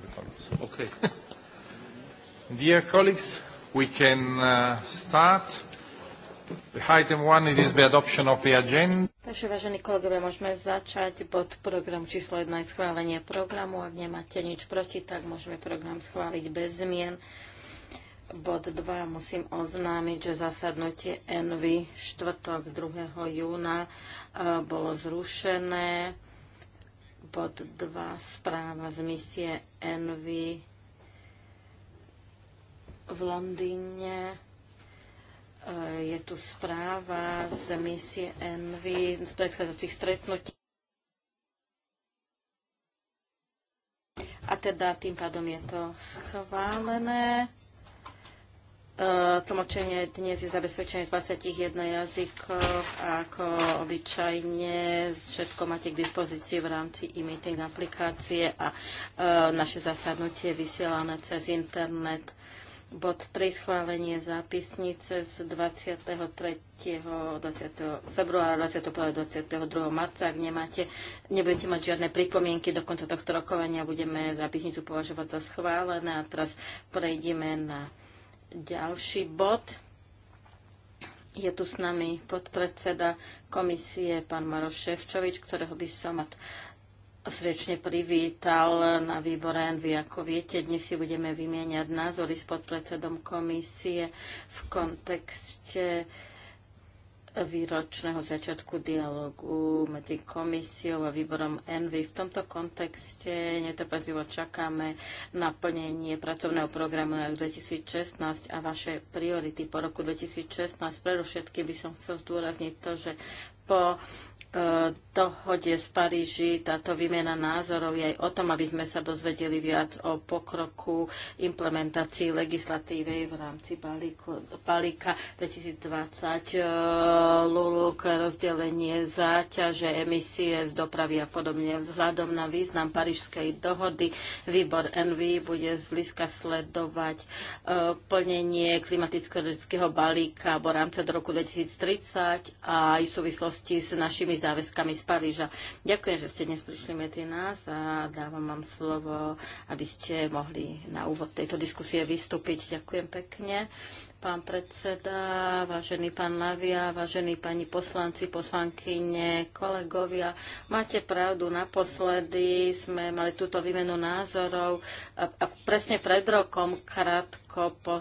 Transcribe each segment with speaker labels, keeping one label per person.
Speaker 1: for the colleagues. Okay. Dear colleagues, we can uh, start. Item one, it is the adoption of the agenda.
Speaker 2: Takže, vážení kolegovia, môžeme začať pod program číslo 1 schválenie programu. Ak nemáte nič proti, tak môžeme program schváliť bez zmien. Bod 2 musím oznámiť, že zasadnutie NV 4. 2. júna uh, bolo zrušené. Bod 2 správa z misie Envy v Londýne. E, je tu správa z misie Envy z predchádzajúcich stretnutí. A teda tým pádom je to schválené. Eh, tlmočenie dnes je zabezpečené v 21 jazykoch a ako obyčajne všetko máte k dispozícii v rámci e-meeting aplikácie a eh, naše zasadnutie je vysielané cez internet. Bod 3 schválenie zápisnice z 23. 20. februára, 21. 22. marca. Ak nemáte, nebudete mať žiadne pripomienky do konca tohto rokovania, budeme zápisnicu považovať za schválené a teraz prejdeme na ďalší bod. Je tu s nami podpredseda komisie, pán Maroš Ševčovič, ktorého by som rád srdečne privítal na výbore Envy. Ako viete, dnes si budeme vymieňať názory s podpredsedom komisie v kontekste výročného začiatku dialogu medzi komisiou a výborom ENVY. V tomto kontexte netrpezivo čakáme na plnenie pracovného programu na 2016 a vaše priority po roku 2016. Predovšetkým by som chcel zdôrazniť to, že po dohode z Paríži táto výmena názorov je aj o tom, aby sme sa dozvedeli viac o pokroku implementácii legislatívy v rámci balíku, balíka 2020, e, LULUK, rozdelenie záťaže, emisie z dopravy a podobne. Vzhľadom na význam Parížskej dohody výbor NV bude zblízka sledovať e, plnenie klimaticko rodického balíka alebo rámca do roku 2030 a aj v súvislosti s našimi záväzkami z Paríža. Ďakujem, že ste dnes prišli medzi nás a dávam vám slovo, aby ste mohli na úvod tejto diskusie vystúpiť. Ďakujem pekne pán predseda, vážený pán Lavia, vážení pani poslanci, poslankyne, kolegovia. Máte pravdu, naposledy sme mali túto výmenu názorov a, presne pred rokom krátko po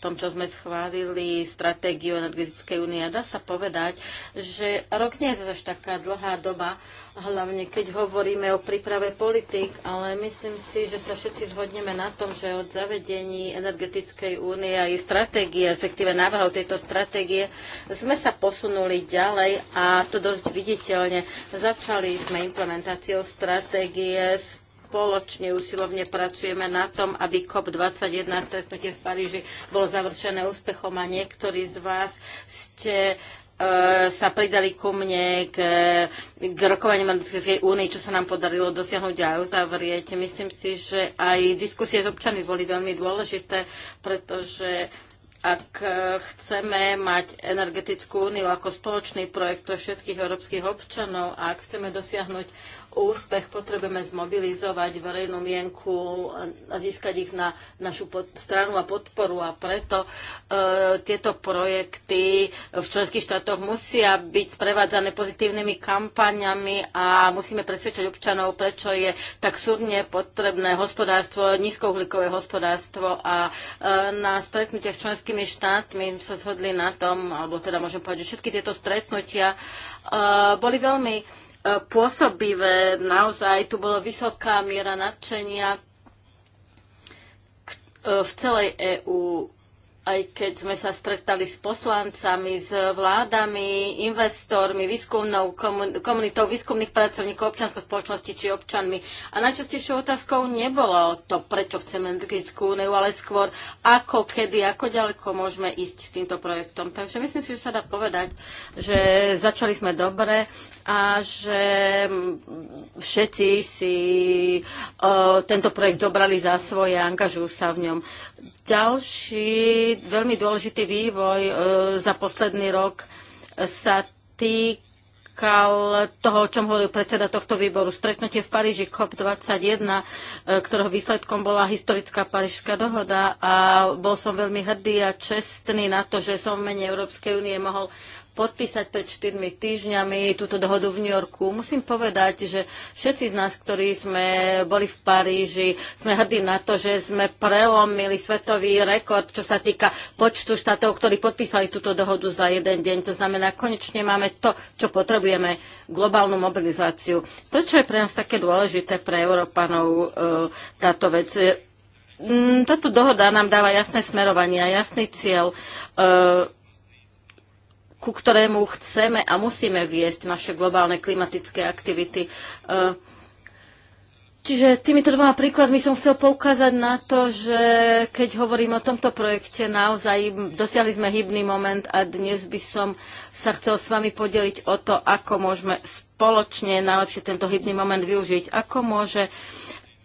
Speaker 2: tom, čo sme schválili stratégiu energetickej únie. Dá sa povedať, že rok nie je až taká dlhá doba, hlavne keď hovoríme o príprave politik, ale myslím si, že sa všetci zhodneme na tom, že od zavedení energetickej únie a jej stratégie, respektíve návrhov tejto stratégie, sme sa posunuli ďalej a to dosť viditeľne. Začali sme implementáciou stratégie s spoločne usilovne pracujeme na tom, aby COP21 stretnutie v Paríži bolo završené úspechom a niektorí z vás ste e, sa pridali ku mne k, k rokovaniu Madridskej únie, čo sa nám podarilo dosiahnuť a uzavrieť. Myslím si, že aj diskusie s občanmi boli veľmi dôležité, pretože ak e, chceme mať energetickú úniu ako spoločný projekt pre všetkých európskych občanov a ak chceme dosiahnuť úspech, potrebujeme zmobilizovať verejnú mienku a získať ich na našu stranu a podporu a preto e, tieto projekty v členských štátoch musia byť sprevádzané pozitívnymi kampaniami a musíme presvedčať občanov, prečo je tak súdne potrebné hospodárstvo, nízkouhlíkové hospodárstvo a e, na stretnutiach s členskými štátmi sa zhodli na tom, alebo teda môžem povedať, že všetky tieto stretnutia e, boli veľmi E, pôsobivé. Naozaj tu bola vysoká miera nadšenia e, v celej EÚ aj keď sme sa stretali s poslancami, s vládami, investormi, výskumnou komunitou výskumných pracovníkov občianskej spoločnosti či občanmi. A najčastejšou otázkou nebolo to, prečo chceme energetickú úniu, ale skôr ako, kedy, ako ďaleko môžeme ísť s týmto projektom. Takže myslím si, že sa dá povedať, že začali sme dobre a že všetci si uh, tento projekt dobrali za svoje a angažujú sa v ňom. Ďalší veľmi dôležitý vývoj e, za posledný rok sa týkal toho, o čom hovoril predseda tohto výboru. Stretnutie v Paríži COP21, e, ktorého výsledkom bola historická parížská dohoda a bol som veľmi hrdý a čestný na to, že som v mene Európskej únie mohol podpísať pred 4 týždňami túto dohodu v New Yorku. Musím povedať, že všetci z nás, ktorí sme boli v Paríži, sme hrdí na to, že sme prelomili svetový rekord, čo sa týka počtu štátov, ktorí podpísali túto dohodu za jeden deň. To znamená, konečne máme to, čo potrebujeme globálnu mobilizáciu. Prečo je pre nás také dôležité pre Európanov e, táto vec? E, táto dohoda nám dáva jasné smerovanie a jasný cieľ. E, ku ktorému chceme a musíme viesť naše globálne klimatické aktivity. E, čiže týmito dvoma príkladmi som chcel poukázať na to, že keď hovorím o tomto projekte, naozaj dosiahli sme hybný moment a dnes by som sa chcel s vami podeliť o to, ako môžeme spoločne najlepšie tento hybný moment využiť. Ako môže uh,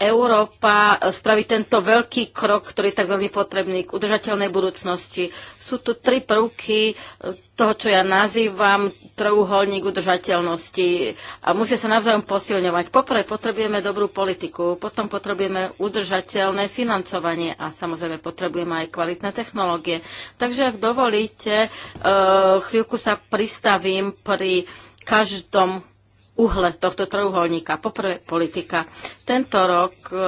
Speaker 2: Európa spraví tento veľký krok, ktorý je tak veľmi potrebný k udržateľnej budúcnosti. Sú tu tri prvky toho, čo ja nazývam trojuholník udržateľnosti a musia sa navzájom posilňovať. Poprvé potrebujeme dobrú politiku, potom potrebujeme udržateľné financovanie a samozrejme potrebujeme aj kvalitné technológie. Takže ak dovolíte, eh, chvíľku sa pristavím pri každom uhle tohto trojuholníka. Poprvé politika. Tento rok e, e,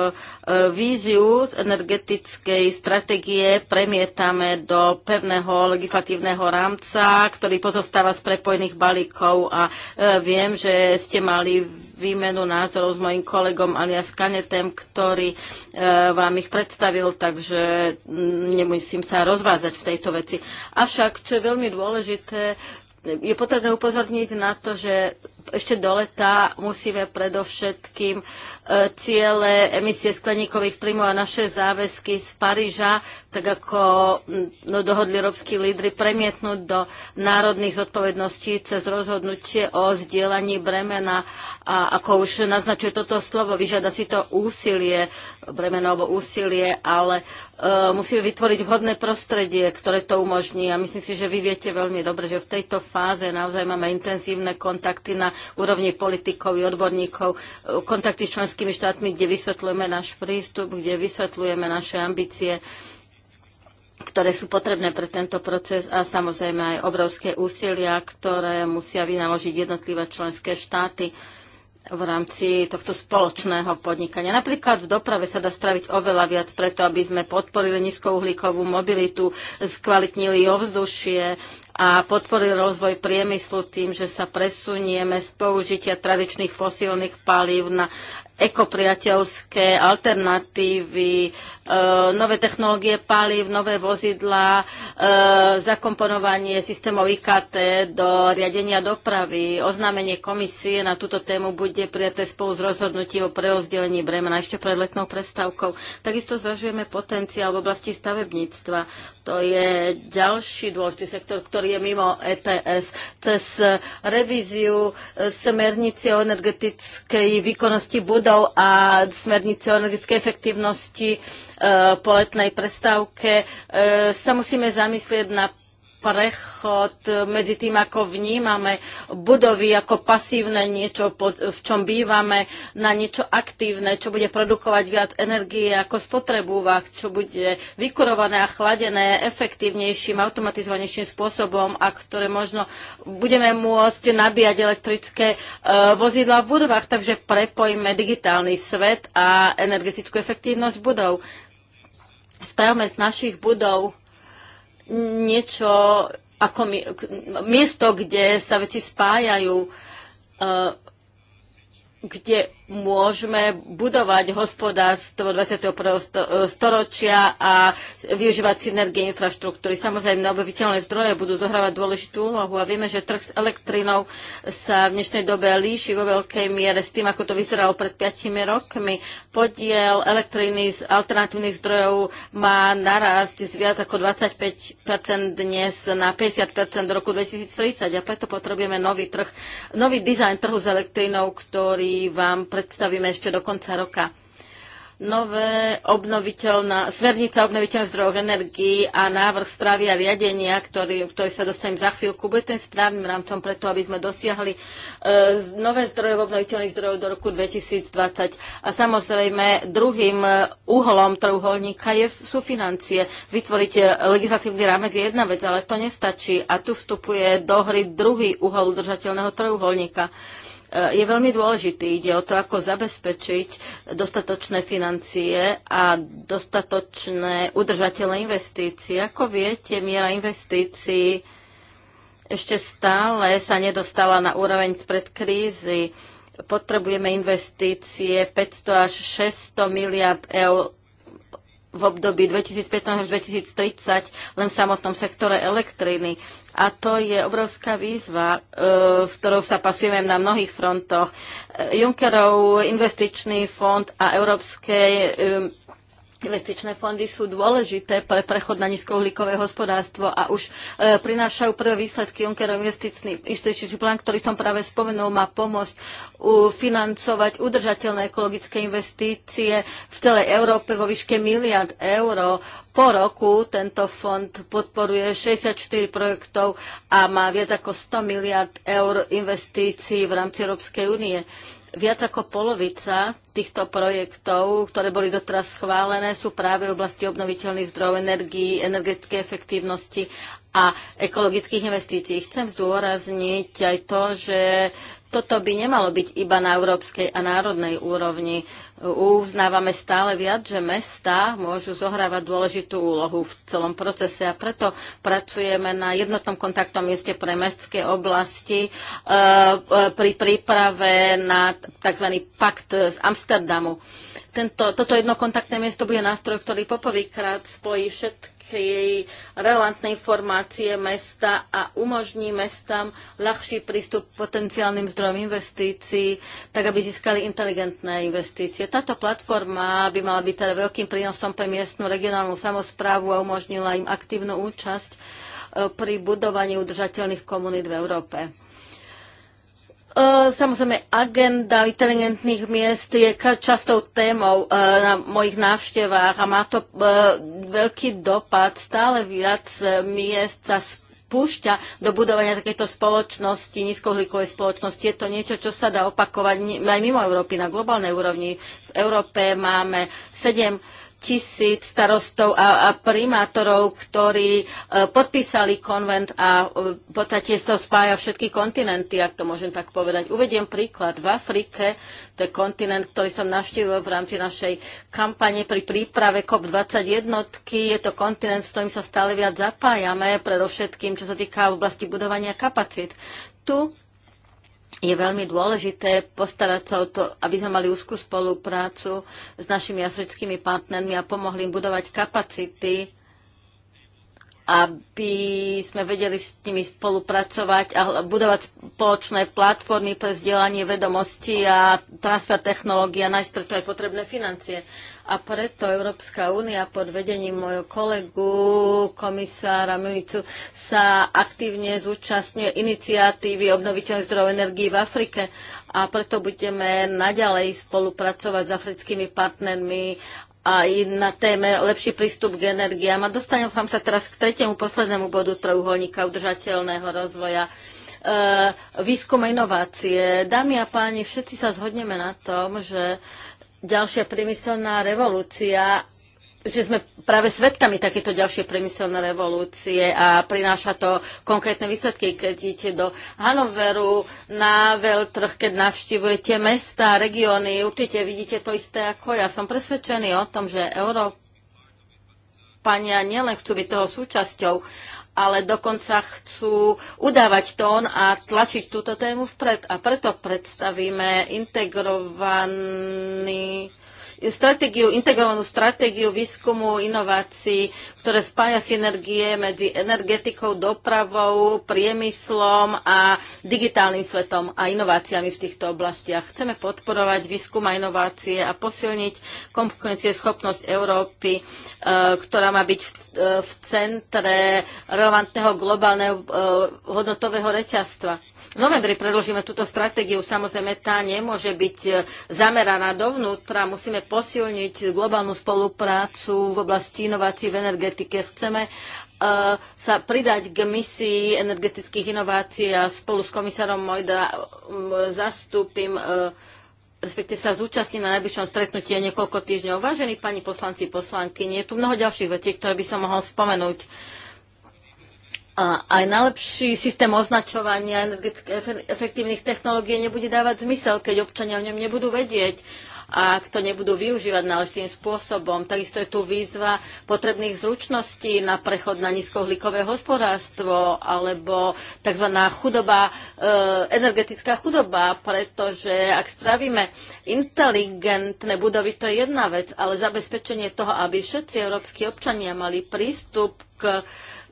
Speaker 2: víziu z energetickej stratégie premietame do pevného legislatívneho rámca, ktorý pozostáva z prepojených balíkov a e, viem, že ste mali výmenu názorov s mojim kolegom alias Kanetem, ktorý vám ich predstavil, takže nemusím sa rozvázať v tejto veci. Avšak, čo je veľmi dôležité, je potrebné upozorniť na to, že ešte do leta musíme predovšetkým e, ciele emisie skleníkových plynov a naše záväzky z Paríža, tak ako no, dohodli európsky lídry, premietnúť do národných zodpovedností cez rozhodnutie o zdieľaní bremena a ako už naznačuje toto slovo, vyžiada si to úsilie, bremeno alebo úsilie, ale e, musíme vytvoriť vhodné prostredie, ktoré to umožní. A myslím si, že vy viete veľmi dobre, že v tejto fáze naozaj máme intenzívne kontakty na úrovni politikov i odborníkov, e, kontakty s členskými štátmi, kde vysvetľujeme náš prístup, kde vysvetľujeme naše ambície ktoré sú potrebné pre tento proces a samozrejme aj obrovské úsilia, ktoré musia vynaložiť jednotlivé členské štáty v rámci tohto spoločného podnikania. Napríklad v doprave sa dá spraviť oveľa viac preto, aby sme podporili nízkouhlíkovú mobilitu, skvalitnili ovzdušie a podporili rozvoj priemyslu tým, že sa presunieme z použitia tradičných fosílnych palív na ekopriateľské alternatívy, e, nové technológie palív, nové vozidlá, e, zakomponovanie systémov IKT do riadenia dopravy. Oznámenie komisie na túto tému bude prijaté spolu s rozhodnutím o preozdelení bremena ešte pred letnou prestávkou. Takisto zvažujeme potenciál v oblasti stavebníctva. To je ďalší dôležitý sektor, ktorý je mimo ETS. Cez revíziu smernice o energetickej výkonnosti budov a smernice o energetickej efektivnosti e, po letnej prestávke e, sa musíme zamyslieť na prechod medzi tým, ako vnímame budovy ako pasívne niečo, v čom bývame, na niečo aktívne, čo bude produkovať viac energie ako spotrebúva, čo bude vykurované a chladené efektívnejším, automatizovanejším spôsobom a ktoré možno budeme môcť nabíjať elektrické e, vozidla v budovách. Takže prepojme digitálny svet a energetickú efektívnosť budov. Spravme z našich budov niečo ako mi, miesto, kde sa veci spájajú, eh, kde môžeme budovať hospodárstvo 21. E, storočia a využívať synergie infraštruktúry. Samozrejme, obyviteľné zdroje budú zohrávať dôležitú úlohu a vieme, že trh s elektrinou sa v dnešnej dobe líši vo veľkej miere s tým, ako to vyzeralo pred 5 rokmi. Podiel elektriny z alternatívnych zdrojov má narásť z viac ako 25 dnes na 50 roku 2030 a preto potrebujeme nový trh, nový dizajn trhu s elektrínou, ktorý vám predstavíme ešte do konca roka nové obnoviteľná, smernica obnoviteľných zdrojov energií a návrh správy a riadenia, ktorý, ktorý sa dostanem za chvíľku, bude ten správnym rámcom preto, aby sme dosiahli e, nové zdroje obnoviteľných zdrojov do roku 2020. A samozrejme, druhým úholom e, trojuholníka je, sú financie. Vytvoriť e, legislatívny rámec je jedna vec, ale to nestačí. A tu vstupuje do hry druhý uhol udržateľného trojuholníka Eh, je veľmi dôležitý. Ide o to, ako zabezpečiť dostatočné financie a dostatočné udržateľné investície. Ako viete, miera investícií ešte stále sa nedostala na úroveň spred krízy potrebujeme investície 500 až 600 miliard eur v období 2015 až 2030 len v samotnom sektore elektriny. A to je obrovská výzva, e, s ktorou sa pasujeme na mnohých frontoch. E, Junckerov investičný fond a európske e, Investičné fondy sú dôležité pre prechod na nízkouhlíkové hospodárstvo a už e, prinášajú prvé výsledky Junckerov investičný, investičný plán, ktorý som práve spomenul, má pomôcť u, financovať udržateľné ekologické investície v celej Európe vo výške miliard eur. Po roku tento fond podporuje 64 projektov a má viac ako 100 miliard eur investícií v rámci Európskej únie. Viac ako polovica týchto projektov, ktoré boli doteraz schválené, sú práve v oblasti obnoviteľných zdrojov energií, energetickej efektívnosti a ekologických investícií. Chcem zdôrazniť aj to, že toto by nemalo byť iba na európskej a národnej úrovni. Uznávame stále viac, že mesta môžu zohrávať dôležitú úlohu v celom procese a preto pracujeme na jednotnom kontaktnom mieste pre mestské oblasti e, e, pri príprave na tzv. pakt z Amsterdamu. Tento, toto jednokontaktné miesto bude nástroj, ktorý poprvýkrát spojí všetky jej relevantné informácie mesta a umožní mestám ľahší prístup k potenciálnym zdrojom investícií, tak aby získali inteligentné investície. Táto platforma by mala byť teda veľkým prínosom pre miestnu regionálnu samozprávu a umožnila im aktívnu účasť e, pri budovaní udržateľných komunít v Európe. E, samozrejme, agenda inteligentných miest je častou témou e, na mojich návštevách a má to e, veľký dopad. Stále viac miest sa spúšťa do budovania takejto spoločnosti, nízkohlíkovej spoločnosti. Je to niečo, čo sa dá opakovať aj mimo Európy, na globálnej úrovni. V Európe máme sedem tisíc starostov a, a primátorov, ktorí e, podpísali konvent a e, v podstate sa spája všetky kontinenty, ak to môžem tak povedať. Uvediem príklad. V Afrike, to je kontinent, ktorý som navštívil v rámci našej kampane pri príprave COP21, je to kontinent, s ktorým sa stále viac zapájame, predovšetkým čo sa týka oblasti budovania kapacít. Tu je veľmi dôležité postarať sa o to, aby sme mali úzkú spoluprácu s našimi africkými partnermi a pomohli im budovať kapacity aby sme vedeli s nimi spolupracovať a budovať spoločné platformy pre vzdelanie vedomostí a transfer technológií a nájsť preto aj potrebné financie. A preto Európska únia pod vedením môjho kolegu, komisára Milicu, sa aktívne zúčastňuje iniciatívy obnoviteľných zdrojov energii v Afrike a preto budeme naďalej spolupracovať s africkými partnermi aj na téme lepší prístup k energiám. A dostanem vám sa teraz k tretiemu poslednému bodu trojuholníka udržateľného rozvoja. E, výskum a inovácie. Dámy a páni, všetci sa zhodneme na tom, že ďalšia priemyselná revolúcia že sme práve svetkami takéto ďalšie priemyselné revolúcie a prináša to konkrétne výsledky, keď idete do Hanoveru, na veľtrh, keď navštívujete mesta, regióny, určite vidíte to isté ako ja. Som presvedčený o tom, že Európania nielen chcú byť toho súčasťou, ale dokonca chcú udávať tón a tlačiť túto tému vpred. A preto predstavíme integrovaný stratégiu, integrovanú stratégiu výskumu, inovácií, ktoré spája synergie medzi energetikou, dopravou, priemyslom a digitálnym svetom a inováciami v týchto oblastiach. Chceme podporovať výskum a inovácie a posilniť konkurencieschopnosť Európy, e, ktorá má byť v e, centre relevantného globálneho e, hodnotového reťazstva v novembri predložíme túto stratégiu. Samozrejme, tá nemôže byť e, zameraná dovnútra. Musíme posilniť globálnu spoluprácu v oblasti inovácií v energetike. Chceme e, sa pridať k misii energetických inovácií a spolu s komisárom Mojda zastúpim e, respektive sa zúčastním na najbližšom stretnutí niekoľko týždňov. Vážení pani poslanci, poslanky, je tu mnoho ďalších vecí, ktoré by som mohol spomenúť. A aj najlepší systém označovania energeticky efektívnych technológií nebude dávať zmysel, keď občania o ňom nebudú vedieť a ak to nebudú využívať náležitým spôsobom. Takisto je tu výzva potrebných zručností na prechod na nízkohlíkové hospodárstvo alebo tzv. chudoba, e, energetická chudoba, pretože ak spravíme inteligentné budovy, to je jedna vec, ale zabezpečenie toho, aby všetci európsky občania mali prístup k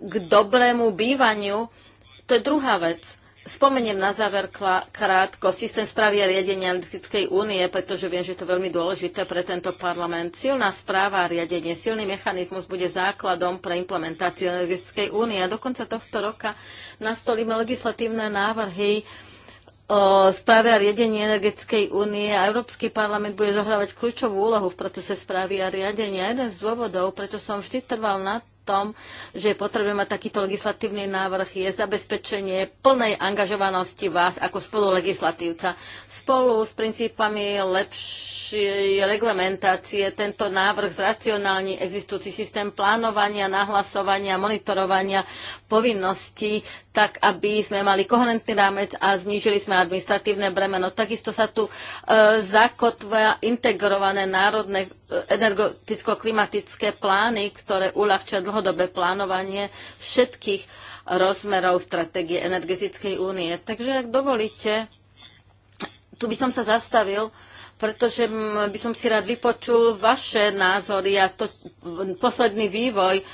Speaker 2: k dobrému bývaniu, to je druhá vec. Spomeniem na záver krátko systém správy a riadenia Energetickej únie, pretože viem, že to je to veľmi dôležité pre tento parlament. Silná správa a riadenie, silný mechanizmus bude základom pre implementáciu Energetickej únie. A do konca tohto roka nastolíme legislatívne návrhy o správe a riadení Energetickej únie a Európsky parlament bude zohrávať kľúčovú úlohu v procese správy a riadenia. Jeden z dôvodov, prečo som vždy trval na tom, že potrebujeme mať takýto legislatívny návrh, je zabezpečenie plnej angažovanosti vás ako spolulegislatívca. Spolu s princípami lepšej reglementácie tento návrh zracionálni existujúci systém plánovania, nahlasovania, monitorovania povinností, tak aby sme mali koherentný rámec a znížili sme administratívne bremeno. Takisto sa tu e, zakotvia integrované národné e, energeticko-klimatické plány, ktoré uľahčia dlho dlhodobé plánovanie všetkých rozmerov stratégie energetickej únie. Takže ak dovolíte, tu by som sa zastavil, pretože by som si rád vypočul vaše názory a to posledný vývoj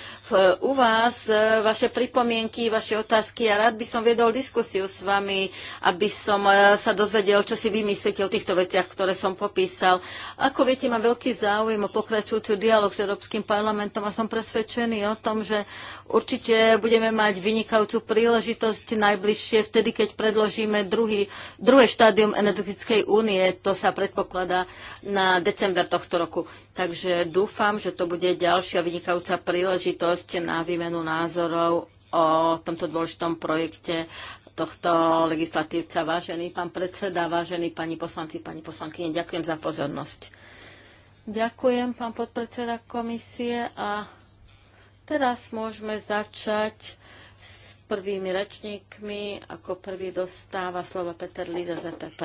Speaker 2: u vás e, vaše pripomienky, vaše otázky a rád by som viedol diskusiu s vami, aby som e, sa dozvedel, čo si vy myslíte o týchto veciach, ktoré som popísal. Ako viete, mám veľký záujem o pokračujúci dialog s Európskym parlamentom a som presvedčený o tom, že určite budeme mať vynikajúcu príležitosť najbližšie vtedy, keď predložíme druhý, druhé štádium energetickej únie. To sa predpokladá na december tohto roku. Takže dúfam, že to bude ďalšia vynikajúca príležitosť príležitosť na výmenu názorov o tomto dôležitom projekte tohto legislatívca. Vážený pán predseda, vážení pani poslanci, pani poslankyne, ďakujem za pozornosť. Ďakujem, pán podpredseda komisie. A teraz môžeme začať s prvými rečníkmi. Ako prvý dostáva slovo Peter Líza z EPP.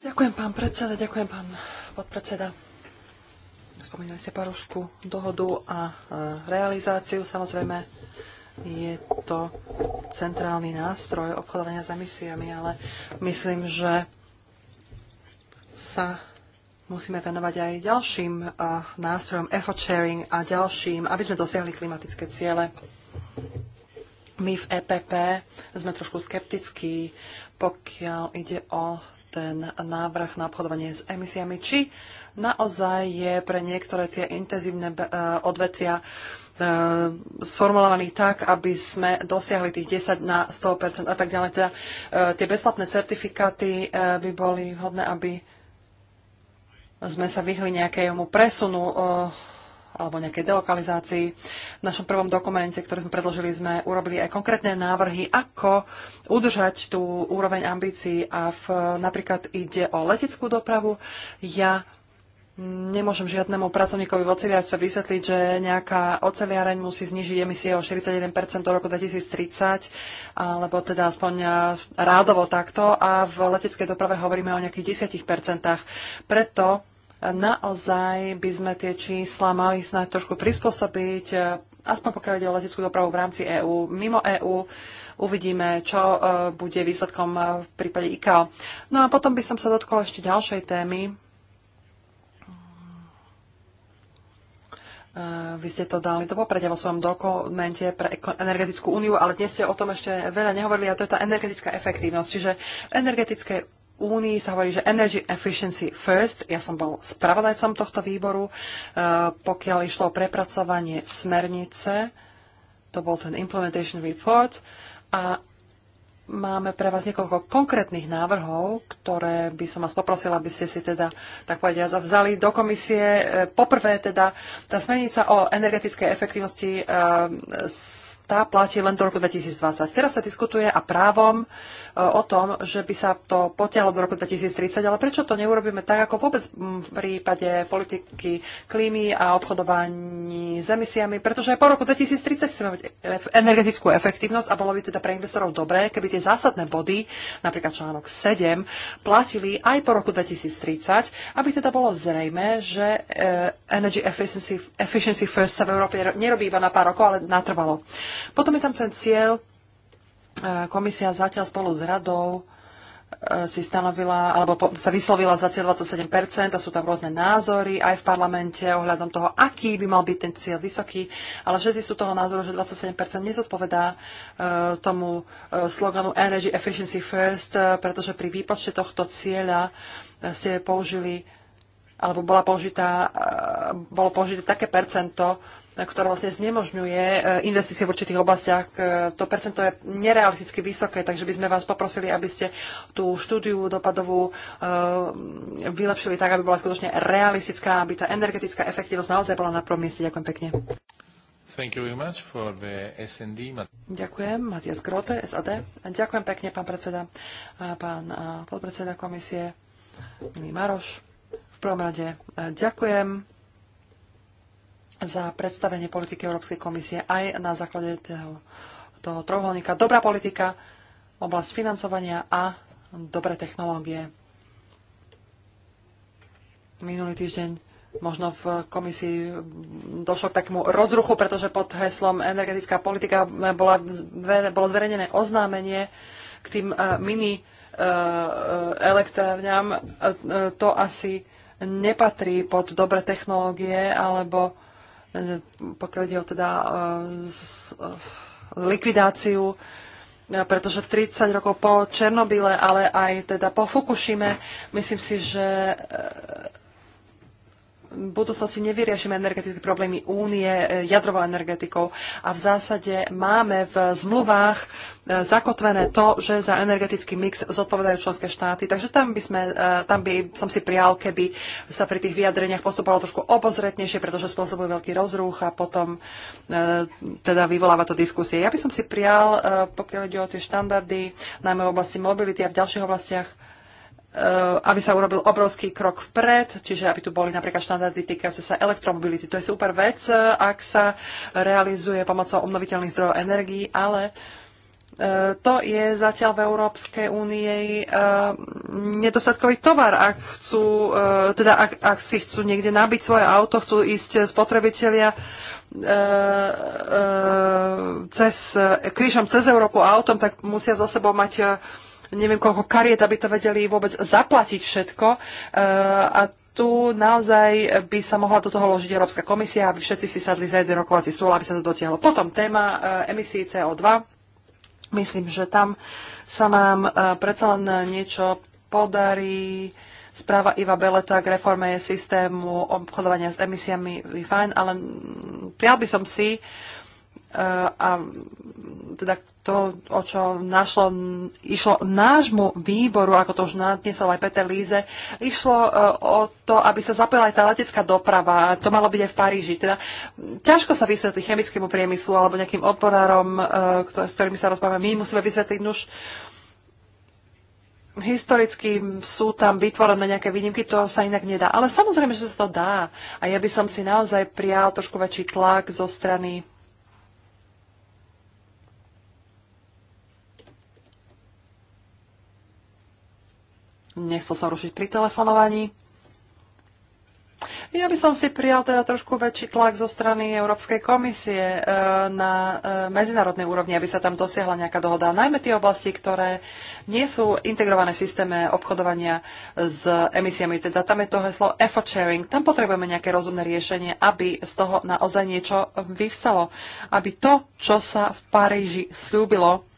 Speaker 3: Ďakujem, pán predseda, ďakujem, pán podpredseda. Spomínali ste parúskú dohodu a e, realizáciu. Samozrejme, je to centrálny nástroj obchodovania s emisiami, ale myslím, že sa musíme venovať aj ďalším e, nástrojom effort sharing a ďalším, aby sme dosiahli klimatické ciele. My v EPP sme trošku skeptickí, pokiaľ ide o ten návrh na obchodovanie s emisiami, či naozaj je pre niektoré tie intenzívne e, odvetvia e, sformulovaný tak, aby sme dosiahli tých 10 na 100% a tak ďalej. Teda e, tie bezplatné certifikáty by boli hodné, aby sme sa vyhli nejakému presunu alebo nejakej delokalizácii. V našom prvom dokumente, ktorý sme predložili, sme urobili aj konkrétne návrhy, ako udržať tú úroveň ambícií a v, napríklad ide o leteckú dopravu. Ja Nemôžem žiadnemu pracovníkovi v oceliarstve vysvetliť, že nejaká oceliareň musí znižiť emisie o 41% do roku 2030, alebo teda aspoň e, rádovo takto. A v leteckej doprave hovoríme o nejakých 10%. Preto e, naozaj by sme tie čísla mali snáď trošku prispôsobiť, e, aspoň pokiaľ ide o leteckú dopravu v rámci EÚ. Mimo EÚ uvidíme, čo bude výsledkom v prípade ICAO. No a potom by som sa dotkol ešte ďalšej témy, Vy ste to dali do popredia vo svojom dokumente pre energetickú úniu, ale dnes ste o tom ešte veľa nehovorili a to je tá energetická efektívnosť. Čiže v energetickej únii sa hovorí, že Energy Efficiency First. Ja som bol spravodajcom tohto výboru, e, pokiaľ išlo o prepracovanie smernice, to bol ten Implementation Report. A Máme pre vás niekoľko konkrétnych návrhov, ktoré by som vás poprosila, aby ste si teda, tak povediať, vzali do komisie. E, poprvé teda, tá smernica o energetickej efektivnosti e, s tá platí len do roku 2020. Teraz sa diskutuje a právom e, o tom, že by sa to potiahlo do roku 2030, ale prečo to neurobíme tak, ako vôbec v prípade politiky klímy a obchodovaní s emisiami, pretože aj po roku 2030 chceme mať energetickú efektívnosť a bolo by teda pre investorov dobré, keby tie zásadné body, napríklad článok 7, platili aj po roku 2030, aby teda bolo zrejme, že e, Energy Efficiency, Efficiency First sa v Európe nerobí iba na pár rokov, ale natrvalo. Potom je tam ten cieľ, e, komisia zatiaľ spolu s radou e, si stanovila, alebo sa vyslovila za cieľ 27% a sú tam rôzne názory aj v parlamente ohľadom toho, aký by mal byť ten cieľ vysoký, ale všetci sú toho názoru, že 27% nezodpovedá uh, tomu uh, sloganu Energy Efficiency First, uh, pretože pri výpočte tohto cieľa ste použili, alebo bola použitá, bolo použité také percento, ktorá vlastne znemožňuje e, investície v určitých oblastiach. E, to percento je nerealisticky vysoké, takže by sme vás poprosili, aby ste tú štúdiu dopadovú e, vylepšili tak, aby bola skutočne realistická, aby tá energetická efektivnosť naozaj bola na prvom mieste. Ďakujem pekne.
Speaker 1: Ďakujem, Matias Grote,
Speaker 3: SAD. Ďakujem pekne, pán predseda, pán podpredseda komisie, milý Maroš. V prvom rade ďakujem za predstavenie politiky Európskej komisie aj na základe toho, toho trojuholníka. Dobrá politika, oblasť financovania a dobré technológie. Minulý týždeň možno v komisii došlo k takému rozruchu, pretože pod heslom energetická politika bola, bolo zverejnené oznámenie k tým e, mini e, e, elektrárňam. To asi nepatrí pod dobré technológie alebo E, pokiaľ ide o teda e, e, likvidáciu, pretože v 30 rokov po Černobyle, ale aj teda po Fukushime, myslím si, že budúcnosti nevyriešime energetické problémy únie e, jadrovou energetikou. A v zásade máme v zmluvách e, zakotvené to, že za energetický mix zodpovedajú členské štáty. Takže tam by, sme, e, tam by som si prial, keby sa pri tých vyjadreniach postupovalo trošku obozretnejšie, pretože spôsobuje veľký rozruch a potom teda vyvoláva to diskusie. Ja by som si prial, pokiaľ ide o tie štandardy, najmä v oblasti mobility a v ďalších oblastiach, Eh, aby sa urobil obrovský krok vpred, čiže aby tu boli napríklad štandardy týkajúce sa elektromobility. To je super vec, eh, ak sa realizuje pomocou obnoviteľných zdrojov energií, ale eh, to je zatiaľ v Európskej únie nedostatkový tovar. Ak, chcú, teda ak, ak si chcú niekde nabiť svoje auto, chcú ísť spotrebitelia cez, krížom cez Európu autom, tak musia za sebou mať neviem koľko kariet, aby to vedeli vôbec zaplatiť všetko. E, a tu naozaj by sa mohla do toho ložiť Európska komisia, aby všetci si sadli za jeden rokovací súl, aby sa to dotiahlo. Potom téma e, emisí CO2. Myslím, že tam sa nám e, predsa len niečo podarí. Správa Iva Beleta k reforme systému obchodovania s emisiami je fajn, ale prial by som si, a teda to, o čo našlo, išlo nášmu výboru, ako to už nadnesol aj Peter Líze, išlo e, o to, aby sa zapojila aj tá letecká doprava. To malo byť aj v Paríži. Teda, ťažko sa vysvetliť chemickému priemyslu alebo nejakým odborárom, e, s ktorými sa rozprávame. My musíme vysvetliť, už historicky sú tam vytvorené nejaké výnimky, to sa inak nedá. Ale samozrejme, že sa to dá. A ja by som si naozaj prijal trošku väčší tlak zo strany Nechcel som rušiť pri telefonovaní. Ja by som si prijal teda trošku väčší tlak zo strany Európskej komisie e, na e, medzinárodnej úrovni, aby sa tam dosiahla nejaká dohoda. Najmä tie oblasti, ktoré nie sú integrované v systéme obchodovania s emisiami. Teda tam je to heslo effort sharing. Tam potrebujeme nejaké rozumné riešenie, aby z toho naozaj niečo vyvstalo. Aby to, čo sa v Paríži slúbilo,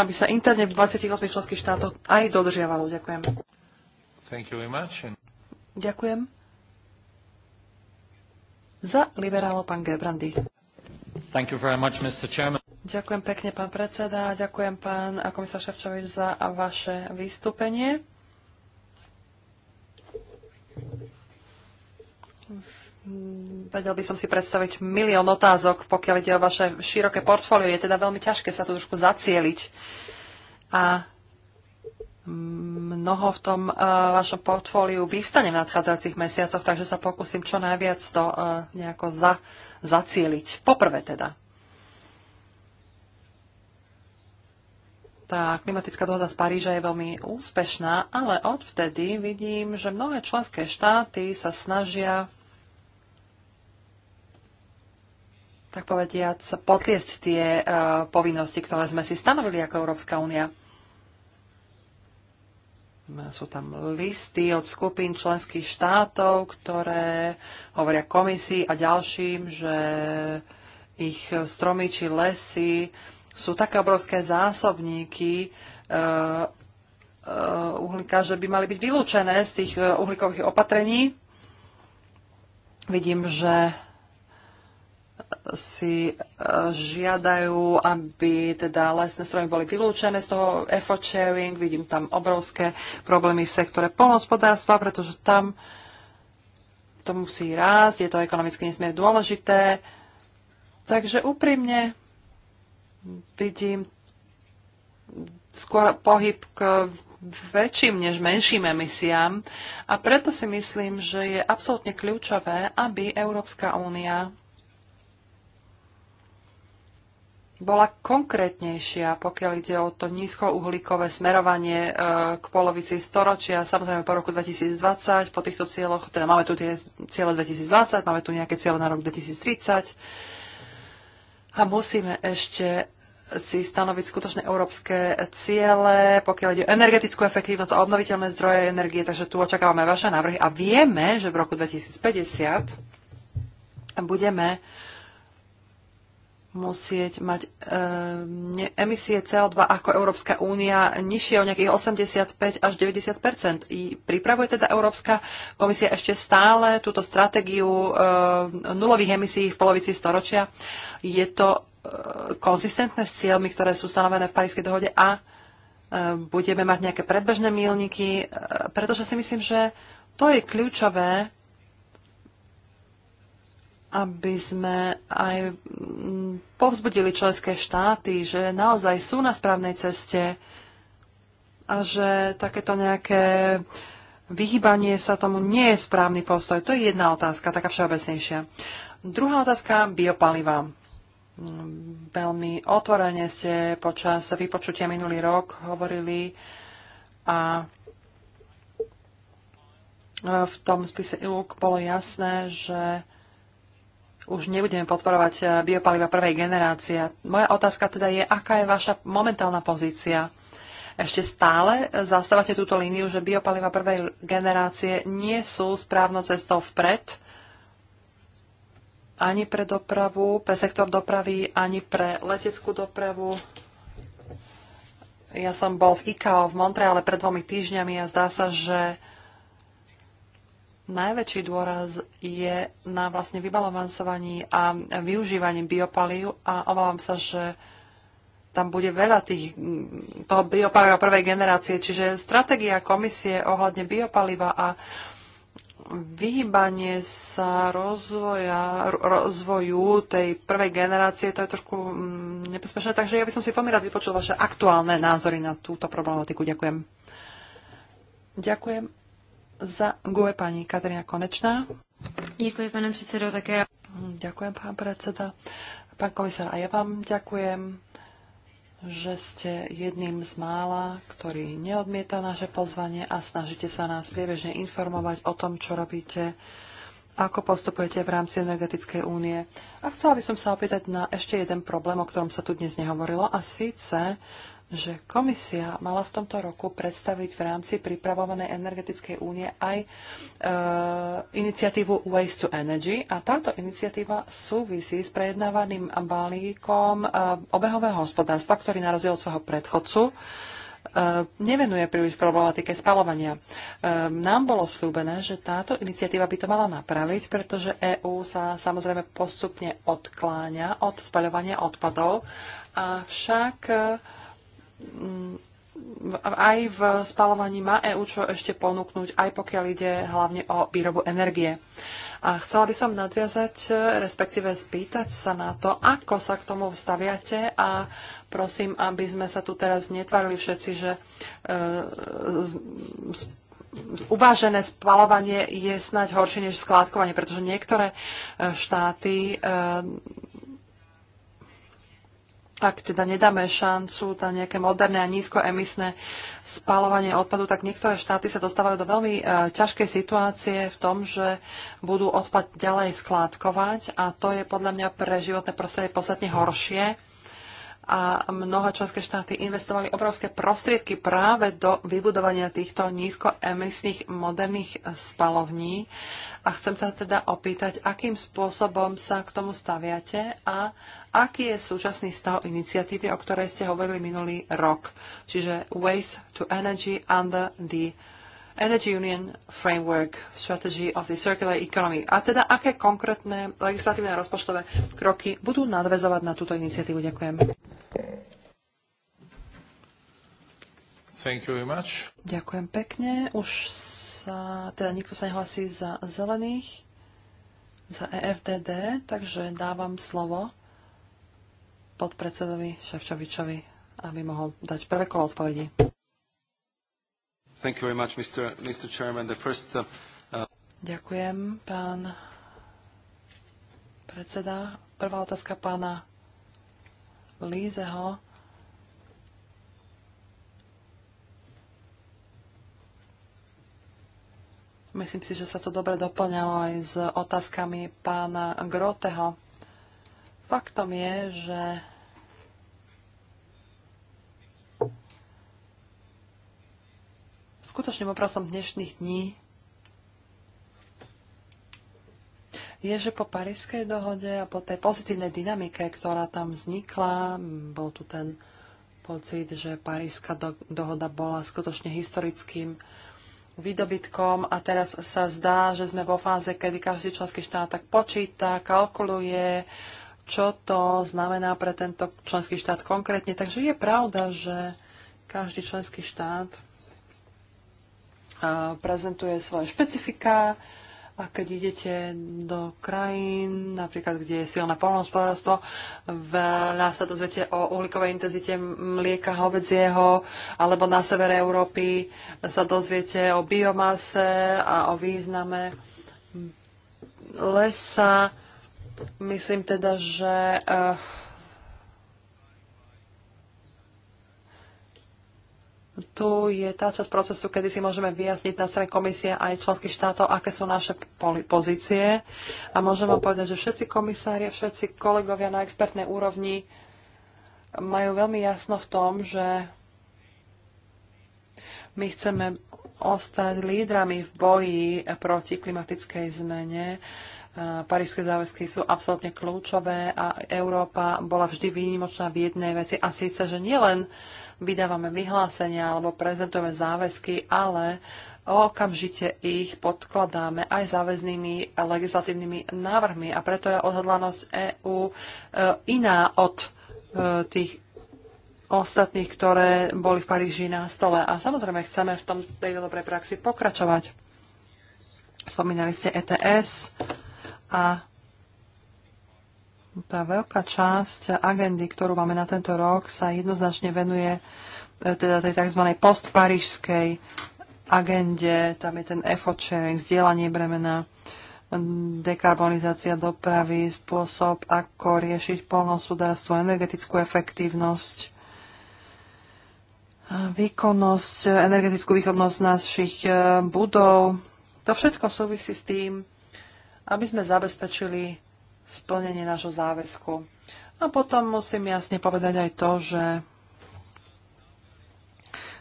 Speaker 3: aby sa interne v 28 členských štátoch aj dodržiavalo. Ďakujem.
Speaker 1: Thank you very much.
Speaker 3: Ďakujem. Za liberálo pán Gebrandy. Thank you very much, Mr. Chairman. Ďakujem pekne, pán predseda. Ďakujem, pán komisár Ševčovič, za vaše vystúpenie vedel by som si predstaviť milión otázok, pokiaľ ide o vaše široké portfólio. Je teda veľmi ťažké sa tu trošku zacieliť. A mnoho v tom uh, vašom portfóliu vyvstane v nadchádzajúcich mesiacoch, takže sa pokúsim čo najviac to uh, nejako za, zacieliť. Poprvé teda. Tá klimatická dohoda z Paríža je veľmi úspešná, ale odvtedy vidím, že mnohé členské štáty sa snažia tak povediac, potliesť tie uh, povinnosti, ktoré sme si stanovili ako Európska únia. Sú tam listy od skupín členských štátov, ktoré hovoria komisii a ďalším, že ich stromy či lesy sú také obrovské zásobníky uh, uh, uhlíka, že by mali byť vylúčené z tých uhlíkových opatrení. Vidím, že si e, žiadajú, aby teda lesné stromy boli vylúčené z toho effort sharing. Vidím tam obrovské problémy v sektore polnohospodárstva, pretože tam to musí rásť, je to ekonomicky nesmierne dôležité. Takže úprimne vidím skôr pohyb k väčším než menším emisiám a preto si myslím, že je absolútne kľúčové, aby Európska únia bola konkrétnejšia, pokiaľ ide o to nízkouhlíkové smerovanie e, k polovici storočia. Samozrejme po roku 2020, po týchto cieľoch, teda máme tu tie ciele 2020, máme tu nejaké ciele na rok 2030 a musíme ešte si stanoviť skutočné európske ciele, pokiaľ ide o energetickú efektívnosť a obnoviteľné zdroje energie, takže tu očakávame vaše návrhy a vieme, že v roku 2050 budeme uh, musieť mať e, emisie CO2 ako Európska únia nižšie o nejakých 85 až 90 I pripravuje teda Európska komisia ešte stále túto stratégiu e, nulových emisí v polovici storočia. Je to e, konzistentné s cieľmi, ktoré sú stanovené v Parískej dohode a e, budeme mať nejaké predbežné mílniky, e, pretože si myslím, že to je kľúčové aby sme aj mm, povzbudili členské štáty, že naozaj sú na správnej ceste a že takéto nejaké vyhýbanie sa tomu nie je správny postoj. To je jedna otázka, taká všeobecnejšia. Druhá otázka, biopaliva. Mm, veľmi otvorene ste počas vypočutia minulý rok hovorili a e, v tom spise ILUK bolo jasné, že už nebudeme podporovať eh, biopaliva prvej generácie. Moja otázka teda je, aká je vaša momentálna pozícia? Ešte stále eh, zastávate túto líniu, že biopaliva prvej generácie nie sú správnou cestou vpred, ani pre dopravu, pre sektor dopravy, ani pre leteckú dopravu. Ja som bol v ICAO v Montreale pred dvomi týždňami a zdá sa, že najväčší dôraz je na vlastne vybalansovaní a využívaní biopalív a obávam sa, že tam bude veľa tých, mm, toho biopaliva prvej generácie. Čiže stratégia komisie ohľadne biopaliva a vyhýbanie sa rozvoja, rozvoju tej prvej generácie, to je trošku mm, nebezpečné. Takže ja by som si veľmi rád vypočul vaše aktuálne názory na túto problematiku. Ďakujem. Ďakujem. Za GUE pani Katarína Konečná. Ďakujem, pane predsedo, také. Ďakujem, pán predseda. Pán komisár, a ja vám ďakujem, že ste jedným z mála, ktorý neodmieta naše pozvanie a snažíte sa nás priebežne informovať o tom, čo robíte, ako postupujete v rámci energetickej únie. A chcela by som sa opýtať na ešte jeden problém, o ktorom sa tu dnes nehovorilo, a síce že komisia mala v tomto roku predstaviť v rámci pripravovanej energetickej únie aj e, iniciatívu Waste to Energy a táto iniciatíva súvisí s prejednávaným balíkom e, obehového hospodárstva, ktorý na rozdiel od svojho predchodcu e, nevenuje príliš problematike spalovania. E, nám bolo slúbené, že táto iniciatíva by to mala napraviť, pretože EÚ sa samozrejme postupne odkláňa od spaľovania odpadov, avšak e, aj v spalovaní má EU čo ešte ponúknuť, aj pokiaľ ide hlavne o výrobu energie. A chcela by som nadviazať, respektíve spýtať sa na to, ako sa k tomu vstaviate a prosím, aby sme sa tu teraz netvarili všetci, že e, uvážené spalovanie je snáď horšie než skládkovanie, pretože niektoré e, štáty e, ak teda nedáme šancu na nejaké moderné a nízkoemisné spalovanie odpadu, tak niektoré štáty sa dostávajú do veľmi e, ťažkej situácie v tom, že budú odpad ďalej skládkovať a to je podľa mňa pre životné prostredie podstatne horšie. A mnohé členské štáty investovali obrovské prostriedky práve do vybudovania týchto nízkoemisných moderných spalovní. A chcem sa teda opýtať, akým spôsobom sa k tomu staviate a Aký je súčasný stav iniciatívy, o ktorej ste hovorili minulý rok, čiže Waste to Energy under the Energy Union Framework Strategy of the Circular Economy. A teda aké konkrétne legislatívne a rozpočtové kroky budú nadvezovať na túto iniciatívu? Ďakujem.
Speaker 1: Thank you very much.
Speaker 3: Ďakujem pekne. Už sa, teda nikto sa nehlasí za zelených, za EFDD, takže dávam slovo podpredsedovi Ševčovičovi, aby mohol dať prvé kolo odpovedí.
Speaker 4: Thank you very much,
Speaker 1: Mr. Mr. Chairman. The first, uh,
Speaker 3: Ďakujem, pán predseda. Prvá otázka pána Lízeho. Myslím si, že sa to dobre doplňalo aj s otázkami pána Groteho. Faktom je, že skutočným oprasom dnešných dní je, že po parížskej dohode a po tej pozitívnej dynamike, ktorá tam vznikla, bol tu ten pocit, že parížska do- dohoda bola skutočne historickým výdobytkom a teraz sa zdá, že sme vo fáze, kedy každý členský štát tak počíta, kalkuluje, čo to znamená pre tento členský štát konkrétne. Takže je pravda, že každý členský štát prezentuje svoje špecifika a keď idete do krajín, napríklad, kde je silné polnohospodárstvo, veľa sa dozviete o uhlíkovej intenzite mlieka hovedzieho, alebo na severe Európy sa dozviete o biomase a o význame lesa Myslím teda, že eh, tu je tá časť procesu, kedy si môžeme vyjasniť na strane komisie aj členských štátov, aké sú naše pozície. A môžem vám povedať, že všetci komisári, všetci kolegovia na expertnej úrovni majú veľmi jasno v tom, že my chceme ostať lídrami v boji proti klimatickej zmene Parížské záväzky sú absolútne kľúčové a Európa bola vždy výnimočná v jednej veci a síce, že nielen vydávame vyhlásenia alebo prezentujeme záväzky, ale okamžite ich podkladáme aj záväznými legislatívnymi návrhmi a preto je odhodlanosť EÚ e, iná od e, tých ostatných, ktoré boli v Paríži na stole. A samozrejme, chceme v tom, tejto dobrej praxi pokračovať. Spomínali ste ETS. A tá veľká časť agendy, ktorú máme na tento rok, sa jednoznačne venuje e, teda tej tzv. postparížskej agende. Tam je ten efoček, sharing, zdieľanie bremena, dekarbonizácia dopravy, spôsob, ako riešiť polnohospodárstvo, energetickú efektívnosť, výkonnosť, energetickú východnosť našich e, budov. To všetko súvisí s tým, aby sme zabezpečili splnenie nášho záväzku. A potom musím jasne povedať aj to, že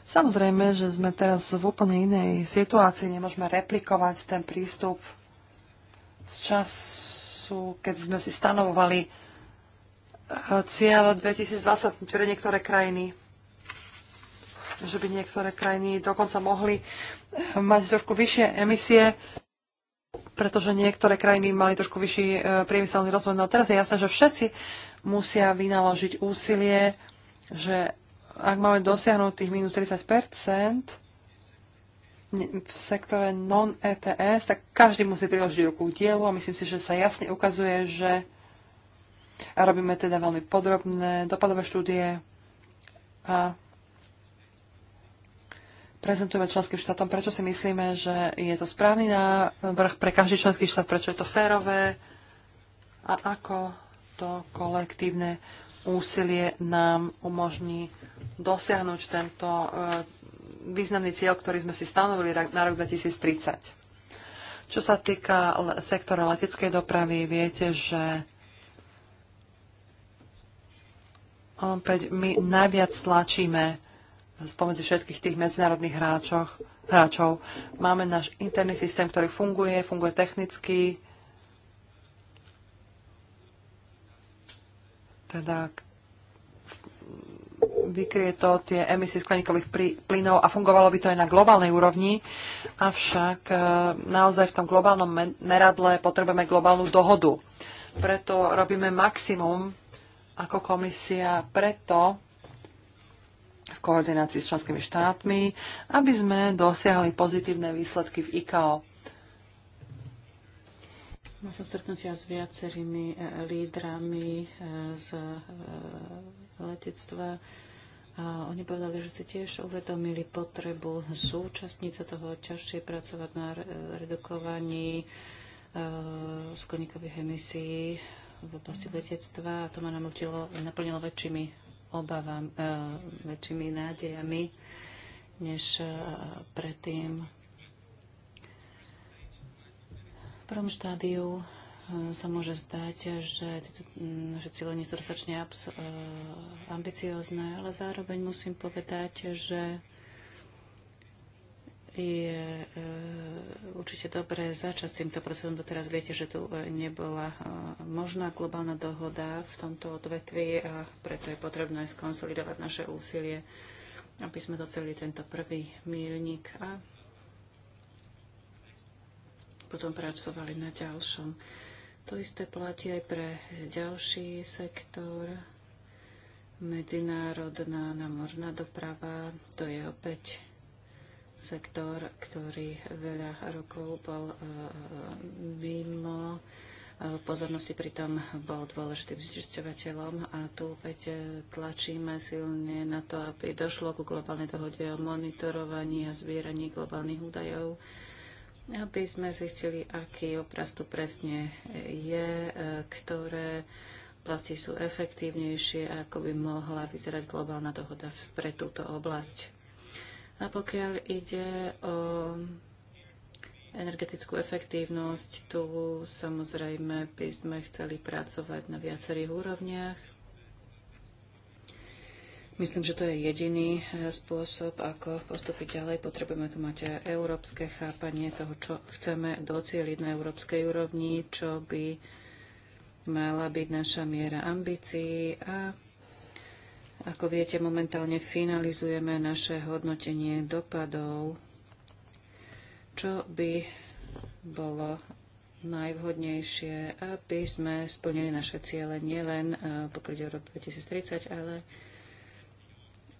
Speaker 3: Samozrejme, že sme teraz v úplne inej situácii, nemôžeme replikovať ten prístup z času, keď sme si stanovovali e, cieľ 2020 pre niektoré krajiny. Že by niektoré krajiny dokonca mohli e, mať trošku vyššie emisie pretože niektoré krajiny mali trošku vyšší e, priemyselný rozvoj. No teraz je jasné, že všetci musia vynaložiť úsilie, že ak máme dosiahnuť tých minus 30 v sektore non-ETS, tak každý musí priložiť ruku k dielu a myslím si, že sa jasne ukazuje, že robíme teda veľmi podrobné dopadové štúdie a prezentujeme členským štátom, prečo si myslíme, že je to správny návrh pre každý členský štát, prečo je to férové a ako to kolektívne úsilie nám umožní dosiahnuť tento eh, významný cieľ, ktorý sme si stanovili na rok 2030. Čo sa týka sektora leteckej dopravy, viete, že opäť my najviac tlačíme spomedzi všetkých tých medzinárodných hráčoch, hráčov. Máme náš interný systém, ktorý funguje, funguje technicky. Teda vykrie to tie emisie skleníkových plynov a fungovalo by to aj na globálnej úrovni. Avšak e, naozaj v tom globálnom meradle potrebujeme globálnu dohodu. Preto robíme maximum ako komisia preto, v koordinácii s členskými štátmi, aby sme dosiahli pozitívne výsledky v ICAO. Mal som stretnutia s
Speaker 4: viacerými e, lídrami e, z e, letectva. A oni povedali, že si tiež uvedomili potrebu zúčastniť sa toho ťažšie pracovať na redukovaní skleníkových emisí v oblasti letectva a to ma namltilo, naplnilo väčšími obavám, e, väčšími nádejami než e, predtým. V prvom štádiu e, sa môže zdať, že, že cíle nie sú dostatočne ambiciózne, ale zároveň musím povedať, že je e, určite dobré začať s týmto procesom, bo teraz viete, že tu e, nebola e, možná globálna dohoda v tomto odvetvi a preto je potrebné skonsolidovať naše úsilie, aby sme doceli tento prvý mílnik a potom pracovali na ďalšom. To isté platí aj pre ďalší sektor, medzinárodná námorná doprava, to je opäť sektor, ktorý veľa rokov bol e, mimo e, pozornosti, pritom bol dôležitým zisťovateľom a tu opäť e, tlačíme silne na to, aby došlo ku globálnej dohode o monitorovaní a zbieraní globálnych údajov, aby sme zistili, aký obraz tu presne je, ktoré oblasti sú efektívnejšie, ako by mohla vyzerať globálna dohoda pre túto oblasť. A pokiaľ ide o energetickú efektívnosť, tu samozrejme by sme chceli pracovať na viacerých úrovniach. Myslím, že to je jediný eh, spôsob, ako postúpiť ďalej. Potrebujeme tu mať európske chápanie toho, čo chceme docieliť na európskej úrovni, čo by mala byť naša miera ambícií a ako viete, momentálne finalizujeme naše hodnotenie dopadov, čo by bolo najvhodnejšie, aby sme splnili naše ciele nielen eh, pokryť rok 2030, ale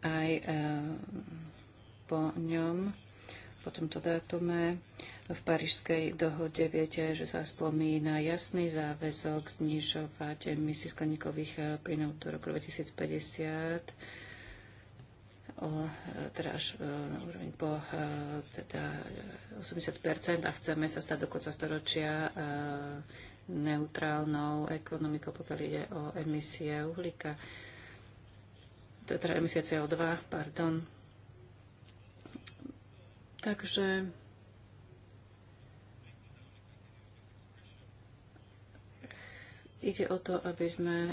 Speaker 4: aj eh, po ňom, po tomto dátume. V Parížskej dohode viete, že sa spomína jasný záväzok znižovať emisí skleníkových e, plynov do roku 2050 o, e, teda až e, na úroveň po teda 80 a chceme sa stať do konca storočia neutrálnou ekonomikou, pokiaľ ide o emisie uhlíka, teda emisie CO2, pardon. Takže Ide o to, aby sme e,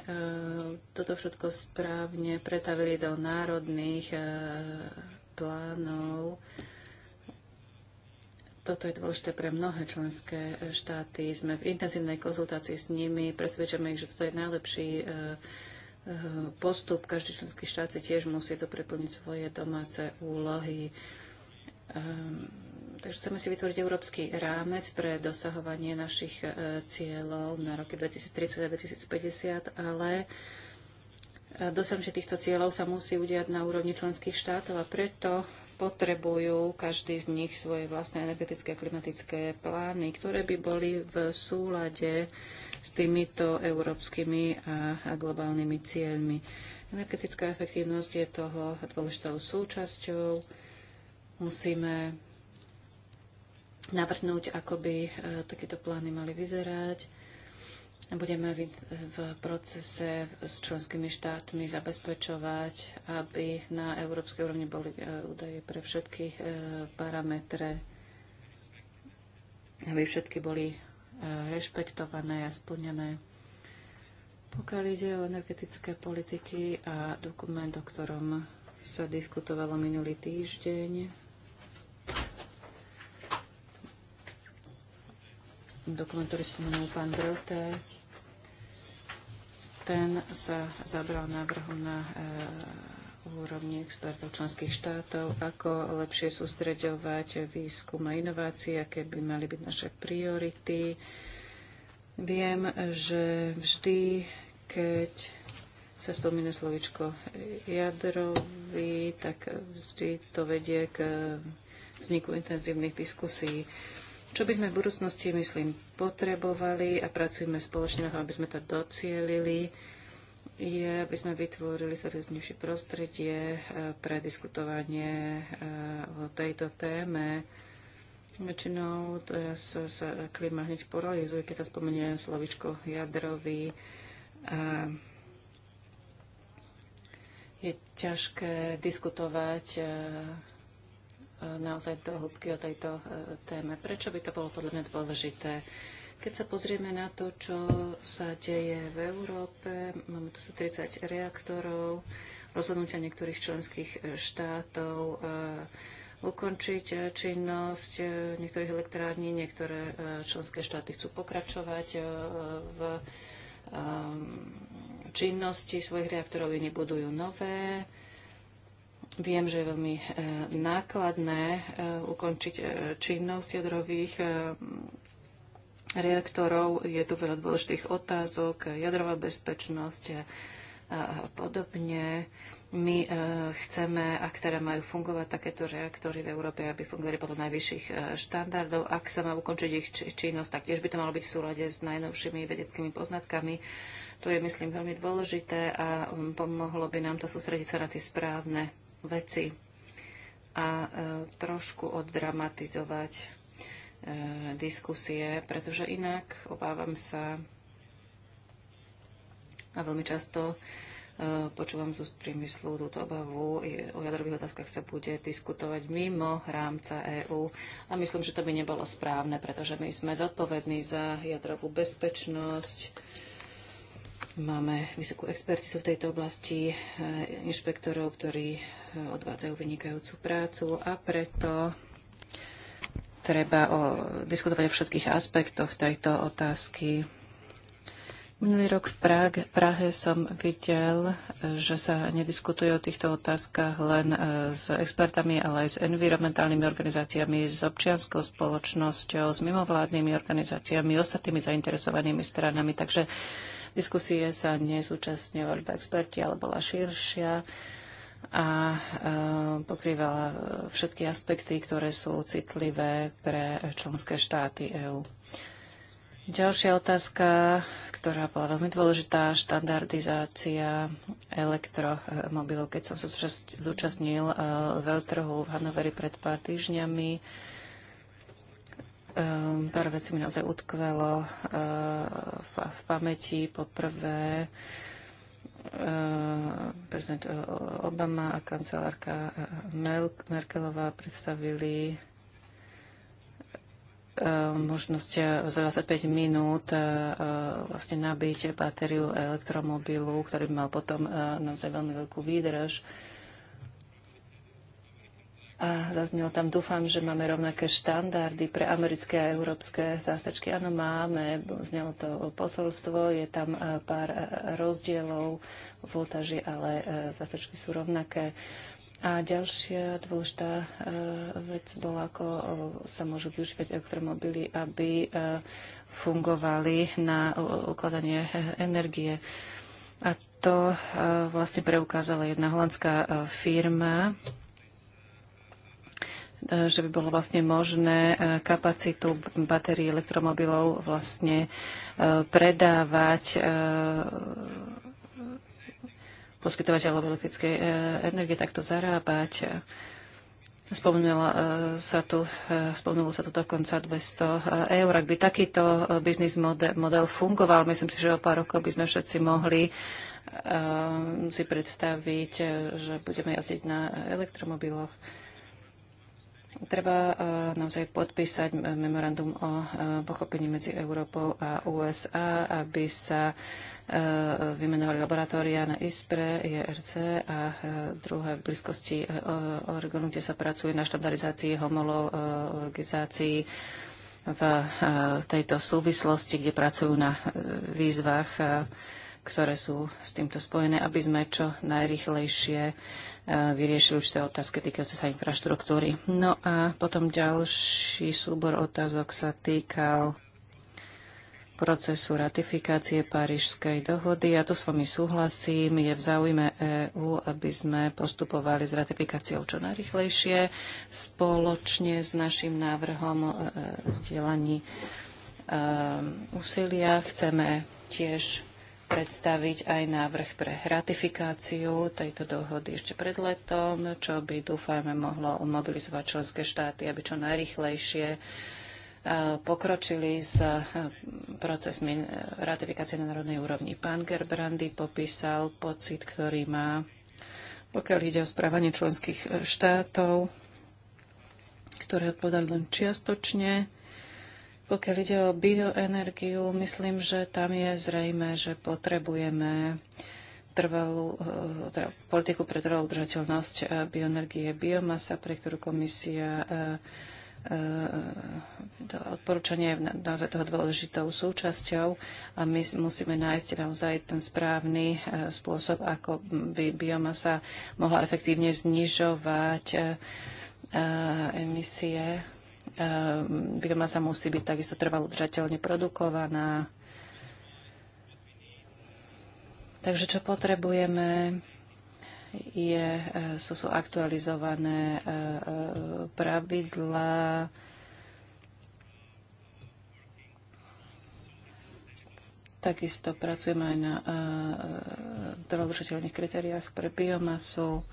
Speaker 4: toto všetko správne pretavili do národných e, plánov. Toto je dôležité pre mnohé členské štáty. Sme v intenzívnej konzultácii s nimi, presvedčame ich, že toto je najlepší e, postup. Každý členský štát si tiež musí to preplniť svoje domáce úlohy ehm, Takže chceme si vytvoriť európsky rámec pre dosahovanie našich e, cieľov na roky 2030 a 2050, ale e, že týchto cieľov sa musí udiať na úrovni členských štátov a preto potrebujú každý z nich svoje vlastné energetické a klimatické plány, ktoré by boli v súlade s týmito európskymi a globálnymi cieľmi. Energetická efektívnosť je toho dôležitou súčasťou. Musíme navrhnúť, ako by e, takéto plány mali vyzerať. Budeme v procese s členskými štátmi zabezpečovať, aby na európskej úrovni boli e, údaje pre všetky e, parametre, aby všetky boli rešpektované a splnené. Pokiaľ ide o energetické politiky a dokument, o ktorom sa diskutovalo minulý týždeň, dokument, ktorý spomenul pán Brote, ten sa zabral návrhu na e, úrovni expertov členských štátov, ako lepšie sústreďovať výskum a inovácie, aké by mali byť naše priority. Viem, že vždy, keď sa spomína slovičko jadrový, tak vždy to vedie k vzniku intenzívnych diskusí. E, čo by sme v budúcnosti, myslím, potrebovali a pracujeme spoločne na tom, aby sme to docielili, je, aby sme vytvorili serióznejšie prostredie e, pre diskutovanie e, o tejto téme. Väčšinou teraz sa klima hneď poralizuje, keď sa spomenie slovičko jadrový. A je ťažké diskutovať e, naozaj do hĺbky o tejto e, téme. Prečo by to bolo podľa mňa dôležité? Keď sa pozrieme na to, čo sa deje v Európe, máme tu 30 reaktorov, rozhodnutia niektorých členských štátov e, ukončiť činnosť e, niektorých elektrární, niektoré členské štáty chcú pokračovať v činnosti svojich reaktorov, iní budujú nové Viem, že je veľmi e, nákladné e, ukončiť e, činnosť jadrových reaktorov. Je tu veľa dôležitých otázok, jadrová bezpečnosť a podobne. My chceme, ak teda majú fungovať takéto reaktory v Európe, aby fungovali podľa najvyšších štandardov. Ak sa má ukončiť ich činnosť, tak tiež by to malo byť v súlade s najnovšími vedeckými poznatkami. To je, myslím, veľmi dôležité a um, pomohlo by nám to sústrediť sa na tie správne veci a e, trošku oddramatizovať e, diskusie, pretože inak obávam sa a veľmi často e, počúvam z úst priemyslu túto obavu. O jadrových otázkach sa bude diskutovať mimo rámca EÚ a myslím, že to by nebolo správne, pretože my sme zodpovední za jadrovú bezpečnosť. Máme vysokú expertizu v tejto oblasti, inšpektorov, ktorí odvádzajú vynikajúcu prácu a preto treba o, diskutovať o všetkých aspektoch tejto otázky. Minulý rok v Prahe, Prahe som videl, že sa nediskutuje o týchto otázkach len e, s expertami, ale aj s environmentálnymi organizáciami, s občianskou spoločnosťou, s mimovládnymi organizáciami, ostatnými zainteresovanými stranami. Takže diskusie sa nezúčastňovali iba experti, ale bola širšia a e, pokrývala všetky aspekty, ktoré sú citlivé pre členské štáty EÚ. Ďalšia otázka, ktorá bola veľmi dôležitá, štandardizácia elektromobilov. Keď som sa zúčastnil e, veľtrhu v Hanoveri pred pár týždňami, e, pár vecí mi naozaj utkvelo v, v pamäti. Poprvé, Eh, prezident eh, Obama a kancelárka eh, Merkelová predstavili možnosť za 25 minút vlastne nabiť batériu elektromobilu, ktorý by mal potom naozaj veľmi veľkú výdrž a zaznelo tam, dúfam, že máme rovnaké štandardy pre americké a európske zástačky. Áno, máme, znelo to posolstvo, je tam e, pár e, rozdielov voltaži, ale e, zástačky sú rovnaké. A ďalšia dôležitá vec bola, ako sa môžu využívať elektromobily, aby fungovali na ukladanie energie. A to vlastne preukázala jedna holandská firma, E, že by bolo vlastne možné e, kapacitu batérií elektromobilov vlastne e, predávať poskytovateľov elektrickej energie, takto zarábať. Spomenula sa tu, spomnulo sa tu dokonca 200 eur. Ak by takýto biznis model fungoval, myslím si, že o pár rokov by sme všetci mohli si predstaviť, že budeme jazdiť na elektromobiloch. Treba e, naozaj podpísať memorandum o e, pochopení medzi Európou a USA, aby sa e, vymenovali laboratória na ISPRE, IRC a druhé v blízkosti Oregonu, kde sa pracuje na štandardizácii homologizácii v tejto súvislosti, kde pracujú na výzvach, ktoré sú s týmto spojené, aby sme čo najrychlejšie vyriešil určité otázky týkajúce sa infraštruktúry. No a potom ďalší súbor otázok sa týkal procesu ratifikácie Parížskej dohody. Ja tu s vami súhlasím, je v záujme EÚ, aby sme postupovali s ratifikáciou čo najrychlejšie, spoločne s našim návrhom e, e zdieľaní e, úsilia. Chceme tiež predstaviť aj návrh pre ratifikáciu tejto dohody ešte pred letom, čo by dúfajme mohlo mobilizovať členské štáty, aby čo najrychlejšie e, pokročili s e, procesmi e, ratifikácie na národnej úrovni. Pán Gerbrandy popísal pocit, ktorý má, pokiaľ ide o správanie členských štátov, ktoré odpovedali len čiastočne pokiaľ ide o bioenergiu, myslím, že tam je zrejme, že potrebujeme trvalú, e, teda politiku pre trvalú udržateľnosť e, bioenergie biomasa, pre ktorú komisia e, odporúčanie je naozaj toho dôležitou súčasťou a my musíme nájsť naozaj ten správny spôsob, ako by biomasa mohla efektívne znižovať emisie Ehm, biomasa musí byť takisto trvalo udržateľne produkovaná. Takže čo potrebujeme, je, e, sú, sú aktualizované e, e, pravidlá, Takisto pracujeme aj na trvalodržateľných kritériách pre biomasu.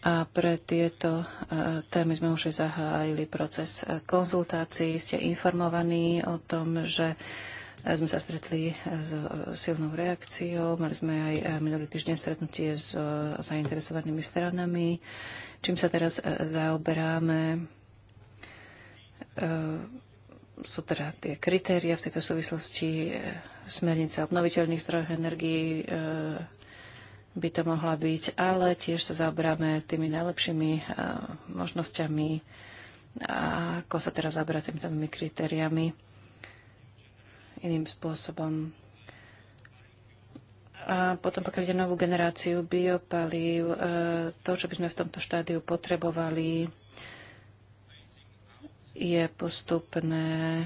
Speaker 4: A pre tieto e, témy sme už zahájili proces e, konzultácií. Ste informovaní o tom, že e, sme sa stretli s silnou reakciou. Mali sme aj minulý týždeň stretnutie s zainteresovanými stranami. Čím sa teraz zaoberáme, sú teda tie kritéria v tejto súvislosti, smernica obnoviteľných zdrojov energií, by to mohla byť, ale tiež sa zaoberáme tými najlepšími uh, možnosťami, a ako sa teraz zaoberá týmito kritériami iným spôsobom. A potom pokiaľ ide novú generáciu biopalív, eh, to, čo by sme v tomto štádiu potrebovali, je postupné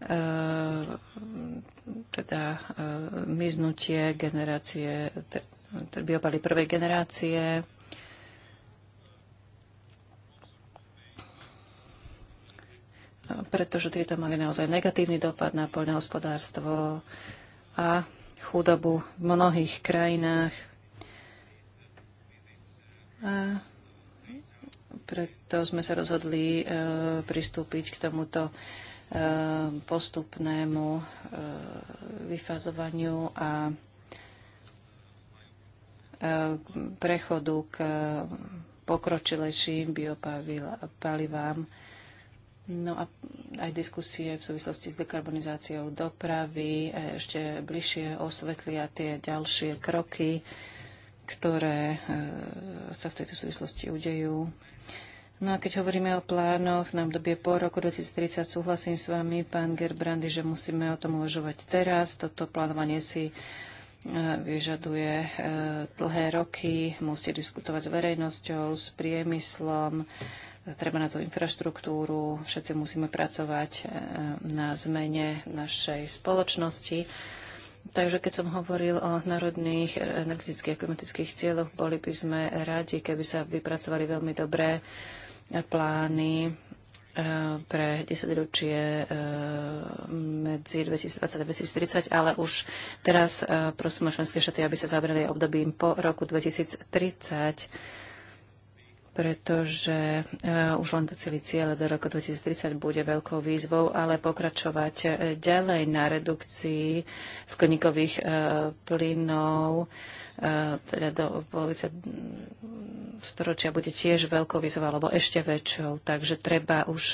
Speaker 4: E, teda e, miznutie generácie, biopaly prvej generácie. No, pretože tieto mali naozaj negatívny dopad na poľnohospodárstvo a chudobu v mnohých krajinách. A preto sme sa rozhodli e, pristúpiť k tomuto Eh, postupnému eh, vyfazovaniu a eh, prechodu k pokročilejším biopalivám. No a aj diskusie v súvislosti s dekarbonizáciou dopravy ešte bližšie osvetlia tie ďalšie kroky, ktoré sa v tejto súvislosti udejú. No a keď hovoríme o plánoch na obdobie po roku 2030, súhlasím s vami, pán Gerbrandy, že musíme o tom uvažovať teraz. Toto plánovanie si e, vyžaduje e, dlhé roky, musíte diskutovať s verejnosťou, s priemyslom, treba na tú infraštruktúru, všetci musíme pracovať e, na zmene našej spoločnosti. Takže keď som hovoril o národných energetických a klimatických cieľoch, boli by sme radi, keby sa vypracovali veľmi dobré plány e, pre 10 ročie e, medzi 2020 a 2030, ale už teraz e, prosím členské štáty, aby sa zabrali obdobím po roku 2030 pretože eh, už len celý cieľe do roku 2030 bude veľkou výzvou, ale pokračovať eh, ďalej na redukcii skleníkových eh, plynov teda do polovice mm, storočia bude tiež veľkou výzvou alebo ešte väčšou. Takže treba už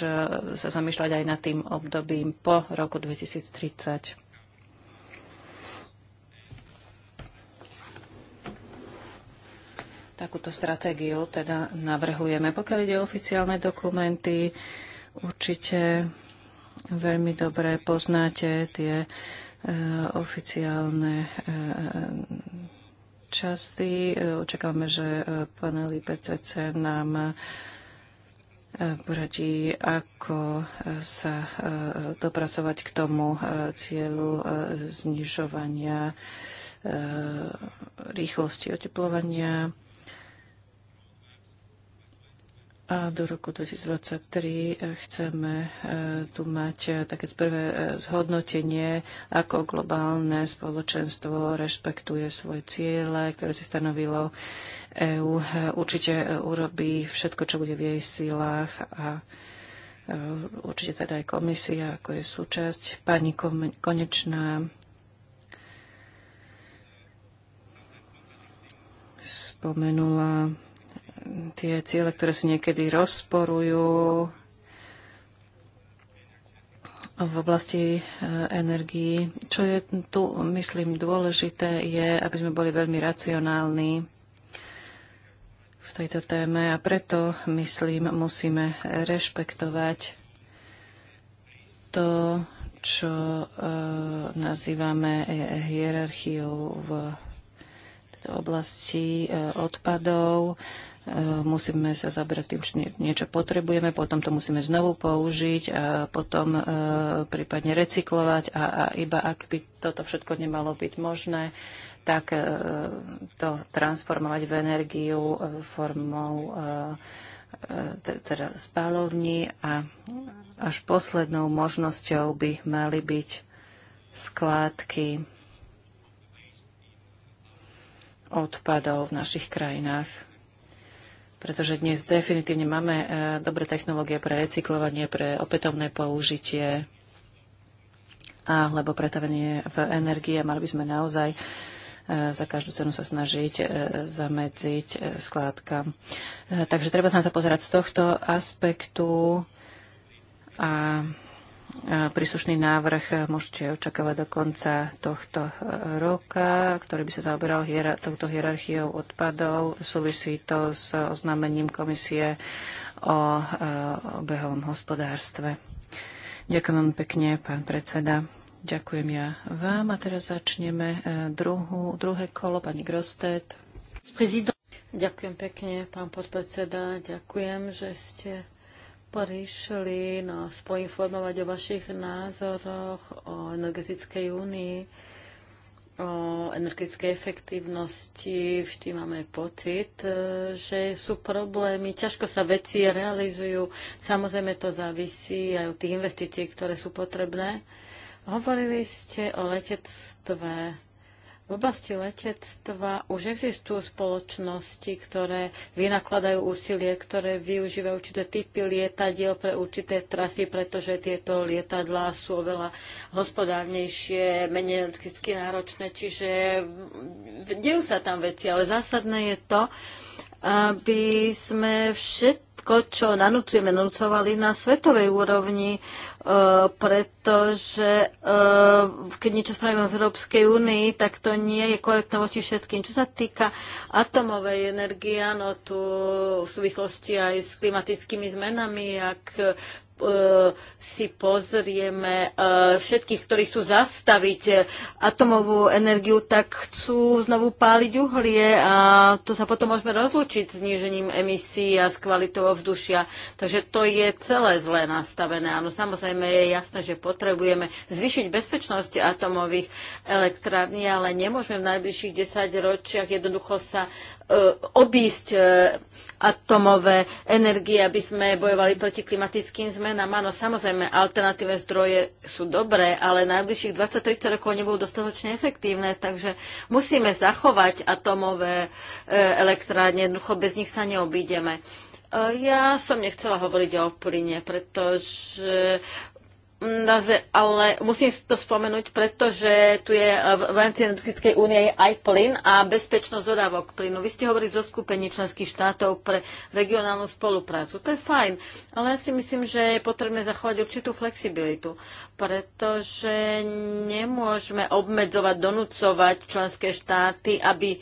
Speaker 4: sa zamýšľať aj nad tým obdobím po roku 2030. Takúto stratégiu teda navrhujeme. Pokiaľ ide o oficiálne dokumenty, určite veľmi dobre poznáte tie e, oficiálne e, časti. Očakávame, že e, panel IPCC nám poradí, ako sa dopracovať k tomu cieľu znižovania rýchlosti oteplovania a do roku 2023 e, chceme e, tu mať e, také prvé zhodnotenie, ako globálne spoločenstvo rešpektuje svoje ciele, ktoré si stanovilo EÚ. Určite urobí všetko, čo bude v jej sílách a určite teda aj komisia, ako je súčasť. Pani Konečná spomenula tie ciele, ktoré si niekedy rozporujú v oblasti eh, energií. Čo je tu, myslím, dôležité, je, aby sme boli veľmi racionálni v tejto téme a preto, myslím, musíme rešpektovať to, čo e, nazývame eh, hierarchiou v oblasti odpadov. Eh, musíme sa zabrať tým, či niečo potrebujeme, potom to musíme znovu použiť a potom eh, prípadne recyklovať a, a iba ak by toto všetko nemalo byť možné, tak eh, to transformovať v energiu formou teda spálovní a až poslednou možnosťou by mali byť skládky odpadov v našich krajinách pretože dnes definitívne máme e, dobré technológie pre recyklovanie, pre opätovné použitie alebo pretavenie v energie. Mali by sme naozaj e, za každú cenu sa snažiť e, zamedziť skládka. Takže treba sa na to pozerať z tohto aspektu a Príslušný návrh môžete očakávať do konca tohto e, roka, ktorý by sa zaoberal hier- touto hierarchiou odpadov. Súvisí to s oznámením komisie o e, obehovom hospodárstve. Ďakujem vám pekne, pán predseda. Ďakujem ja vám. A teraz začneme e, druhú, druhé kolo. Pani Grostet.
Speaker 2: Ďakujem pekne, pán podpredseda. Ďakujem, že ste prišli nás poinformovať o vašich názoroch, o energetickej únii, o energetickej efektívnosti. Vždy máme pocit, e, že sú problémy, ťažko sa veci realizujú. Samozrejme to závisí aj od tých investícií, ktoré sú potrebné. Hovorili ste o letectve v oblasti letectva už existujú spoločnosti, ktoré vynakladajú úsilie, ktoré využívajú určité typy lietadiel pre určité trasy, pretože tieto lietadlá sú oveľa hospodárnejšie, menej náročné, čiže dejú sa tam veci, ale zásadné je to, aby sme všetko, čo nanúcujeme, nanúcovali na svetovej úrovni, e, pretože e, keď niečo spravíme v Európskej únii, tak to nie je korektné voči všetkým. Čo sa týka atomovej energie, no tu v súvislosti aj s klimatickými zmenami, ak Eh, si pozrieme eh, všetkých, ktorí chcú zastaviť eh, atomovú energiu, tak chcú znovu páliť uhlie a to sa potom môžeme rozlučiť s znížením emisí a s kvalitou vzdušia. Takže to je celé zlé nastavené. Áno, samozrejme je jasné, že potrebujeme zvyšiť bezpečnosť atomových elektrární, ale nemôžeme v najbližších 10 ročiach jednoducho sa obísť atomové energie, aby sme bojovali proti klimatickým zmenám zmenám, áno, samozrejme, alternatívne zdroje sú dobré, ale najbližších 20-30 rokov nebudú dostatočne efektívne, takže musíme zachovať atomové e, elektrárne, jednoducho bez nich sa neobídeme. E, ja som nechcela hovoriť o plyne, pretože ale musím to spomenúť, pretože tu je e, v rámci Energetickej únie aj plyn a bezpečnosť dodávok plynu. Vy ste hovorili zo skupení členských štátov pre regionálnu spoluprácu. To je fajn, ale ja si myslím, že je potrebné zachovať určitú flexibilitu, pretože nemôžeme obmedzovať, donúcovať členské štáty, aby e,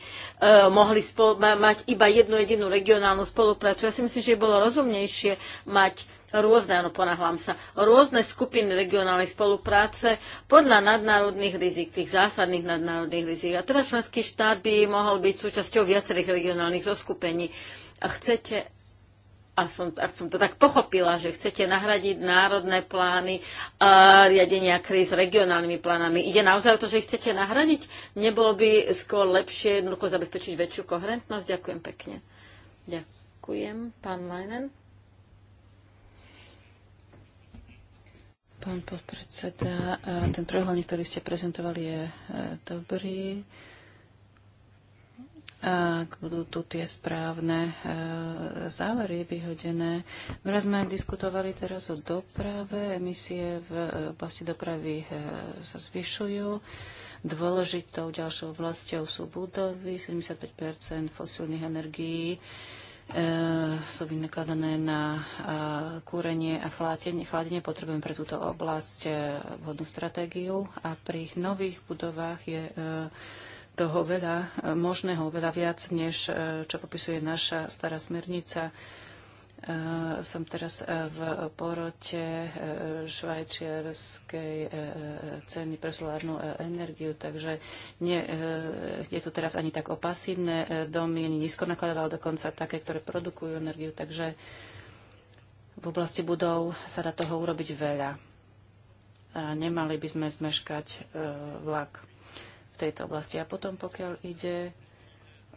Speaker 2: mohli mať iba jednu jedinú regionálnu spoluprácu. Ja si myslím, že by bolo rozumnejšie mať rôzne, áno, ponáhľam sa, rôzne skupiny regionálnej spolupráce podľa nadnárodných rizik, tých zásadných nadnárodných rizik. A teda členský štát by mohol byť súčasťou viacerých regionálnych zoskupení. A chcete, a som, a som to tak pochopila, že chcete nahradiť národné plány a riadenia kríz regionálnymi plánami. Ide naozaj o to, že ich chcete nahradiť? Nebolo by skôr lepšie jednoducho zabezpečiť väčšiu koherentnosť? Ďakujem pekne. Ďakujem, pán Leinen.
Speaker 4: Pán podpredseda, ten trojuholník, ktorý ste prezentovali, je e, dobrý. Ak budú tu tie správne e, závery vyhodené. My sme diskutovali teraz o doprave. Emisie v e, oblasti dopravy sa zvyšujú. Dôležitou ďalšou oblasťou sú budovy. 75 fosílnych energií E, sú vynakladané na e, kúrenie a chladenie. Chladenie potrebujeme pre túto oblasť e, vhodnú stratégiu a pri nových budovách je toho veľa možného, veľa viac, než čo popisuje naša stará smernica. Eh, som teraz eh, v porote eh, švajčiarskej ceny pre solárnu energiu, takže nie, je tu teraz ani tak o pasívne domy, ani nízkonakladové, ale dokonca také, ktoré produkujú energiu, takže v oblasti budov sa dá toho urobiť veľa. A nemali by sme zmeškať vlak v tejto oblasti. A potom, pokiaľ ide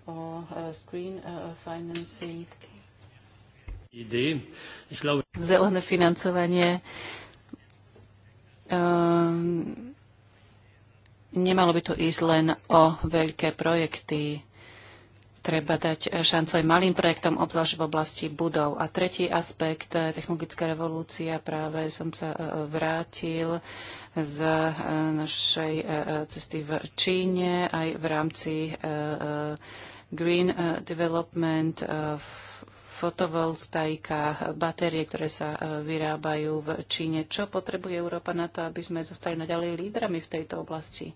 Speaker 4: o screen financing, Zelené financovanie um, nemalo by to ísť len o veľké projekty. Treba dať šancu aj malým projektom, obzvlášť v oblasti budov. A tretí aspekt, eh, technologická revolúcia, práve som sa eh, eh, vrátil z našej cesty v Číne aj v rámci Green Development v fotovoltaika, batérie, ktoré sa e, vyrábajú v Číne. Čo potrebuje Európa na to, aby sme zostali naďalej lídrami v tejto oblasti?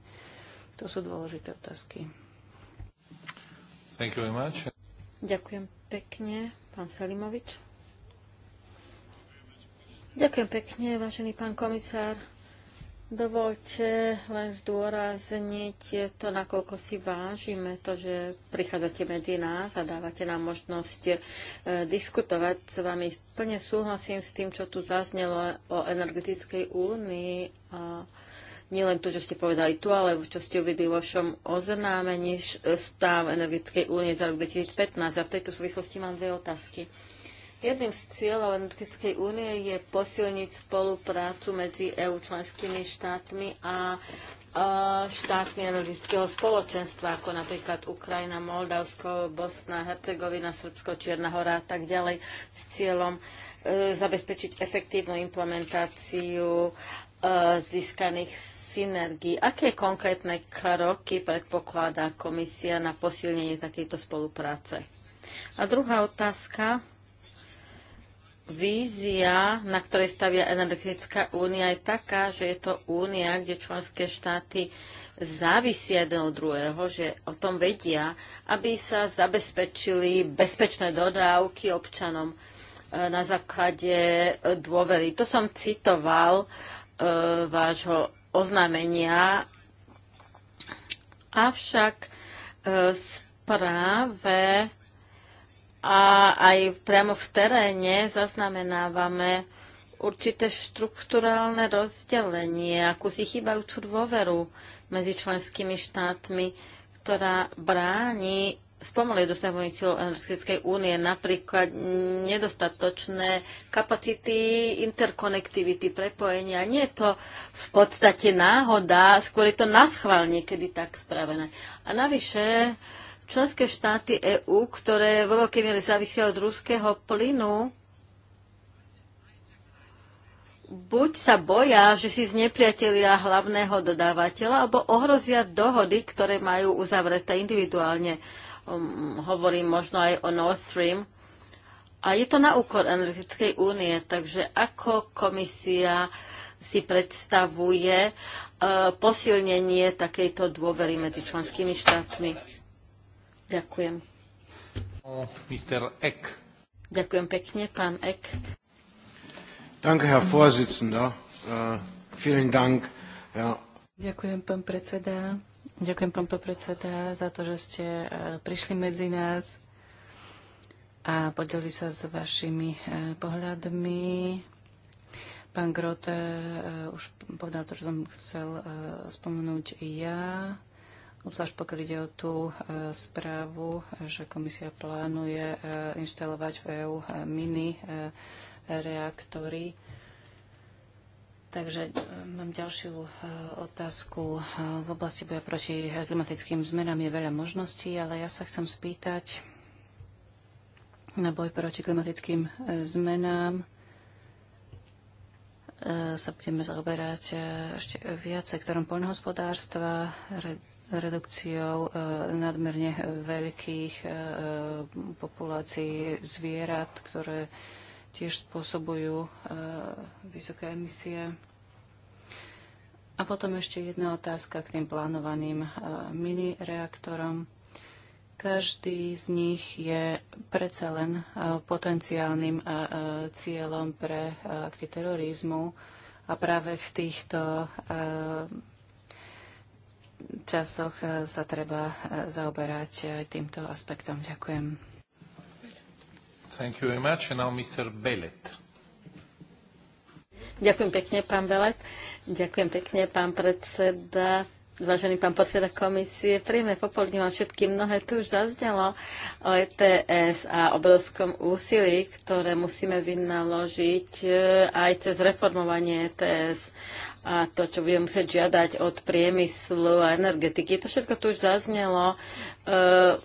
Speaker 4: To sú dôležité otázky.
Speaker 1: Thank you very much.
Speaker 4: Ďakujem pekne, pán Salimovič.
Speaker 2: Ďakujem pekne, vážený pán komisár. Dovolte len zdôrazniť to, nakoľko si vážime to, že prichádzate medzi nás a dávate nám možnosť e, diskutovať s vami. Plne súhlasím s tým, čo tu zaznelo o energetickej únii a nielen to, čo ste povedali tu, ale čo ste uvideli vo vašom oznámení stav energetickej únie za rok 2015. A v tejto súvislosti mám dve otázky. Jedným z cieľov energetickej únie je posilniť spoluprácu medzi EU členskými štátmi a štátmi energetického spoločenstva, ako napríklad Ukrajina, Moldavsko, Bosna, Hercegovina, Srbsko, Čierna hora a tak ďalej, s cieľom e, zabezpečiť efektívnu implementáciu e, získaných synergií. Aké konkrétne kroky predpokladá komisia na posilnenie takejto spolupráce? A druhá otázka Vízia, na ktorej stavia Energetická únia, je taká, že je to únia, kde členské štáty závisia jeden od druhého, že o tom vedia, aby sa zabezpečili bezpečné dodávky občanom e, na základe e, dôvery. To som citoval e, vášho oznámenia, avšak e, správe a aj priamo v teréne zaznamenávame určité štruktúrálne rozdelenie, akúsi chýbajúcu dôveru medzi členskými štátmi, ktorá bráni spomalej dosahovaní cieľov energetickej únie, napríklad nedostatočné kapacity interkonektivity, prepojenia. Nie je to v podstate náhoda, skôr je to schválne, kedy tak spravené. A navyše Členské štáty EÚ, ktoré vo veľkej miere závisia od ruského plynu, buď sa boja, že si znepriatelia hlavného dodávateľa, alebo ohrozia dohody, ktoré majú uzavreté individuálne. Um, hovorím možno aj o Nord Stream. A je to na úkor energetickej únie, takže ako komisia si predstavuje uh, posilnenie takejto dôvery medzi členskými štátmi? Ďakujem.
Speaker 4: Mr. Eck.
Speaker 2: Ďakujem pekne, pán Eck.
Speaker 1: Danke, Herr Vorsitzender. Uh, vielen Dank. Ja.
Speaker 4: Ďakujem, pán predseda. Ďakujem, pán predseda, za to, že ste äh, prišli medzi nás a podeli sa s vašimi äh, pohľadmi. Pán Grote už povedal to, čo som chcel spomenúť i ja. Obzvlášť pokiaľ ide o tú e, správu, že komisia plánuje e, inštalovať v EÚ e, mini reaktory. Takže mám ďalšiu otázku. V oblasti boja proti klimatickým zmenám je veľa možností, ale ja sa chcem spýtať na boj proti klimatickým zmenám sa budeme zaoberať ešte viacej, ktorom poľnohospodárstva, redukciou e, nadmerne veľkých e, e, populácií zvierat, ktoré tiež spôsobujú vysoké emisie. A potom ešte jedna otázka k tým plánovaným mini reaktorom. Každý z nich je predsa len potenciálnym cieľom pre akty terorizmu a práve v týchto časoch e, sa treba e, zaoberať aj e, týmto aspektom. Ďakujem.
Speaker 1: Thank you very much. And now Mr. Bellet.
Speaker 2: Ďakujem pekne, pán Belet. Ďakujem pekne, pán predseda. Vážený pán podseda komisie, príjemné popoludne vám všetky mnohé tu už zaznelo o ETS a obrovskom úsilí, ktoré musíme vynaložiť aj cez reformovanie ETS a to, čo budeme musieť žiadať od priemyslu a energetiky. To všetko tu už zaznelo. E,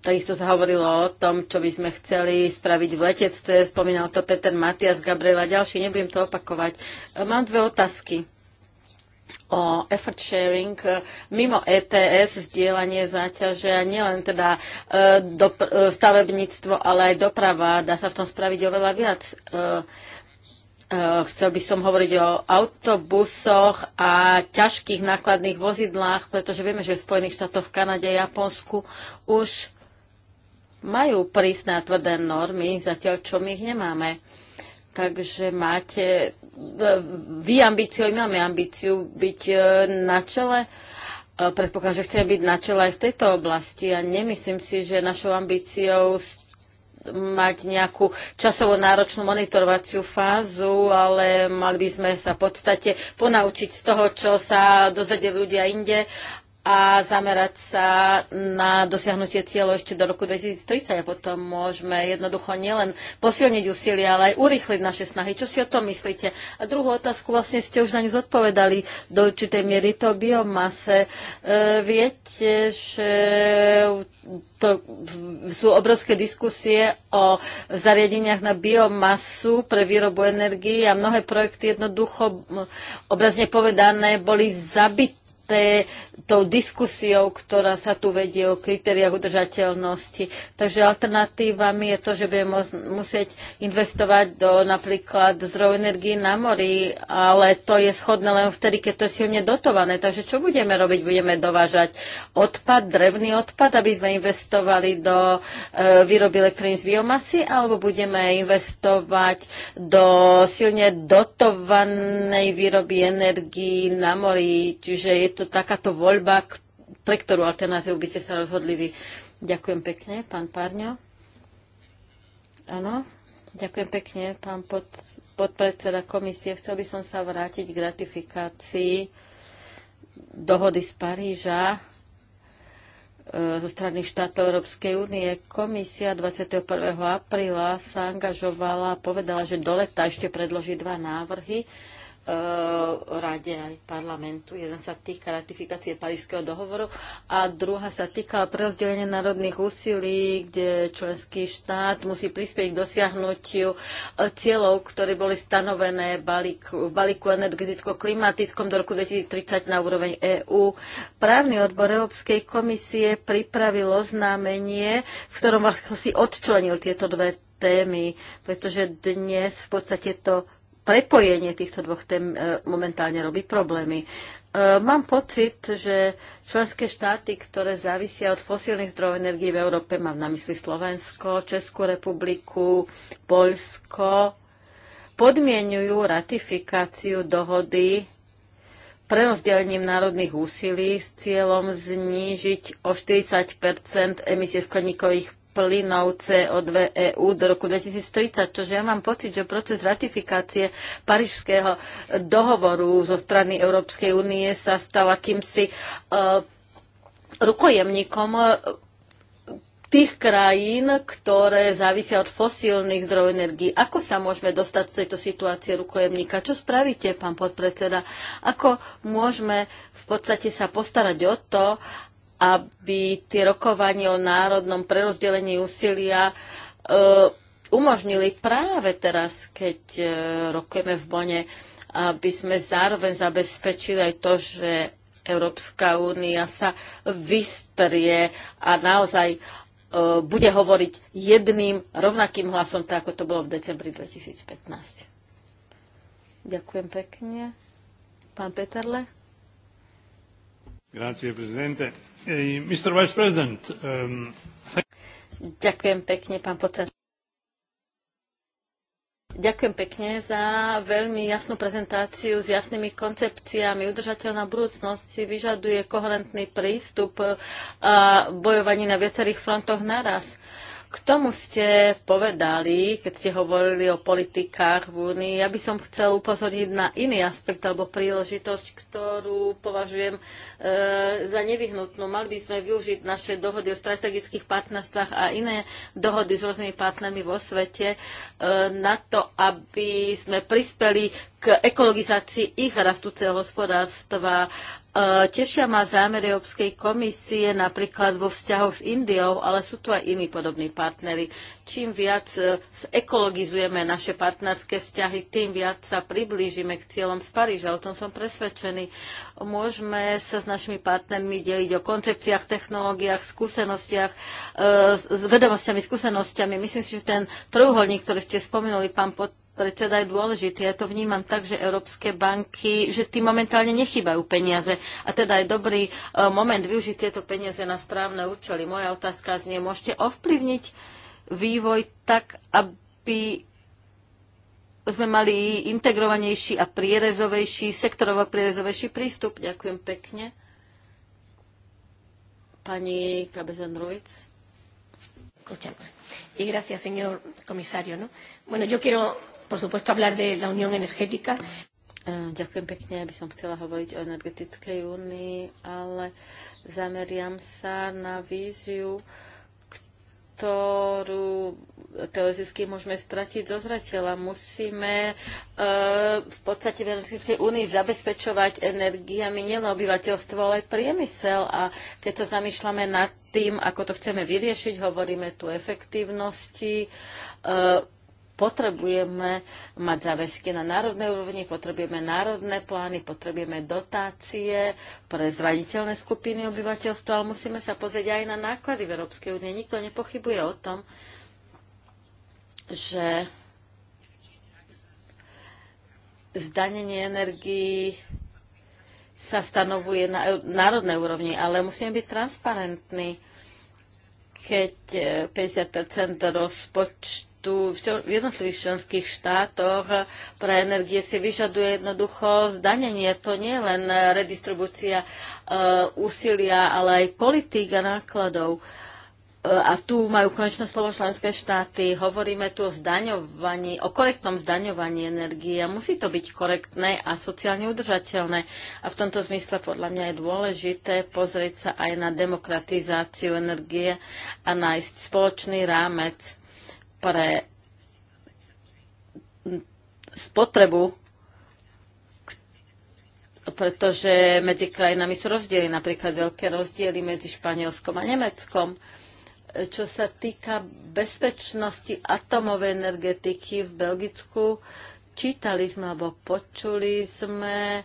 Speaker 2: Takisto sa hovorilo o tom, čo by sme chceli spraviť v letectve. Spomínal to Peter Matias, Gabriela ďalší. Nebudem to opakovať. E, mám dve otázky o effort sharing e, mimo ETS, zdieľanie záťaže a nielen teda e, do, e, stavebníctvo, ale aj doprava. Dá sa v tom spraviť oveľa viac. E, Eh, chcel by som hovoriť o autobusoch a ťažkých nákladných vozidlách, pretože vieme, že v Spojených štátoch, v Kanade, a Japonsku už majú prísne a tvrdé normy, zatiaľ čo my ich nemáme. Takže máte eh, vy ambíciu, my máme ambíciu byť eh, na čele. Predpokladám, že chceme byť na čele aj v tejto oblasti a nemyslím si, že našou ambíciou mať nejakú časovo náročnú monitorovaciu fázu, ale mali by sme sa v podstate ponaučiť z toho, čo sa dozvedeli ľudia inde a zamerať sa na dosiahnutie cieľov ešte do roku 2030 a potom môžeme jednoducho nielen posilniť úsilie, ale aj urýchliť naše snahy. Čo si o tom myslíte? A druhú otázku vlastne ste už na ňu zodpovedali do určitej miery to biomase. E, viete, že to sú obrovské diskusie o zariadeniach na biomasu pre výrobu energii a mnohé projekty jednoducho obrazne povedané boli zabité napäté tou diskusiou, ktorá sa tu vedie o kritériách udržateľnosti. Takže alternatívami je to, že budeme musieť investovať do napríklad zdrojov energii na mori, ale to je schodné len vtedy, keď to je silne dotované. Takže čo budeme robiť? Budeme dovážať odpad, drevný odpad, aby sme investovali do e, výroby elektrín z biomasy, alebo budeme investovať do silne dotovanej výroby energii na mori. Čiže je to takáto voľba, pre ktorú alternatívu by ste sa rozhodli vy. Ďakujem pekne, pán Párňo. Áno, ďakujem pekne, pán pod, podpredseda komisie. Chcel by som sa vrátiť k ratifikácii dohody z Paríža e, zo strany štátov Európskej únie. Komisia 21. apríla sa angažovala a povedala, že do leta ešte predloží dva návrhy Eh, rade aj parlamentu. Jeden sa týka ratifikácie Parížského dohovoru a druhá sa týka prerozdelenia národných úsilí, kde členský štát musí prispieť k dosiahnutiu eh, cieľov, ktoré boli stanovené v balíku energeticko-klimatickom do roku 2030 na úroveň EÚ. Právny odbor Európskej komisie pripravil oznámenie, v ktorom vlastne si odčlenil tieto dve témy, pretože dnes v podstate to prepojenie týchto dvoch tém e, momentálne robí problémy. E, mám pocit, že členské štáty, ktoré závisia od fosílnych zdrojov energie v Európe, mám na mysli Slovensko, Českú republiku, Poľsko, podmienujú ratifikáciu dohody prerozdelením národných úsilí s cieľom znížiť o 40 emisie skleníkových plynov CO2 EU do roku 2030, čože ja mám pocit, že proces ratifikácie Parížského dohovoru zo strany Európskej únie sa stal akýmsi uh, eh, rukojemníkom eh, tých krajín, ktoré závisia od fosílnych zdrojov energií. Ako sa môžeme dostať z tejto situácie rukojemníka? Čo spravíte, pán podpredseda? Ako môžeme v podstate sa postarať o to, aby tie rokovanie o národnom prerozdelení úsilia e, umožnili práve teraz, keď e, rokujeme v Bone, aby sme zároveň zabezpečili aj to, že Európska únia sa vystrie a naozaj e, bude hovoriť jedným rovnakým hlasom, tak ako to bolo v decembri 2015. Ďakujem pekne. Pán Peterle?
Speaker 5: Ehm,
Speaker 2: Ďakujem pekne, pán Poten. Ďakujem pekne za veľmi jasnú prezentáciu s jasnými koncepciami. Udržateľná budúcnosť si vyžaduje koherentný prístup a bojovanie na viacerých frontoch naraz. Uh, k tomu ste povedali, keď ste hovorili o politikách v Únii, ja by som chcel upozorniť na iný aspekt alebo príležitosť, ktorú považujem e, za nevyhnutnú. Mali by sme využiť naše dohody o strategických partnerstvách a iné dohody s rôznymi partnermi vo svete e, na to, aby sme prispeli k ekologizácii ich rastúceho hospodárstva, Eh, tešia ma zámer Európskej komisie napríklad vo vzťahoch s Indiou, ale sú tu aj iní podobní partnery. Čím viac eh, ekologizujeme naše partnerské vzťahy, tým viac sa priblížime k cieľom z Paríža. O tom som presvedčený. Môžeme sa s našimi partnermi deliť o koncepciách, technológiách, skúsenostiach, eh, s vedomostiami, skúsenostiami. Myslím si, že ten trojuholník, ktorý ste spomenuli, pán pod predseda je dôležitý. Ja to vnímam tak, že európske banky, že tým momentálne nechybajú peniaze. A teda je dobrý e, moment využiť tieto peniaze na správne účely. Moja otázka znie, môžete ovplyvniť vývoj tak, aby sme mali integrovanejší a prierezovejší, sektorovo prierezovejší prístup. Ďakujem pekne. Pani Kabezan Ruiz. Escuchamos. Y gracias, señor comisario. ¿no? Bueno, yo quiero por supuesto, hablar de la unión energética. Eh, ďakujem pekne, aby som chcela hovoriť o energetickej únii, ale zameriam sa na víziu, ktorú teoreticky môžeme stratiť do zreteľa. Musíme uh, v podstate v Energetickej únii zabezpečovať energiami nielen obyvateľstvo, ale aj priemysel. A keď sa zamýšľame nad tým, ako to chceme vyriešiť, hovoríme tu o efektívnosti, Uh, potrebujeme mať záväzky na národnej úrovni, potrebujeme národné plány, potrebujeme dotácie pre zraniteľné skupiny obyvateľstva, ale musíme sa pozrieť aj na náklady v Európskej únie. Nikto nepochybuje o tom, že zdanenie energií sa stanovuje na národnej úrovni, ale musíme byť transparentní. Keď eh, 50 rozpočtu tu v jednotlivých členských štátoch pre energie si vyžaduje jednoducho zdanenie. To nie je len redistribúcia e, úsilia, ale aj politika nákladov. E, a tu majú konečné slovo členské štáty. Hovoríme tu o zdaňovaní, o korektnom zdaňovaní energie. Musí to byť korektné a sociálne udržateľné. A v tomto zmysle podľa mňa je dôležité pozrieť sa aj na demokratizáciu energie a nájsť spoločný rámec pre spotrebu, pretože medzi krajinami sú rozdiely, napríklad veľké rozdiely medzi Španielskom a Nemeckom. Čo sa týka bezpečnosti atomovej energetiky v Belgicku, čítali sme alebo počuli sme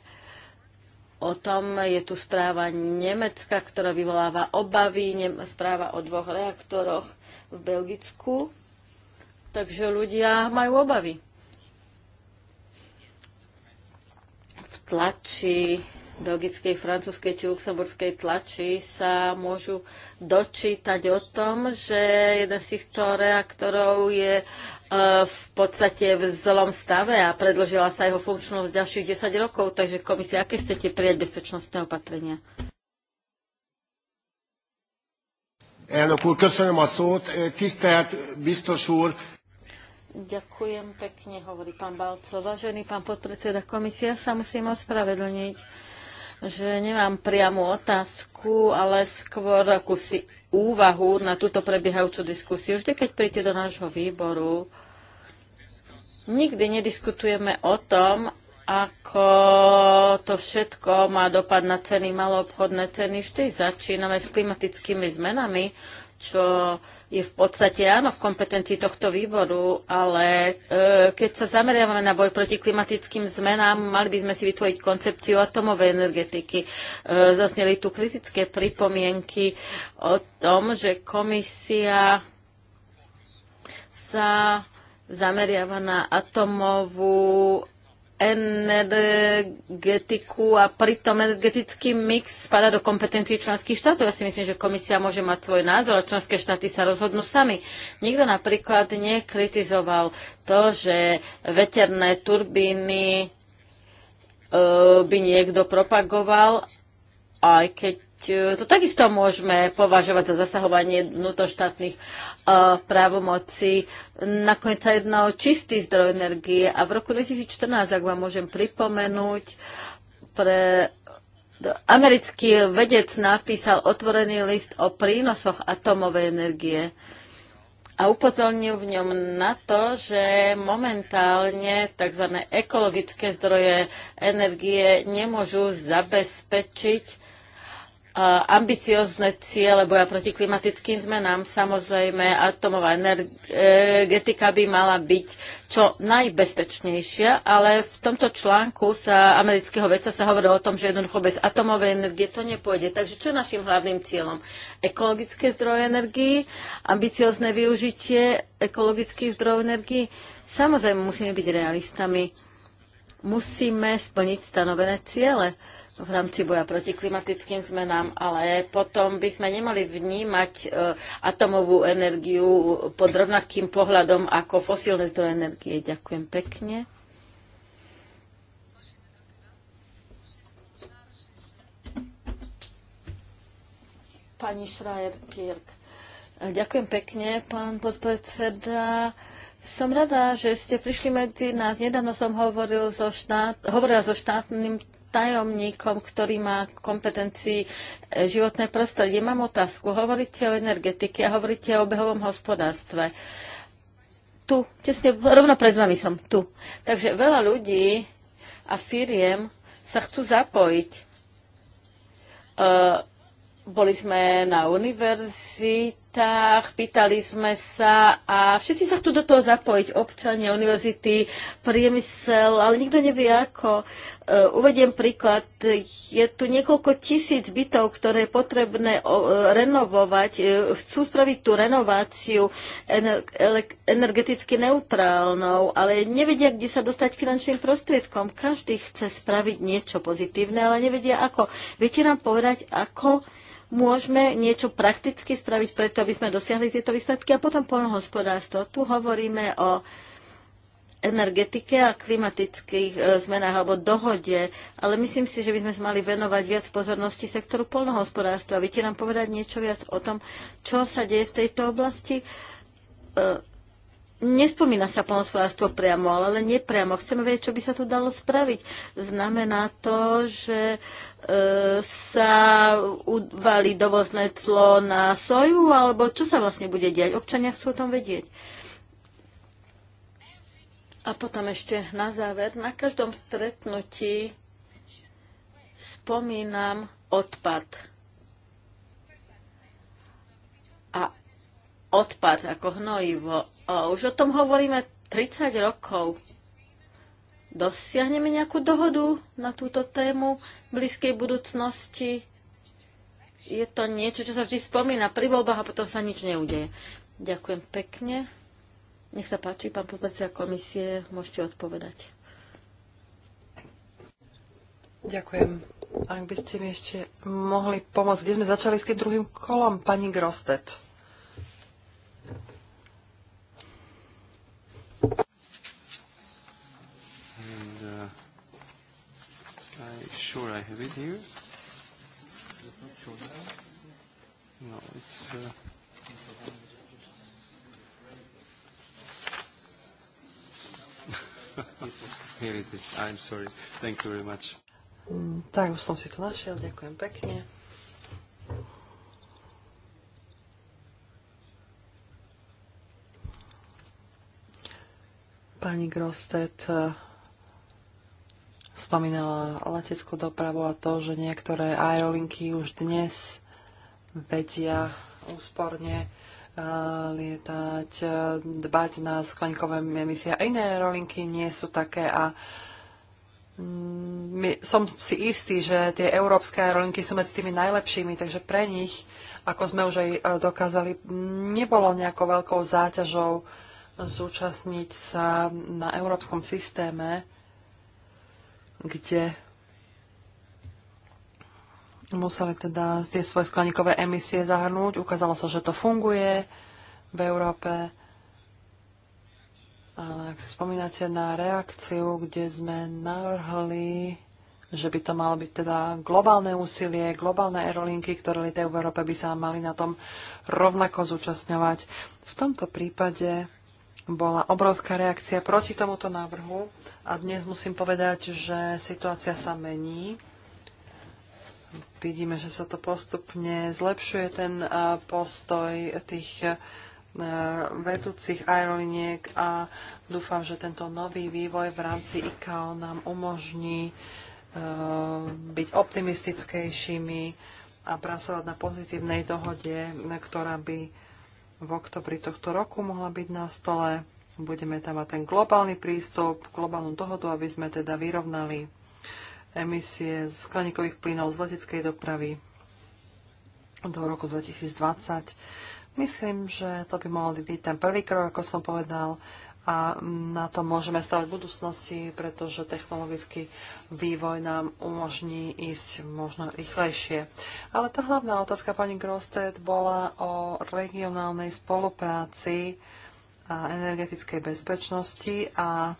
Speaker 2: o tom, je tu správa Nemecka, ktorá vyvoláva obavy, správa o dvoch reaktoroch v Belgicku Takže ľudia majú obavy. V tlači, belgickej, francúzskej či luxemburskej tlači sa môžu dočítať o tom, že jeden z týchto reaktorov je e, v podstate v zlom stave a predložila sa jeho funkčnosť ďalších 10 rokov. Takže komisia, aké chcete prijať bezpečnostné
Speaker 1: opatrenia? Elnök úr, köszönöm a szót. Tisztelt biztos úr,
Speaker 2: Ďakujem pekne, hovorí pán Balco. Vážený pán podpredseda komisia, sa musím ospravedlniť, že nemám priamu otázku, ale skôr akúsi úvahu na túto prebiehajúcu diskusiu. Vždy, keď príjete do nášho výboru, nikdy nediskutujeme o tom, ako to všetko má dopad na ceny, maloobchodné ceny. Vždy začíname s klimatickými zmenami, čo je v podstate áno v kompetencii tohto výboru, ale e, keď sa zameriavame na boj proti klimatickým zmenám, mali by sme si vytvoriť koncepciu atomovej energetiky. E, zasneli tu kritické pripomienky o tom, že komisia sa zameriava na atomovú energetiku a pritom energetický mix spada do kompetencií členských štátov. Ja si myslím, že komisia môže mať svoj názor a členské štáty sa rozhodnú sami. Nikto napríklad nekritizoval to, že veterné turbíny e, by niekto propagoval, aj keď e, to takisto môžeme považovať za zasahovanie vnútroštátnych právomoci. Nakoniec sa jedná o čistý zdroj energie a v roku 2014, ak vám môžem pripomenúť, pre americký vedec napísal otvorený list o prínosoch atomovej energie a upozornil v ňom na to, že momentálne tzv. ekologické zdroje energie nemôžu zabezpečiť Eh, ambiciozne ciele boja proti klimatickým zmenám. Samozrejme, atomová energetika by mala byť čo najbezpečnejšia, ale v tomto článku sa amerického vedca sa hovorilo o tom, že jednoducho bez atomovej energie to nepôjde. Takže čo je našim hlavným cieľom? Ekologické zdroje energii, ambiciozne využitie ekologických zdrojov energii. Samozrejme, musíme byť realistami. Musíme splniť stanovené ciele v rámci boja proti klimatickým zmenám, ale potom by sme nemali vnímať e, atomovú energiu pod rovnakým pohľadom ako fosílne zdroje energie. Ďakujem pekne. pani Schreier-Pierk. Ďakujem pekne, pán podpredseda. Som rada, že ste prišli medzi nás. Nedávno som hovoril so štát, hovorila so štátnym tajomníkom, ktorý má kompetencii e, životné prostredie. Mám otázku. Hovoríte o energetike a hovoríte o behovom hospodárstve. Tu, tesne, rovno pred vami som, tu. Takže veľa ľudí a firiem sa chcú zapojiť. Uh, boli sme na univerzite, debatách, pýtali sme sa a všetci sa chcú do toho zapojiť, občania, univerzity, priemysel, ale nikto nevie ako. E, uvediem príklad, je tu niekoľko tisíc bytov, ktoré je potrebné e, renovovať, e, chcú spraviť tú renováciu energeticky neutrálnou, ale nevedia, kde sa dostať finančným prostriedkom. Každý chce spraviť niečo pozitívne, ale nevedia ako. Viete nám povedať, ako? môžeme niečo prakticky spraviť preto, aby sme dosiahli tieto výsledky. A potom polnohospodárstvo. Tu hovoríme o energetike a klimatických e, zmenách alebo dohode, ale myslím si, že by sme mali venovať viac pozornosti sektoru polnohospodárstva. Viete nám povedať niečo viac o tom, čo sa deje v tejto oblasti? E, Nespomína sa polnospodárstvo priamo, ale len nepriamo. Chceme vedieť, čo by sa tu dalo spraviť. Znamená to, že e, sa uvalí dovozné clo na soju, alebo čo sa vlastne bude diať? Občania chcú o tom vedieť. A potom ešte na záver, na každom stretnutí spomínam odpad. A odpad ako hnojivo O, už o tom hovoríme 30 rokov. Dosiahneme nejakú dohodu na túto tému blízkej budúcnosti? Je to niečo, čo sa vždy spomína pri voľbách a potom sa nič neudeje. Ďakujem pekne. Nech sa páči, pán podpredseda komisie, môžete odpovedať.
Speaker 3: Ďakujem. Ak by ste mi ešte mohli pomôcť, kde sme začali s tým druhým kolom, pani Grostet.
Speaker 1: sure I have it here.
Speaker 5: No, it's... Uh,
Speaker 1: here it is. I'm sorry. Thank you very much.
Speaker 3: Mm, tak, už som si to našiel. Ďakujem pekne. Pani Grostet spomínala leteckú dopravu a to, že niektoré aerolinky už dnes vedia úsporne eh, lietať, eh, dbať na skleníkové emisie. A iné aerolinky nie sú také a mm, my, som si istý, že tie európske aerolinky sú medzi tými najlepšími, takže pre nich, ako sme už aj eh, dokázali, nebolo nejakou veľkou záťažou zúčastniť sa na európskom systéme kde museli teda tie svoje skleníkové emisie zahrnúť. Ukázalo sa, že to funguje v Európe. Ale ak si spomínate na reakciu, kde sme navrhli, že by to malo byť teda globálne úsilie, globálne aerolinky, ktoré letajú v Európe, by sa mali na tom rovnako zúčastňovať. V tomto prípade bola obrovská reakcia proti tomuto návrhu a dnes musím povedať, že situácia sa mení. Vidíme, že sa to postupne zlepšuje, ten postoj tých vedúcich aeroliniek a dúfam, že tento nový vývoj v rámci ICAO nám umožní byť optimistickejšími a pracovať na pozitívnej dohode, ktorá by v oktobri tohto roku mohla byť na stole. Budeme tam mať ten globálny prístup, globálnu dohodu, aby sme teda vyrovnali emisie skleníkových plynov z leteckej dopravy do roku 2020. Myslím, že to by mohol byť ten prvý krok, ako som povedal, a na to môžeme stavať v budúcnosti, pretože technologický vývoj nám umožní ísť možno rýchlejšie. Ale tá hlavná otázka pani Grosted bola o regionálnej spolupráci a energetickej bezpečnosti a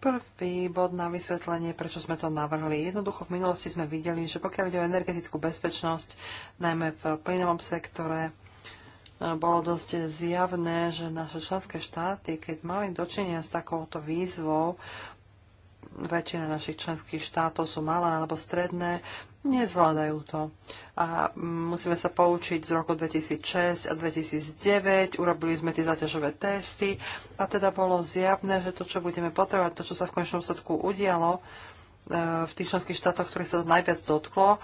Speaker 3: Prvý bod na vysvetlenie, prečo sme to navrhli. Jednoducho v minulosti sme videli, že pokiaľ ide o energetickú bezpečnosť, najmä v plynovom sektore, bolo dosť zjavné, že naše členské štáty, keď mali dočenia s takouto výzvou, väčšina našich členských štátov sú malé alebo stredné, nezvládajú to. A musíme sa poučiť z roku 2006 a 2009, urobili sme tie zaťažové testy a teda bolo zjavné, že to, čo budeme potrebovať, to, čo sa v končnom sadku udialo e, v tých členských štátoch, ktorých sa to najviac dotklo,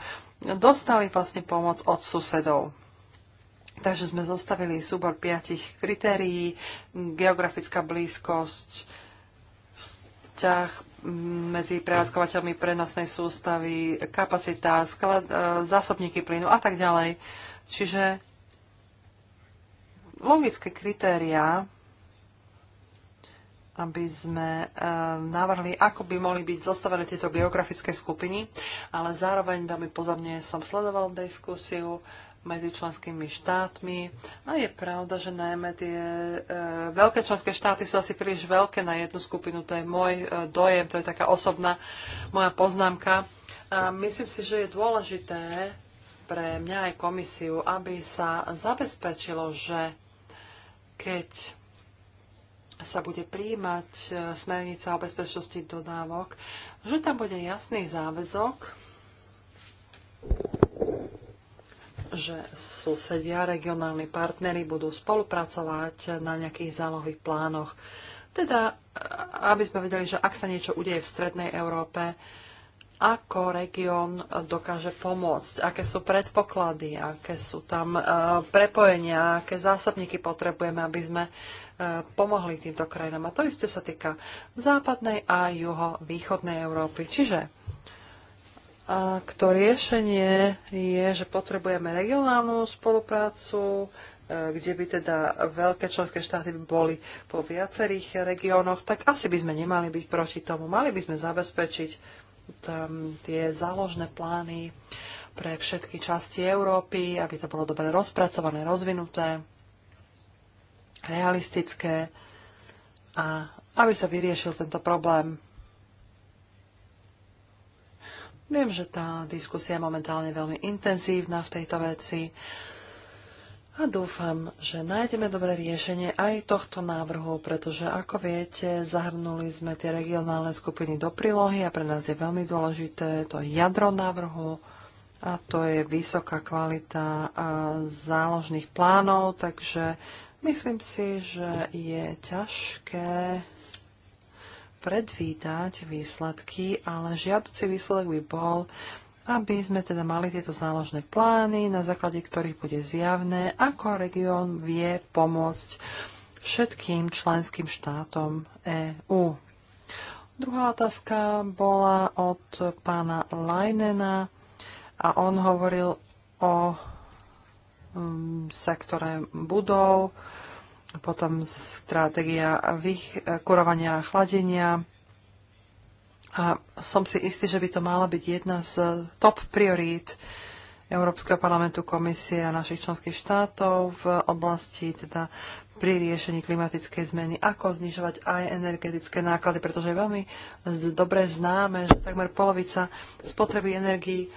Speaker 3: dostali vlastne pomoc od susedov Takže sme zostavili súbor piatich kritérií, geografická blízkosť, vzťah medzi prevádzkovateľmi prenosnej sústavy, kapacita, sklad, e, zásobníky plynu a tak ďalej. Čiže logické kritériá, aby sme e, navrhli, ako by mohli byť zostavené tieto geografické skupiny, ale zároveň veľmi pozorne som sledoval diskusiu, medzi členskými štátmi. A je pravda, že najmä tie e, veľké členské štáty sú asi príliš veľké na jednu skupinu. To je môj e, dojem, to je taká osobná moja poznámka. A myslím si, že je dôležité pre mňa aj komisiu, aby sa zabezpečilo, že keď sa bude príjmať e, smernica o bezpečnosti dodávok, že tam bude jasný záväzok že susedia, regionálni partnery budú spolupracovať na nejakých zálohových plánoch. Teda, aby sme vedeli, že ak sa niečo udeje v Strednej Európe, ako región dokáže pomôcť, aké sú predpoklady, aké sú tam e, prepojenia, aké zásobníky potrebujeme, aby sme e, pomohli týmto krajinám. A to isté sa týka západnej a juho-východnej Európy. Čiže a to riešenie je, že potrebujeme regionálnu spoluprácu, e, kde by teda veľké členské štáty boli po viacerých regiónoch, tak asi by sme nemali byť proti tomu. Mali by sme zabezpečiť tam tie záložné plány pre všetky časti Európy, aby to bolo dobre rozpracované, rozvinuté, realistické a aby sa vyriešil tento problém Viem, že tá diskusia je momentálne veľmi intenzívna v tejto veci a dúfam, že nájdeme dobré riešenie aj tohto návrhu, pretože ako viete, zahrnuli sme tie regionálne skupiny do prílohy a pre nás je veľmi dôležité to jadro návrhu a to je vysoká kvalita záložných plánov, takže myslím si, že je ťažké predvídať výsledky, ale žiaduci výsledek by bol, aby sme teda mali tieto záložné plány, na základe ktorých bude zjavné, ako región vie pomôcť všetkým členským štátom EÚ. Druhá otázka bola od pána Lajnena a on hovoril o um, sektore budov, potom stratégia vykurovania a chladenia. A som si istý, že by to mala byť jedna z top priorít Európskeho parlamentu, komisie a našich členských štátov v oblasti teda pri riešení klimatickej zmeny, ako znižovať aj energetické náklady, pretože je veľmi dobre známe, že takmer polovica spotreby energií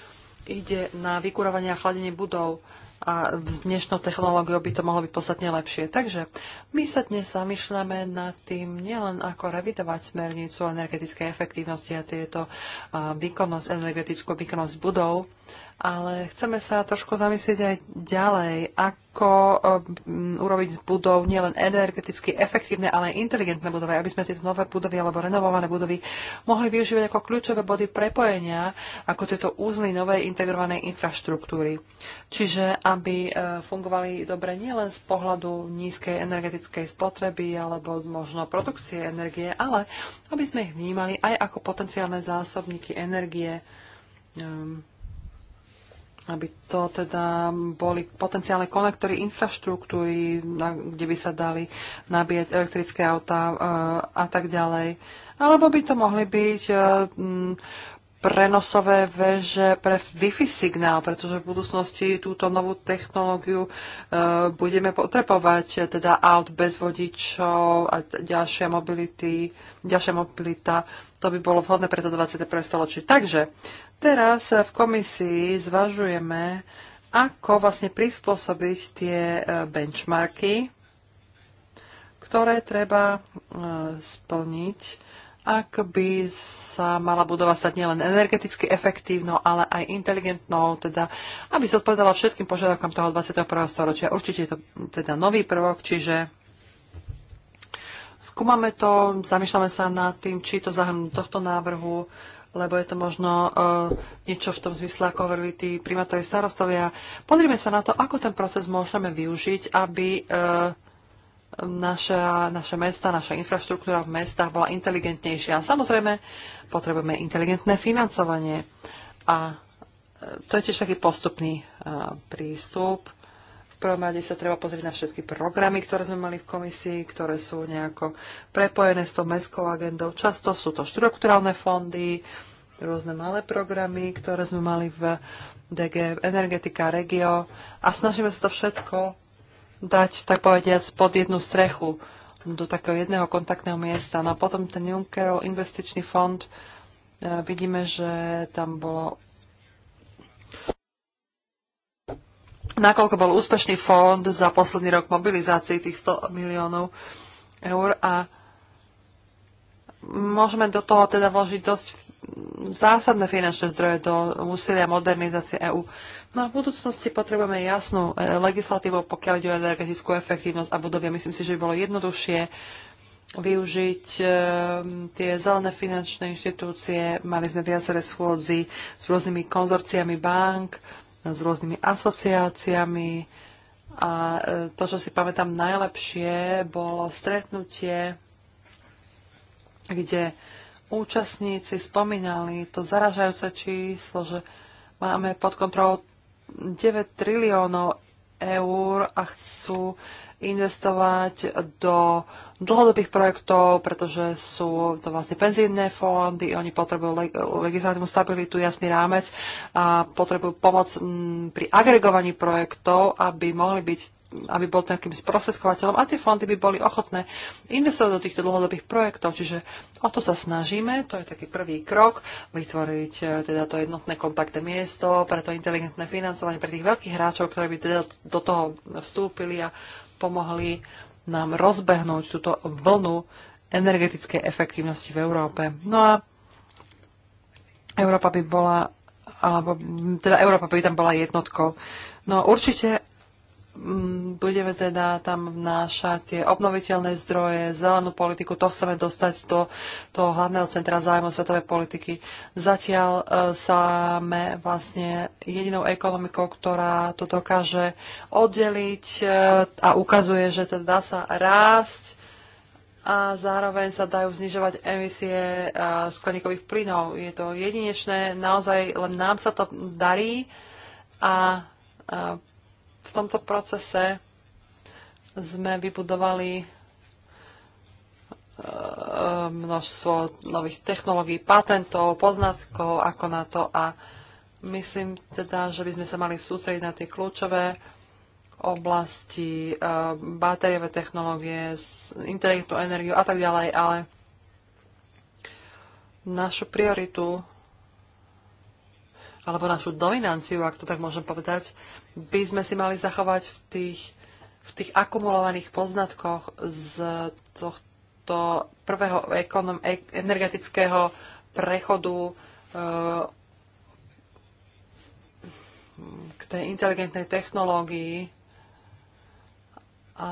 Speaker 3: ide na vykurovanie a chladenie budov a s dnešnou technológiou by to mohlo byť podstatne lepšie. Takže my sa dnes zamýšľame nad tým nielen ako revidovať smernicu energetickej efektívnosti a tieto výkonnosť, energetickú výkonnosť budov, ale chceme sa trošku zamyslieť aj ďalej, ako um, urobiť z budov nielen energeticky efektívne, ale aj inteligentné budovy, aby sme tieto nové budovy alebo renovované budovy mohli využívať ako kľúčové body prepojenia, ako tieto úzly novej integrovanej infraštruktúry. Čiže aby e, fungovali dobre nielen z pohľadu nízkej energetickej spotreby alebo možno produkcie energie, ale aby sme ich vnímali aj ako potenciálne zásobníky energie, um, aby to teda boli potenciálne konektory infraštruktúry, kde by sa dali nabíjať elektrické autá e, a tak ďalej. Alebo by to mohli byť e, prenosové väže pre Wi-Fi signál, pretože v budúcnosti túto novú technológiu e, budeme potrebovať, teda aut bez vodičov a ďalšia, mobility, ďalšia mobilita. To by bolo vhodné pre to 21. storočie. Takže Teraz v komisii zvažujeme, ako vlastne prispôsobiť tie e, benchmarky, ktoré treba e, splniť, ak by sa mala budova stať nielen energeticky efektívnou, ale aj inteligentnou, teda aby zodpovedala všetkým požiadavkám toho 21. storočia. Určite je to teda nový prvok, čiže skúmame to, zamýšľame sa nad tým, či to zahrnú tohto návrhu lebo je to možno uh, niečo v tom zmysle, ako hovorili tí primátori starostovia. Pozrime sa na to, ako ten proces môžeme využiť, aby uh, naša, naše mesta, naša infraštruktúra v mestách bola inteligentnejšia. A samozrejme, potrebujeme inteligentné financovanie. A e, to je tiež taký postupný uh, prístup prvom rade sa treba pozrieť na všetky programy, ktoré sme mali v komisii, ktoré sú nejako prepojené s tou mestskou agendou. Často sú to štruktúralné fondy, rôzne malé programy, ktoré sme mali v DG Energetika Regio a snažíme sa to všetko dať, tak povediať, pod jednu strechu do takého jedného kontaktného miesta. No a potom ten Junckerov investičný fond, e, vidíme, že tam bolo nakoľko bol úspešný fond za posledný rok mobilizácií tých 100 miliónov eur a môžeme do toho teda vložiť dosť zásadné finančné zdroje do úsilia modernizácie EÚ. No a v budúcnosti potrebujeme jasnú e, legislatívu, pokiaľ ide o energetickú efektívnosť a budovia, Myslím si, že by bolo jednoduchšie využiť e, tie zelené finančné inštitúcie. Mali sme viaceré schôdzi s rôznymi konzorciami bank, s rôznymi asociáciami a e, to, čo si pamätám najlepšie, bolo stretnutie, kde účastníci spomínali to zaražajúce číslo, že máme pod kontrolou 9 triliónov eur a chcú investovať do dlhodobých projektov, pretože sú to vlastne penzívne fondy, oni potrebujú leg- legislatívnu stabilitu, jasný rámec a potrebujú pomoc m, pri agregovaní projektov, aby mohli byť aby bol takým sprostredkovateľom a tie fondy by boli ochotné investovať do týchto dlhodobých projektov. Čiže o to sa snažíme, to je taký prvý krok, vytvoriť e, teda to jednotné kontaktné miesto, preto inteligentné financovanie pre tých veľkých hráčov, ktorí by teda do toho vstúpili a pomohli nám rozbehnúť túto vlnu energetickej efektívnosti v Európe. No a Európa by bola, alebo teda Európa by tam bola jednotkou. No určite Mm, budeme teda tam vnášať tie obnoviteľné zdroje, zelenú politiku, to chceme dostať do toho hlavného centra zájmu svetovej politiky. Zatiaľ e, sa sme vlastne jedinou ekonomikou, ktorá to dokáže oddeliť e, a ukazuje, že teda dá sa rásť a zároveň sa dajú znižovať emisie e, skleníkových plynov. Je to jedinečné, naozaj len nám sa to darí a v tomto procese sme vybudovali e, množstvo nových technológií, patentov, poznatkov ako na to a myslím teda, že by sme sa mali sústrediť na tie kľúčové oblasti, e, batériové technológie, inteligentnú energiu a tak ďalej, ale našu prioritu alebo našu dominanciu, ak to tak môžem povedať, by sme si mali zachovať v tých, v tých akumulovaných poznatkoch z tohto prvého ekonom, energetického prechodu eh, k tej inteligentnej technológii a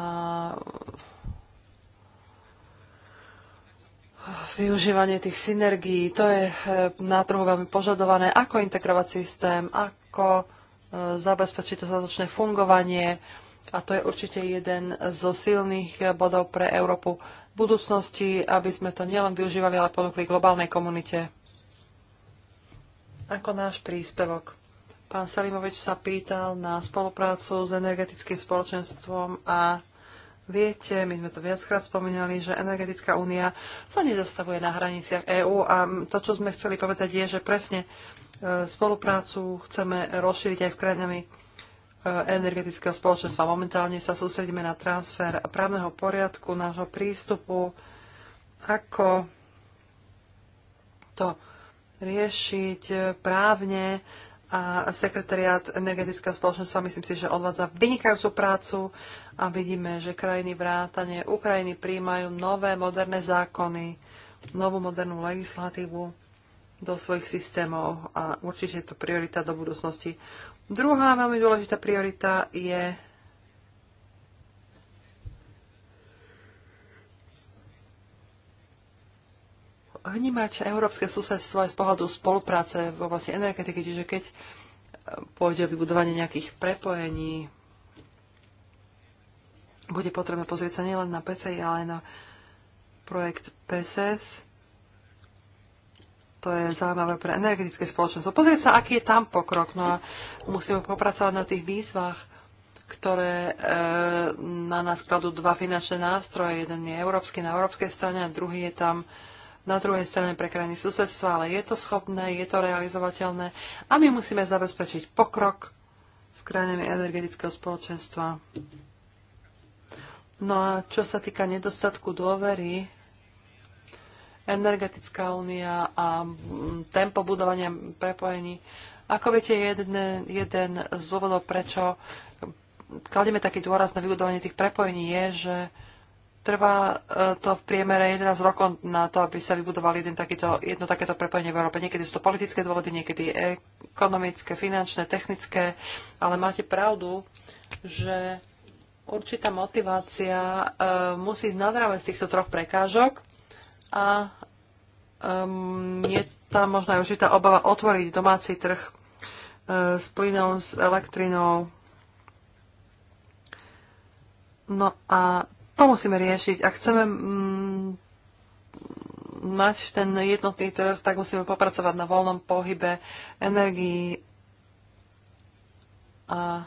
Speaker 3: využívanie tých synergií, to je eh, na trhu veľmi požadované, ako integrovať systém, ako eh, zabezpečiť dostatočné fungovanie a to je určite jeden zo silných eh, bodov pre Európu v budúcnosti, aby sme to nielen využívali, ale ponúkli globálnej komunite. Ako náš príspevok. Pán Salimovič sa pýtal na spoluprácu s energetickým spoločenstvom a Viete, my sme to viackrát spomínali, že energetická únia sa nezastavuje na hraniciach EÚ a to, čo sme chceli povedať, je, že presne e, spoluprácu chceme rozšíriť aj s krajinami e, energetického spoločenstva. Momentálne sa sústredíme na transfer právneho poriadku, nášho prístupu, ako to riešiť právne a sekretariát energetického spoločenstva myslím si, že odvádza vynikajúcu prácu a vidíme, že krajiny vrátane Ukrajiny príjmajú nové moderné zákony, novú modernú legislatívu do svojich systémov a určite je to priorita do budúcnosti. Druhá veľmi dôležitá priorita je vnímať európske susedstvo aj z pohľadu spolupráce v oblasti energetiky, čiže keď e, pôjde o vybudovanie nejakých prepojení, bude potrebné pozrieť sa nielen na PCI, ale aj na projekt PSS. E to je zaujímavé pre energetické spoločenstvo. Pozrieť sa, aký je tam pokrok. No a musíme popracovať na tých výzvach, ktoré e, na nás kladú dva finančné nástroje. Jeden je európsky na európskej strane a druhý je tam na druhej strane pre krajiny susedstva, ale je to schopné, je to realizovateľné a my musíme zabezpečiť pokrok s krajinami energetického spoločenstva. No a čo sa týka nedostatku dôvery, energetická únia a tempo budovania prepojení. Ako viete, jedne, jeden z dôvodov, prečo kladieme taký dôraz na vybudovanie tých prepojení, je, že Trvá e, to v priemere 11 rokov na to, aby sa vybudoval jeden takýto, jedno takéto prepojenie v Európe. Niekedy sú to politické dôvody, niekedy ekonomické, finančné, technické, ale máte pravdu, že určitá motivácia e, musí ísť nadrávať z týchto troch prekážok a um, je tam možno aj určitá obava otvoriť domáci trh uh, s plynou, s elektrinou. No a to musíme riešiť. Ak chceme mm, mať ten jednotný trh, tak musíme popracovať na voľnom pohybe energii a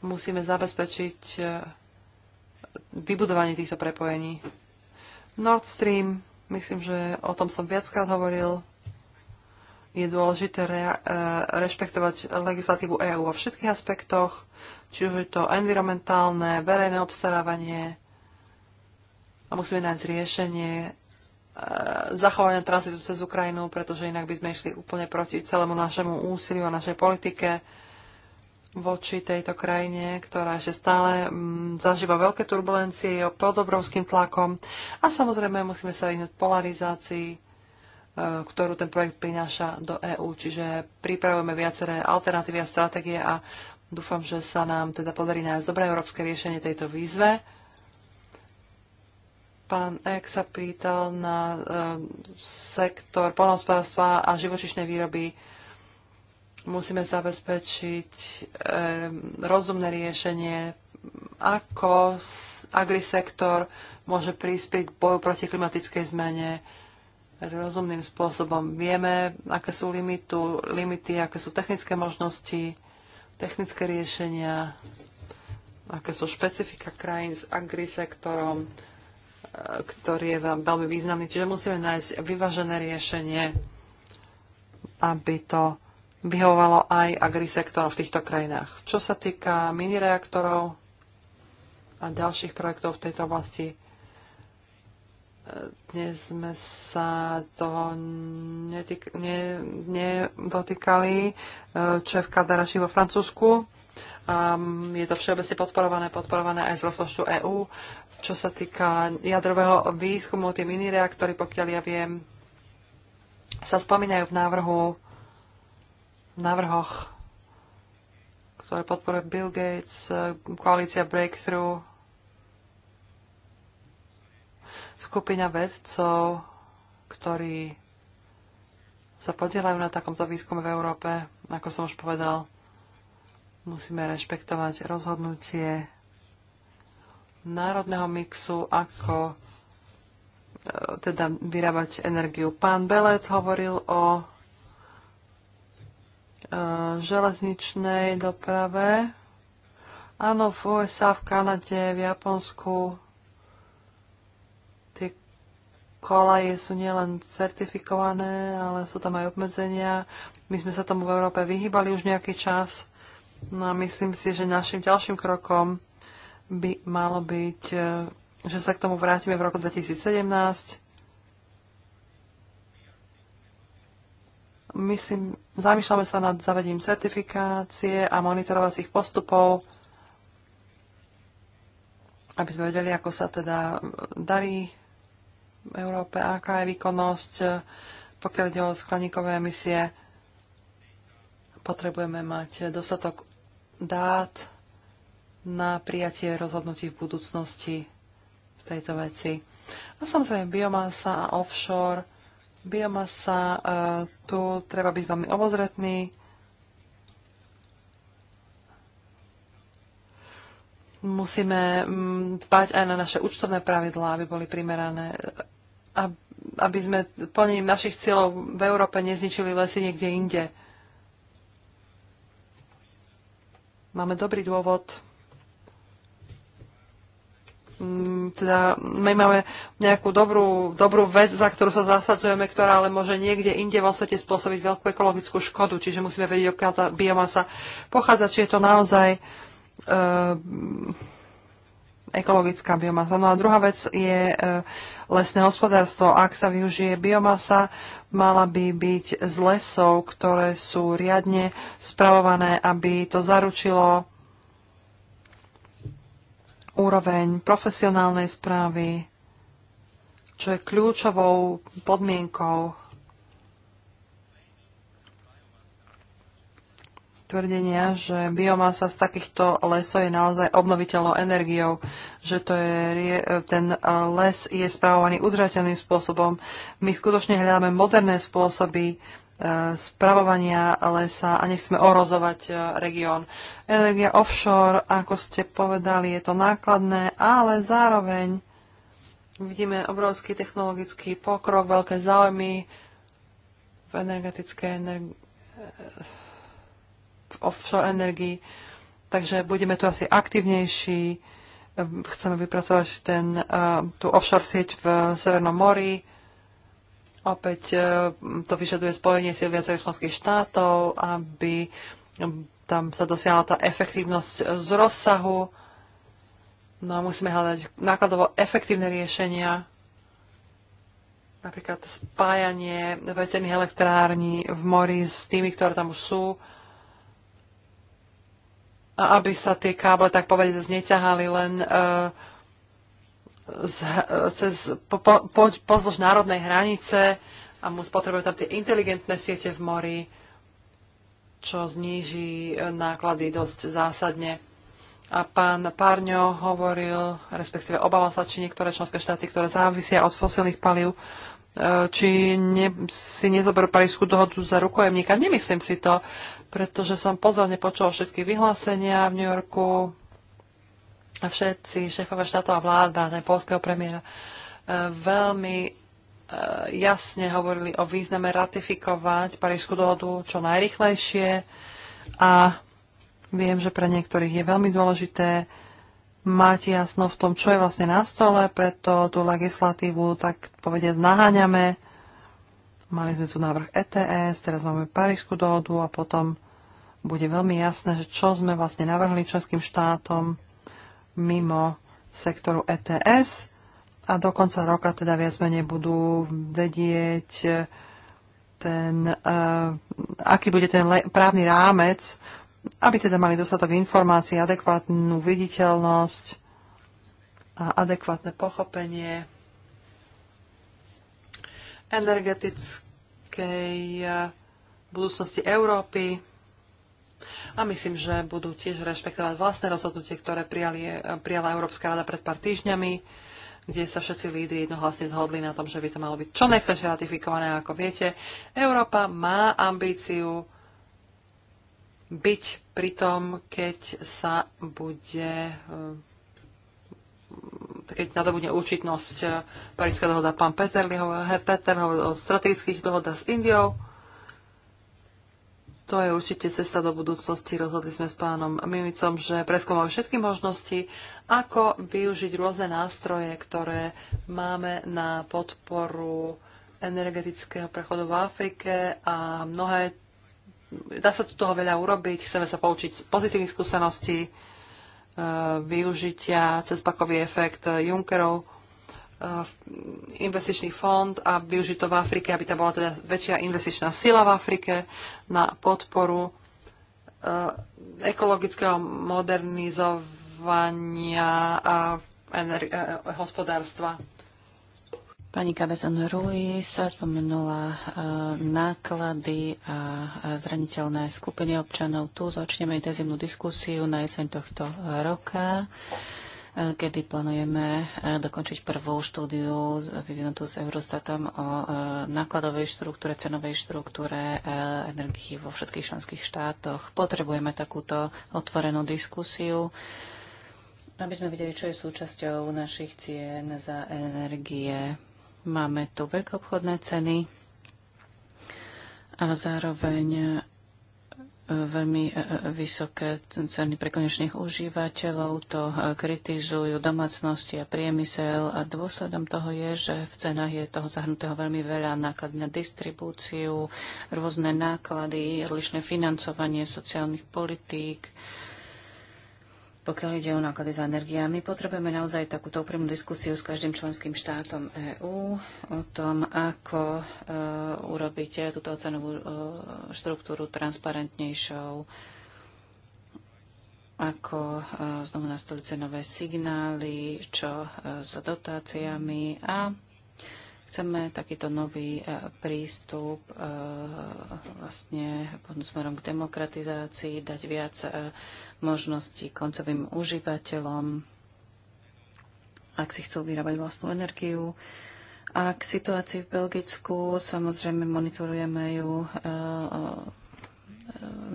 Speaker 3: musíme zabezpečiť e, vybudovanie týchto prepojení. Nord Stream, myslím, že o tom som viackrát hovoril, je dôležité re, e, rešpektovať legislatívu EÚ vo všetkých aspektoch či je to environmentálne, verejné obstarávanie a musíme nájsť riešenie e, zachovania tranzitu cez Ukrajinu, pretože inak by sme išli úplne proti celému našemu úsiliu a našej politike voči tejto krajine, ktorá ešte stále mm, zažíva veľké turbulencie pod obrovským tlakom a samozrejme musíme sa vyhnúť polarizácii, e, ktorú ten projekt prináša do EÚ. Čiže pripravujeme viaceré alternatívy a stratégie a Dúfam, že sa nám teda podarí nájsť dobré európske riešenie tejto výzve. Pán Ek sa pýtal na e, sektor polnospodárstva a živočišnej výroby. Musíme zabezpečiť e, rozumné riešenie, ako agrisektor môže prispieť k boju proti klimatickej zmene rozumným spôsobom. Vieme, aké sú limitu, limity, aké sú technické možnosti technické riešenia, aké sú špecifika krajín s agrisektorom, e, ktorý je veľmi významný. Čiže musíme nájsť vyvážené riešenie, aby to vyhovovalo aj agrisektorom v týchto krajinách. Čo sa týka minireaktorov a ďalších projektov v tejto oblasti, dnes sme sa toho netyk- ne, nedotýkali, čo je v Kadaraši vo Francúzsku. Um, je to všeobecne podporované, podporované aj z rozpočtu EÚ. Čo sa týka jadrového výskumu, tie mini reaktory, pokiaľ ja viem, sa spomínajú v návrhu v návrhoch, ktoré podporuje Bill Gates, e, koalícia Breakthrough, skupina vedcov, ktorí sa podielajú na takomto výskume v Európe, ako som už povedal, musíme rešpektovať rozhodnutie národného mixu, ako e, teda vyrábať energiu. Pán Belet hovoril o e, železničnej doprave. Áno, v USA, v Kanade, v Japonsku kolaje sú nielen certifikované, ale sú tam aj obmedzenia. My sme sa tomu v Európe vyhýbali už nejaký čas. No a myslím si, že našim ďalším krokom by malo byť, e, že sa k tomu vrátime v roku 2017. Myslím, zamýšľame sa nad zavedením certifikácie a monitorovacích postupov, aby sme vedeli, ako sa teda darí v Európe, aká je výkonnosť, e, pokiaľ ide o skleníkové emisie. Potrebujeme mať dostatok dát na prijatie rozhodnutí v budúcnosti v tejto veci. A samozrejme biomasa a offshore. Biomasa, e, tu treba byť veľmi obozretný, Musíme mm, dbať aj na naše účtovné pravidlá, aby boli primerané, aby sme plnením našich cieľov v Európe nezničili lesy niekde inde. Máme dobrý dôvod mm, teda my máme nejakú dobrú, dobrú vec, za ktorú sa zasadzujeme, ktorá ale môže niekde inde vo svete spôsobiť veľkú ekologickú škodu. Čiže musíme vedieť, odkiaľ tá biomasa pochádza, či je to naozaj Ehm, ekologická biomasa. No a druhá vec je eh, lesné hospodárstvo. Ak sa využije biomasa, mala by byť z lesov, ktoré sú riadne spravované, aby to zaručilo úroveň profesionálnej správy, čo je kľúčovou podmienkou tvrdenia, že biomasa z takýchto lesov je naozaj obnoviteľnou energiou, že to je, ten les je spravovaný udržateľným spôsobom. My skutočne hľadáme moderné spôsoby e, spravovania lesa a nechceme orozovať e, región. Energia offshore, ako ste povedali, je to nákladné, ale zároveň vidíme obrovský technologický pokrok, veľké záujmy v energetické energi- v offshore energii. Takže budeme tu asi aktivnejší. Ehm, chceme vypracovať ten, ehm, tú offshore sieť v Severnom mori. Opäť ehm, to vyžaduje spojenie sil viacerých členských štátov, aby tam sa dosiahla tá efektívnosť z rozsahu. No a musíme hľadať nákladovo efektívne riešenia, napríklad spájanie veterných elektrární v mori s tými, ktoré tam už sú aby sa tie káble, tak povedať, zneťahali len e, z, e, cez, po, po, pozdĺž národnej hranice a potrebujú tam tie inteligentné siete v mori, čo zníži e, náklady dosť zásadne. A pán Párňo hovoril, respektíve obával sa, či niektoré členské štáty, ktoré závisia od fosilných palív, či ne, si nezoberú Parísku dohodu za rukojemníka. Nemyslím si to pretože som pozorne počul všetky vyhlásenia v New Yorku a všetci šéfové štátov a vláda, aj polského premiéra, e, veľmi e, jasne hovorili o význame ratifikovať Parížskú dohodu čo najrychlejšie a viem, že pre niektorých je veľmi dôležité mať jasno v tom, čo je vlastne na stole, preto tú legislatívu tak povediať naháňame Mali sme tu návrh ETS, teraz máme Parížskú dohodu a potom bude veľmi jasné, že čo sme vlastne navrhli členským štátom mimo sektoru ETS a do konca roka teda viac menej budú vedieť eh, ten, uh, aký bude ten právny rámec, aby teda mali dostatok informácií, adekvátnu viditeľnosť a adekvátne pochopenie energetickej eh, budúcnosti Európy. A myslím, že budú tiež rešpektovať vlastné rozhodnutie, ktoré prijali, eh, prijala Európska rada pred pár týždňami, kde sa všetci lídy jednohlasne zhodli na tom, že by to malo byť čo najkrajšie ratifikované. A ako viete, Európa má ambíciu byť pri tom, keď sa bude eh, keď nadobudne účinnosť e, Paríska dohoda. Pán Peter, Peter o e, strategických dohodách s Indiou. To je určite cesta do budúcnosti. Rozhodli sme s pánom Mimicom, že preskúmame všetky možnosti, ako využiť rôzne nástroje, ktoré máme na podporu energetického prechodu v Afrike a mnohé dá sa tu toho veľa urobiť, chceme sa poučiť z pozitívnych skúseností využitia cez pakový efekt Junckerov e, investičný fond a využiť to v Afrike, aby tam bola teda väčšia investičná sila v Afrike na podporu e, ekologického modernizovania a e, hospodárstva.
Speaker 4: Pani Cabezon Ruiz spomenula e, náklady a zraniteľné skupiny občanov. Tu začneme intenzívnu diskusiu na jeseň tohto roka e, kedy plánujeme e, dokončiť prvú štúdiu vyvinutú s Eurostatom o nákladovej štruktúre, cenovej štruktúre energii vo všetkých členských štátoch. Potrebujeme takúto otvorenú diskusiu, aby sme videli, čo je súčasťou našich cien za energie. Máme tu obchodné ceny a zároveň e, veľmi e, e, vysoké ceny pre konečných užívateľov, to kritizujú domácnosti a priemysel a dôsledom toho je, že v cenách je toho zahrnutého veľmi veľa náklad na distribúciu, rôzne náklady, odlišné financovanie sociálnych politík, pokiaľ ide o náklady za energiami, potrebujeme naozaj takúto úprimnú diskusiu s každým členským štátom EÚ o tom, ako e, urobiť túto cenovú e, štruktúru transparentnejšou, ako e, znovu nastoliť cenové signály, čo e, s dotáciami a chceme takýto nový e, prístup e, vlastne smerom k demokratizácii, dať viac e, možnosti koncovým užívateľom, ak si chcú vyrábať vlastnú energiu. A k situácii v Belgicku, samozrejme monitorujeme ju e, e, e,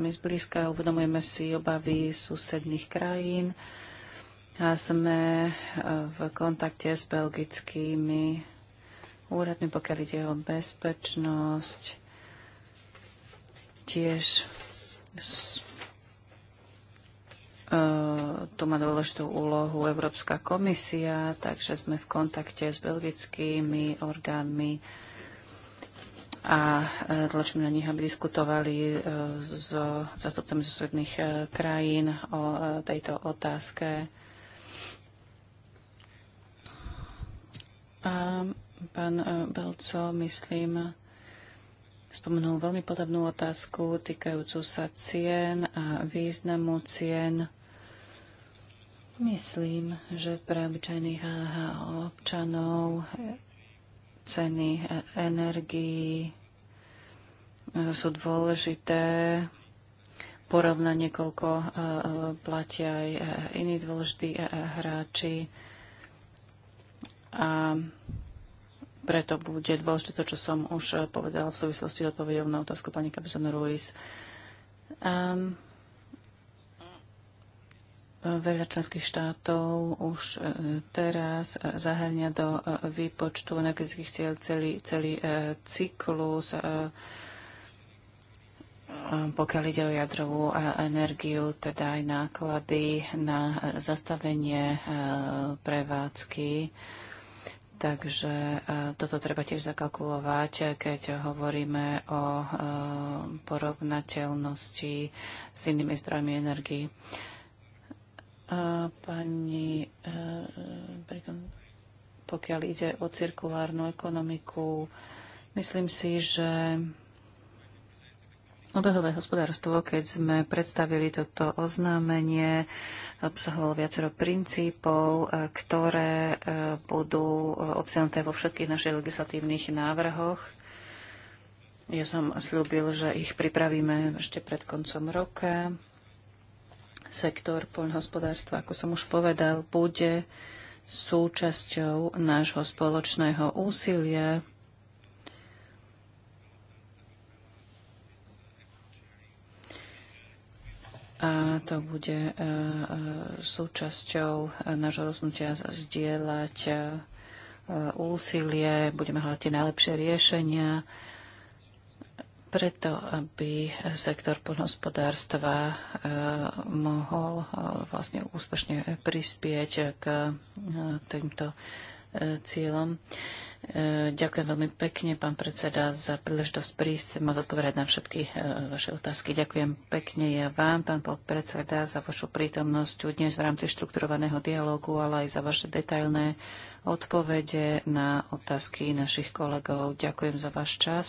Speaker 4: my zblízka, uvedomujeme si obavy susedných krajín a sme v kontakte s belgickými úradmi, pokiaľ ide o bezpečnosť. Tiež Eh, tu má dôležitú úlohu Európska komisia, takže sme v kontakte s belgickými orgánmi a eh, tlačíme na nich, aby diskutovali eh, s zastupcami susedných krajín o tejto otázke. A pán Belco, myslím, spomenul veľmi podobnú otázku týkajúcu sa cien a významu cien Myslím, že pre obyčajných občanov ceny energií e, sú dôležité. Porovna niekoľko e, e, platia aj iní dôležití hráči. A preto bude dôležité to, čo som už povedala v súvislosti s odpovedou na otázku pani Kapitán Ruiz. Um, Veľa členských štátov už e, teraz e, zahrňa do e, výpočtu energetických cieľ celý, celý cyklus, pokiaľ ide o jadrovú energiu, teda aj náklady na zastavenie prevádzky. Takže toto treba tiež zakalkulovať, keď hovoríme o porovnateľnosti s inými zdrojmi energii. A pani e, pokiaľ ide o cirkulárnu ekonomiku, myslím si, že obehové hospodárstvo, keď sme predstavili toto oznámenie, obsahovalo viacero princípov, e, ktoré e, budú obsiahnuté vo všetkých našich legislatívnych návrhoch. Ja som slúbil, že ich pripravíme ešte pred koncom roka sektor poľnohospodárstva, ako som už povedal, bude súčasťou nášho spoločného úsilia a to bude e, e, súčasťou nášho rozhodnutia zdieľať e, úsilie, budeme hľadať tie najlepšie riešenia preto, aby sektor poľnohospodárstva eh, mohol eh, vlastne úspešne prispieť k eh, týmto cieľom. Ďakujem veľmi pekne, pán predseda, za príležitosť prísť. Mal odpovedať na všetky vaše otázky. Ďakujem pekne ja vám, pán predseda, za vašu prítomnosť dnes v rámci štrukturovaného dialogu, ale aj za vaše detailné odpovede na otázky našich kolegov. Ďakujem za váš čas.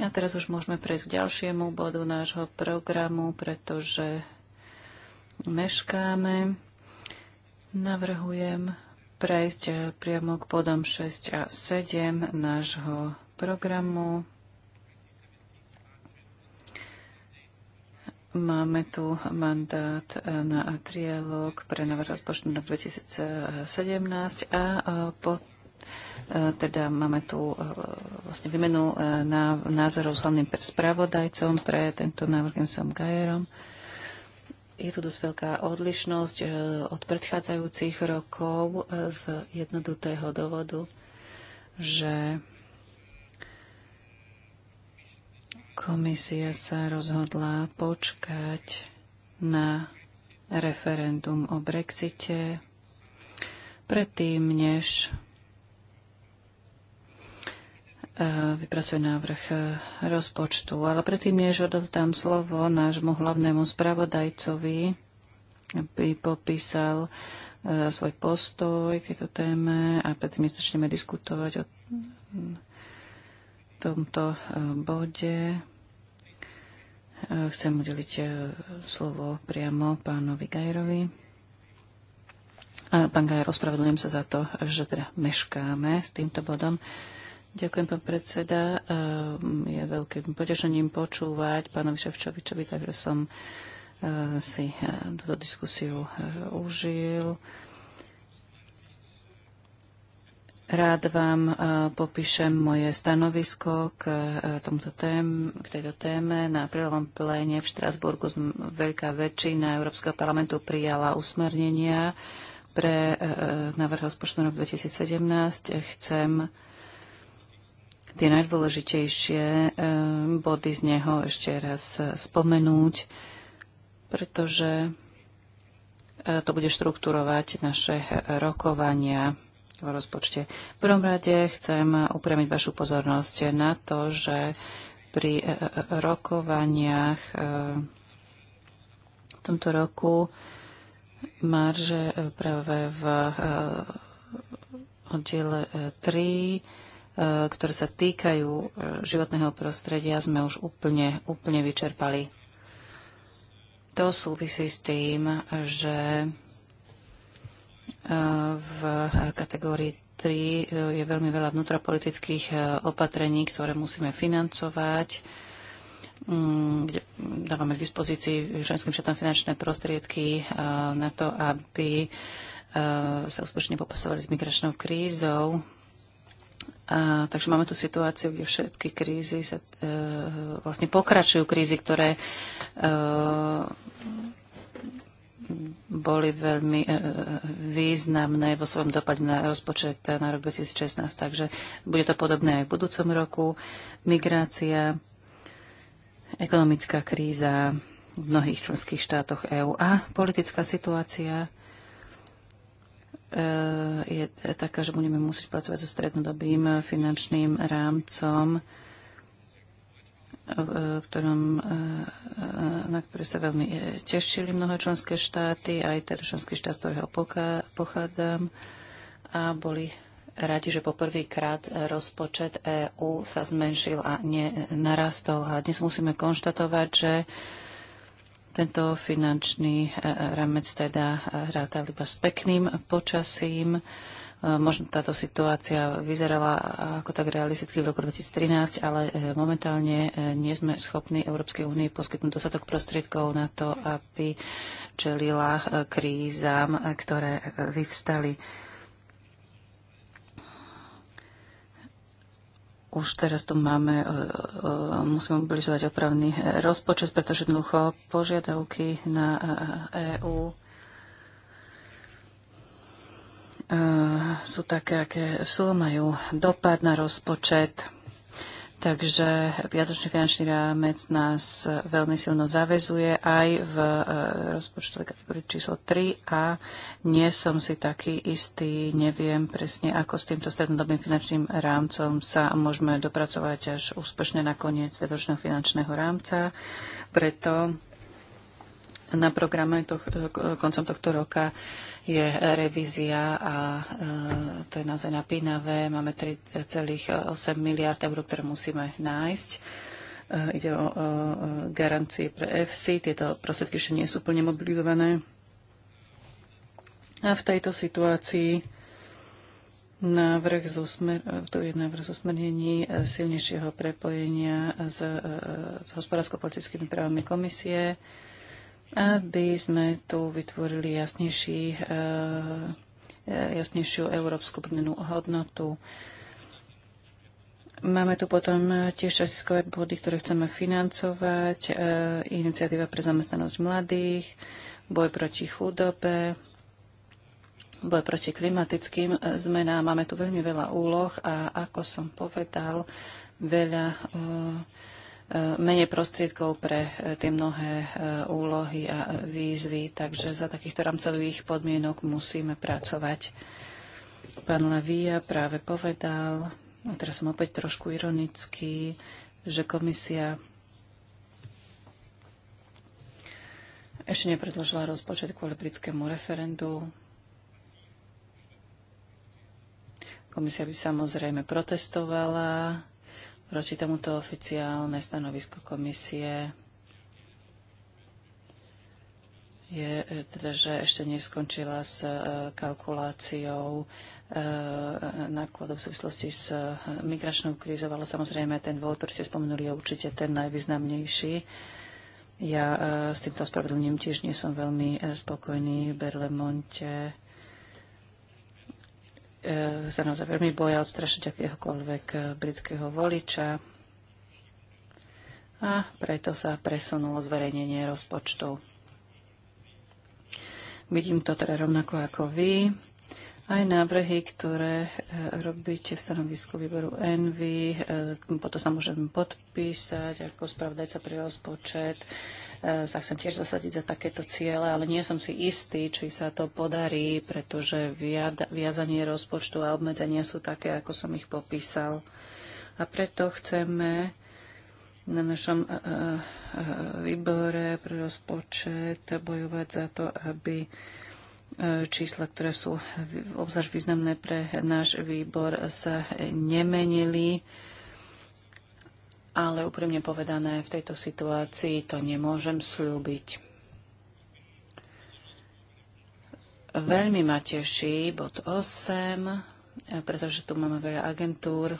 Speaker 4: A teraz už môžeme prejsť k ďalšiemu bodu nášho programu, pretože meškáme. Navrhujem prejsť priamo k bodom 6 a 7 nášho programu. Máme tu mandát na trialog pre návrh rozpočtu na 2017 a potom E, teda máme tu e, vlastne výmenu e, názorov s hlavným spravodajcom pre tento návrh som Gajerom. Je tu dosť veľká odlišnosť od predchádzajúcich rokov z jednoduchého dôvodu, že komisia sa rozhodla počkať na referendum o Brexite predtým, než vypracuje návrh e, rozpočtu. Ale predtým, než odovzdám slovo nášmu hlavnému spravodajcovi, aby popísal e, svoj postoj k tejto téme a predtým, než začneme diskutovať o tomto e, bode, chcem udeliť slovo priamo pánovi Gajrovi. Pán Gajer, ospravedlňujem sa za to, že teda meškáme s týmto bodom. Ďakujem, pán predseda. Ehm, je veľkým potešením počúvať pánovi Ševčovičovi, takže som ehm, si ehm, túto diskusiu užil. Rád vám popíšem moje stanovisko k, tomuto tém, k tejto téme. Na aprílovom pléne v Štrasburgu veľká väčšina Európskeho parlamentu prijala usmernenia pre návrh rozpočtu rok 2017. Chcem tie najdôležitejšie e, body z neho ešte raz spomenúť, pretože e, to bude štruktúrovať naše rokovania v rozpočte. V prvom rade chcem upriamiť vašu pozornosť na to, že pri e, rokovaniach v tomto roku marže práve v oddiele 3 E, ktoré sa týkajú e, životného prostredia, sme už úplne, úplne vyčerpali. To súvisí s tým, že e, v kategórii 3 je veľmi veľa vnútropolitických opatrení, ktoré musíme financovať mm, kde dávame k dispozícii ženským štátom finančné prostriedky na to, aby sa úspešne popasovali s migračnou krízou. A, takže máme tu situáciu, kde všetky krízy sa, e, vlastne pokračujú krízy, ktoré e, boli veľmi e, e významné vo svojom dopade na rozpočet na rok 2016. Takže bude to podobné aj v budúcom roku. Migrácia, ekonomická kríza v mnohých členských štátoch EÚ a politická situácia Eh, je taká, že budeme musieť pracovať so strednodobým finančným rámcom, eh, ktorom, eh, na ktoré sa veľmi tešili mnohé členské štáty, aj teda členský štát, z ktorého pochádzam. A boli radi, že poprvýkrát rozpočet EÚ sa zmenšil a nenarastol. A dnes musíme konštatovať, že tento finančný e, e, ramec teda e, hrátal iba s pekným počasím. Možno táto situácia vyzerala ako tak realisticky v roku 2013, ale momentálne nie sme schopní Európskej únie poskytnúť dostatok prostriedkov na to, aby čelila krízam, ktoré vyvstali. už teraz tu máme, e, e, musíme mobilizovať opravný e, rozpočet, pretože jednoducho požiadavky na EÚ sú také, aké sú, majú dopad na rozpočet. Takže viacročný finančný rámec nás veľmi silno zavezuje aj v e, rozpočtovej kategórii číslo 3 a nie som si taký istý, neviem presne, ako s týmto strednodobým finančným rámcom sa môžeme dopracovať až úspešne na koniec viacročného finančného rámca. Preto na programe toch, koncom tohto roka je revízia a e, to je naozaj napínavé. Máme 3,8 e, e, miliard eur, ktoré musíme nájsť. Ide o garancie pre FC. Tieto prostriedky ešte nie sú plne mobilizované. A v tejto situácii návrh z usmer, je návrh z usmernení silnejšieho prepojenia s, s hospodársko-politickými právami komisie aby sme tu vytvorili jasnejší, eh, jasnejšiu európsku pridanú hodnotu. Máme tu potom tiež časiskové body, ktoré chceme financovať, eh, iniciatíva pre zamestnanosť mladých, boj proti chudobe, boj proti klimatickým zmenám. Máme tu veľmi veľa úloh a ako som povedal, veľa uh, menej prostriedkov pre e, tie mnohé e, úlohy a výzvy, takže za takýchto rámcových podmienok musíme pracovať. Pán Lavia práve povedal, a teraz som opäť trošku ironický, že komisia ešte nepredložila rozpočet kvôli britskému referendu. Komisia by samozrejme protestovala Proti tomuto oficiálne stanovisko komisie je e, teda, že ešte neskončila s e, kalkuláciou e, nákladov v súvislosti s migračnou krízou, ale samozrejme ten dôvod, ktorý ste spomenuli, je určite ten najvýznamnejší. Ja s týmto ospravedlním tiež nie som veľmi spokojný. V Berlemonte E, sa naozaj veľmi boja odstrašiť akéhokoľvek e, britského voliča a preto sa presunulo zverejnenie rozpočtov. Vidím to teda rovnako ako vy. Aj návrhy, ktoré e, robíte v stanovisku výboru Envy, potom sa môžem podpísať ako spravodajca pri rozpočet Eh, sa chcem tiež zasadiť za takéto ciele, ale nie som si istý, či sa to podarí, pretože viazanie rozpočtu a obmedzenia sú také, ako som ich popísal. A preto chceme na našom eh, eh, výbore pre rozpočet bojovať za to, aby čísla, ktoré sú obzvlášť významné pre náš výbor, sa nemenili ale úprimne povedané, v tejto situácii to nemôžem slúbiť. Veľmi ma teší bod 8, pretože tu máme veľa agentúr,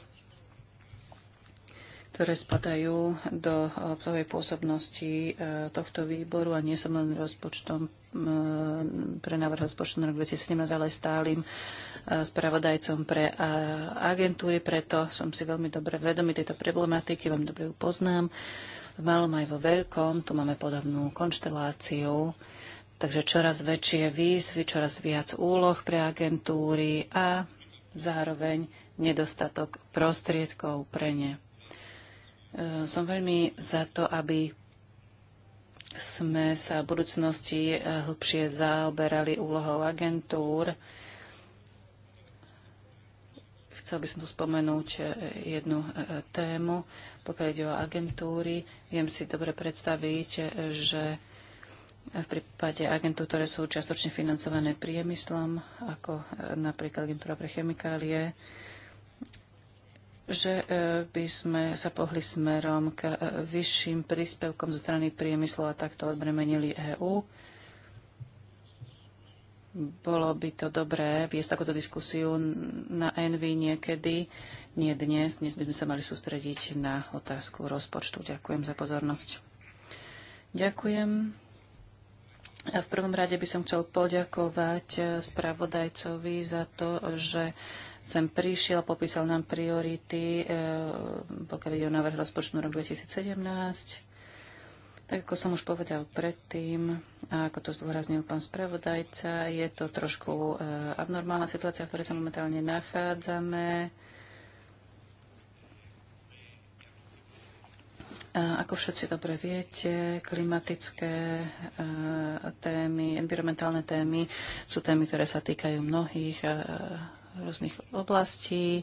Speaker 4: ktoré spadajú do obsahovej pôsobnosti e, tohto výboru a nie som len rozpočtom e, pre návrh rozpočtu na rok 2017, ale stálym e, spravodajcom pre agentúry, preto som si veľmi dobre vedomý tejto problematiky, vám dobre ju poznám. V malom aj vo veľkom, tu máme podobnú konšteláciu, takže čoraz väčšie výzvy, čoraz viac úloh pre agentúry a zároveň nedostatok prostriedkov pre ne. Eh, som veľmi za to, aby sme sa v budúcnosti eh, hlbšie zaoberali úlohou agentúr. Chcel by som tu spomenúť eh, jednu tému, pokiaľ ide o agentúry. Viem si dobre predstaviť, že v prípade agentúr, ktoré sú častočne financované priemyslom, ako napríklad agentúra pre chemikálie, že e, by sme sa pohli smerom k e, vyšším príspevkom zo strany priemyslu a takto odbremenili EÚ. Bolo by to dobré viesť takúto diskusiu na Envy niekedy, nie dnes. Dnes by sme sa mali sústrediť na otázku rozpočtu. Ďakujem za pozornosť. Ďakujem. A v prvom rade by som chcel poďakovať e, spravodajcovi za to, že sem prišiel, popísal nám priority, e, pokiaľ ide o návrh rozpočtu rok 2017. Tak ako som už povedal predtým, a ako to zdôraznil pán spravodajca, je to trošku e, abnormálna situácia, v ktorej sa momentálne nachádzame. A ako všetci dobre viete, klimatické e, témy, environmentálne témy sú témy, ktoré sa týkajú mnohých e, rôznych oblastí.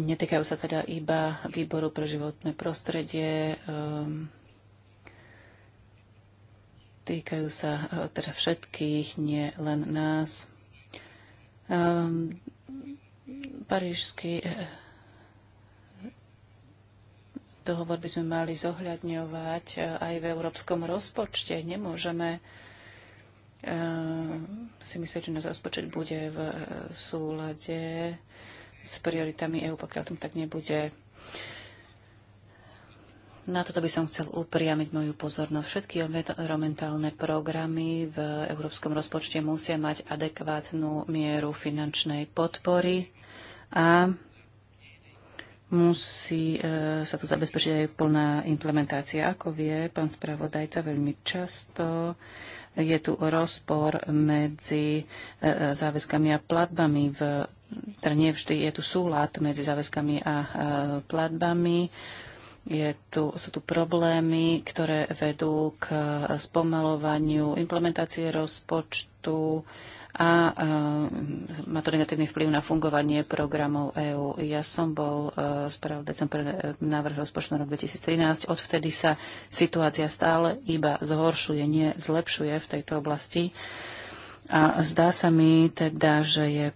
Speaker 4: Netýkajú sa teda iba výboru pre životné prostredie, ehm, týkajú sa e, teda všetkých, nie len nás. Ehm, Parížský e, dohovor by sme mali zohľadňovať e, aj v európskom rozpočte. Nemôžeme Ehm, si myslím, že nás rozpočet bude v eh, súlade s prioritami EÚ, pokiaľ tomu tak nebude. Na toto by som chcel upriamiť moju pozornosť. Všetky environmentálne programy v európskom rozpočte musia mať adekvátnu mieru finančnej podpory a musí e, sa tu zabezpečiť aj plná implementácia. Ako vie pán spravodajca, veľmi často je tu rozpor medzi e, e, záväzkami a platbami. V, teda nie vždy je tu súlad medzi záväzkami a platbami. Je tu, sú tu problémy, ktoré vedú k spomalovaniu implementácie rozpočtu a e, má to negatívny vplyv na fungovanie programov EÚ. Ja som bol e, spravodajcom pre e, návrh rozpočtu rok 2013. Odvtedy sa situácia stále iba zhoršuje, nie zlepšuje v tejto oblasti. A zdá sa mi teda, že je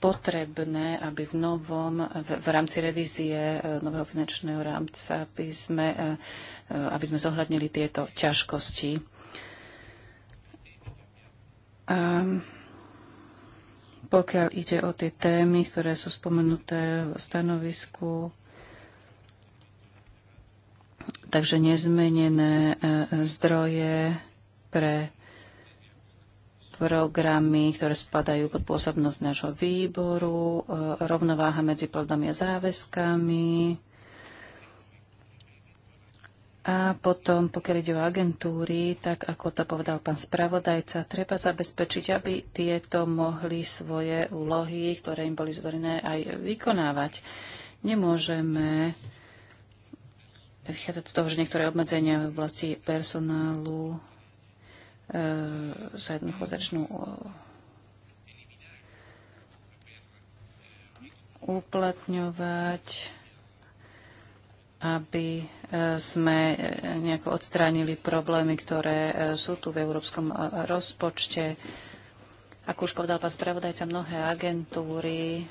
Speaker 4: potrebné, aby v novom, v, v rámci revízie nového finančného rámca, aby sme, aby sme zohľadnili tieto ťažkosti. Um, pokiaľ ide o tie témy, ktoré sú spomenuté v stanovisku, takže nezmenené e, zdroje pre programy, ktoré spadajú pod pôsobnosť nášho výboru, e, rovnováha medzi plodami a záväzkami, a potom, pokiaľ ide o agentúry, tak ako to povedal pán spravodajca, treba zabezpečiť, aby tieto mohli svoje úlohy, ktoré im boli zverené, aj vykonávať. Nemôžeme vychádzať z toho, že niektoré obmedzenia v oblasti personálu e, sa jednoducho začnú e, uplatňovať aby e, sme e, nejako odstránili problémy, ktoré e, sú tu v európskom rozpočte. Ako už povedal pán spravodajca, mnohé agentúry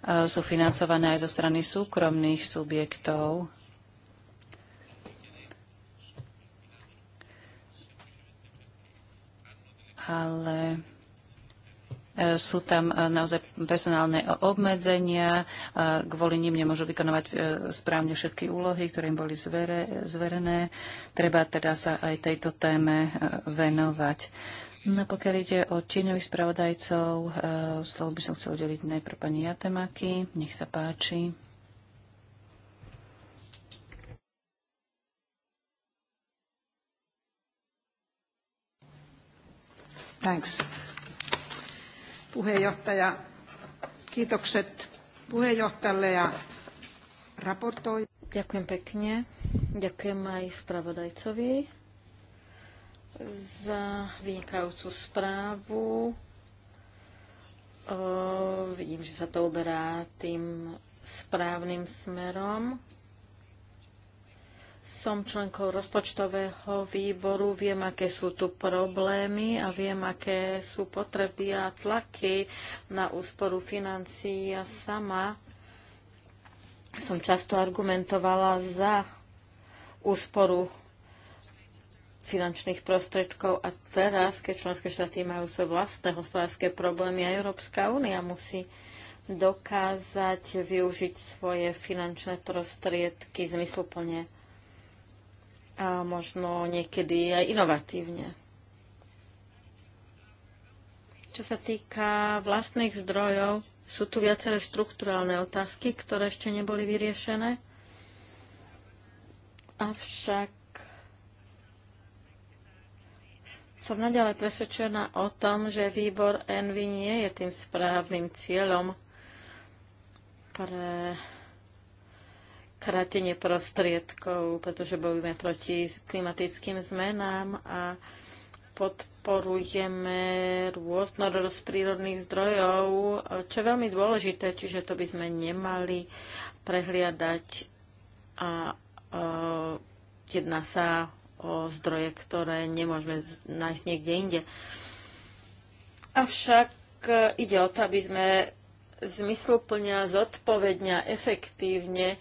Speaker 4: sú financované aj zo strany súkromných subjektov. Ale E, sú tam e, naozaj personálne obmedzenia, e, kvôli nim nemôžu vykonovať správne všetky úlohy, ktoré im boli zvere, zverené. Treba teda sa aj tejto téme venovať. No pokiaľ ide o tieňových spravodajcov, slovo by som chcel udeliť najprv pani Jatemaky. Nech sa páči.
Speaker 5: Thanks puheenjohtaja. Kiitokset puheenjohtajalle ja
Speaker 2: raportoj. Ďakujem pekne. Ďakujem aj spravodajcovi za vynikajúcu správu. O, vidím, že sa to uberá tým správnym smerom. Som členkou rozpočtového výboru, viem, aké sú tu problémy a viem, aké sú potreby a tlaky na úsporu financií. Ja sama som často argumentovala za úsporu finančných prostriedkov a teraz, keď členské štáty majú svoje vlastné hospodárske problémy a Európska únia musí dokázať využiť svoje finančné prostriedky zmysluplne a možno niekedy aj inovatívne. Čo sa týka vlastných zdrojov, sú tu viaceré štruktúrálne otázky, ktoré ešte neboli vyriešené. Avšak som naďalej presvedčená o tom, že výbor Envy nie je tým správnym cieľom pre krátenie prostriedkov, pretože bojujeme proti klimatickým zmenám a podporujeme rôznorodosť prírodných zdrojov, čo je veľmi dôležité, čiže to by sme nemali prehliadať a e, a jedná sa o zdroje, ktoré nemôžeme nájsť niekde inde. Avšak e, ide o to, aby sme zmysluplne, zodpovedne a efektívne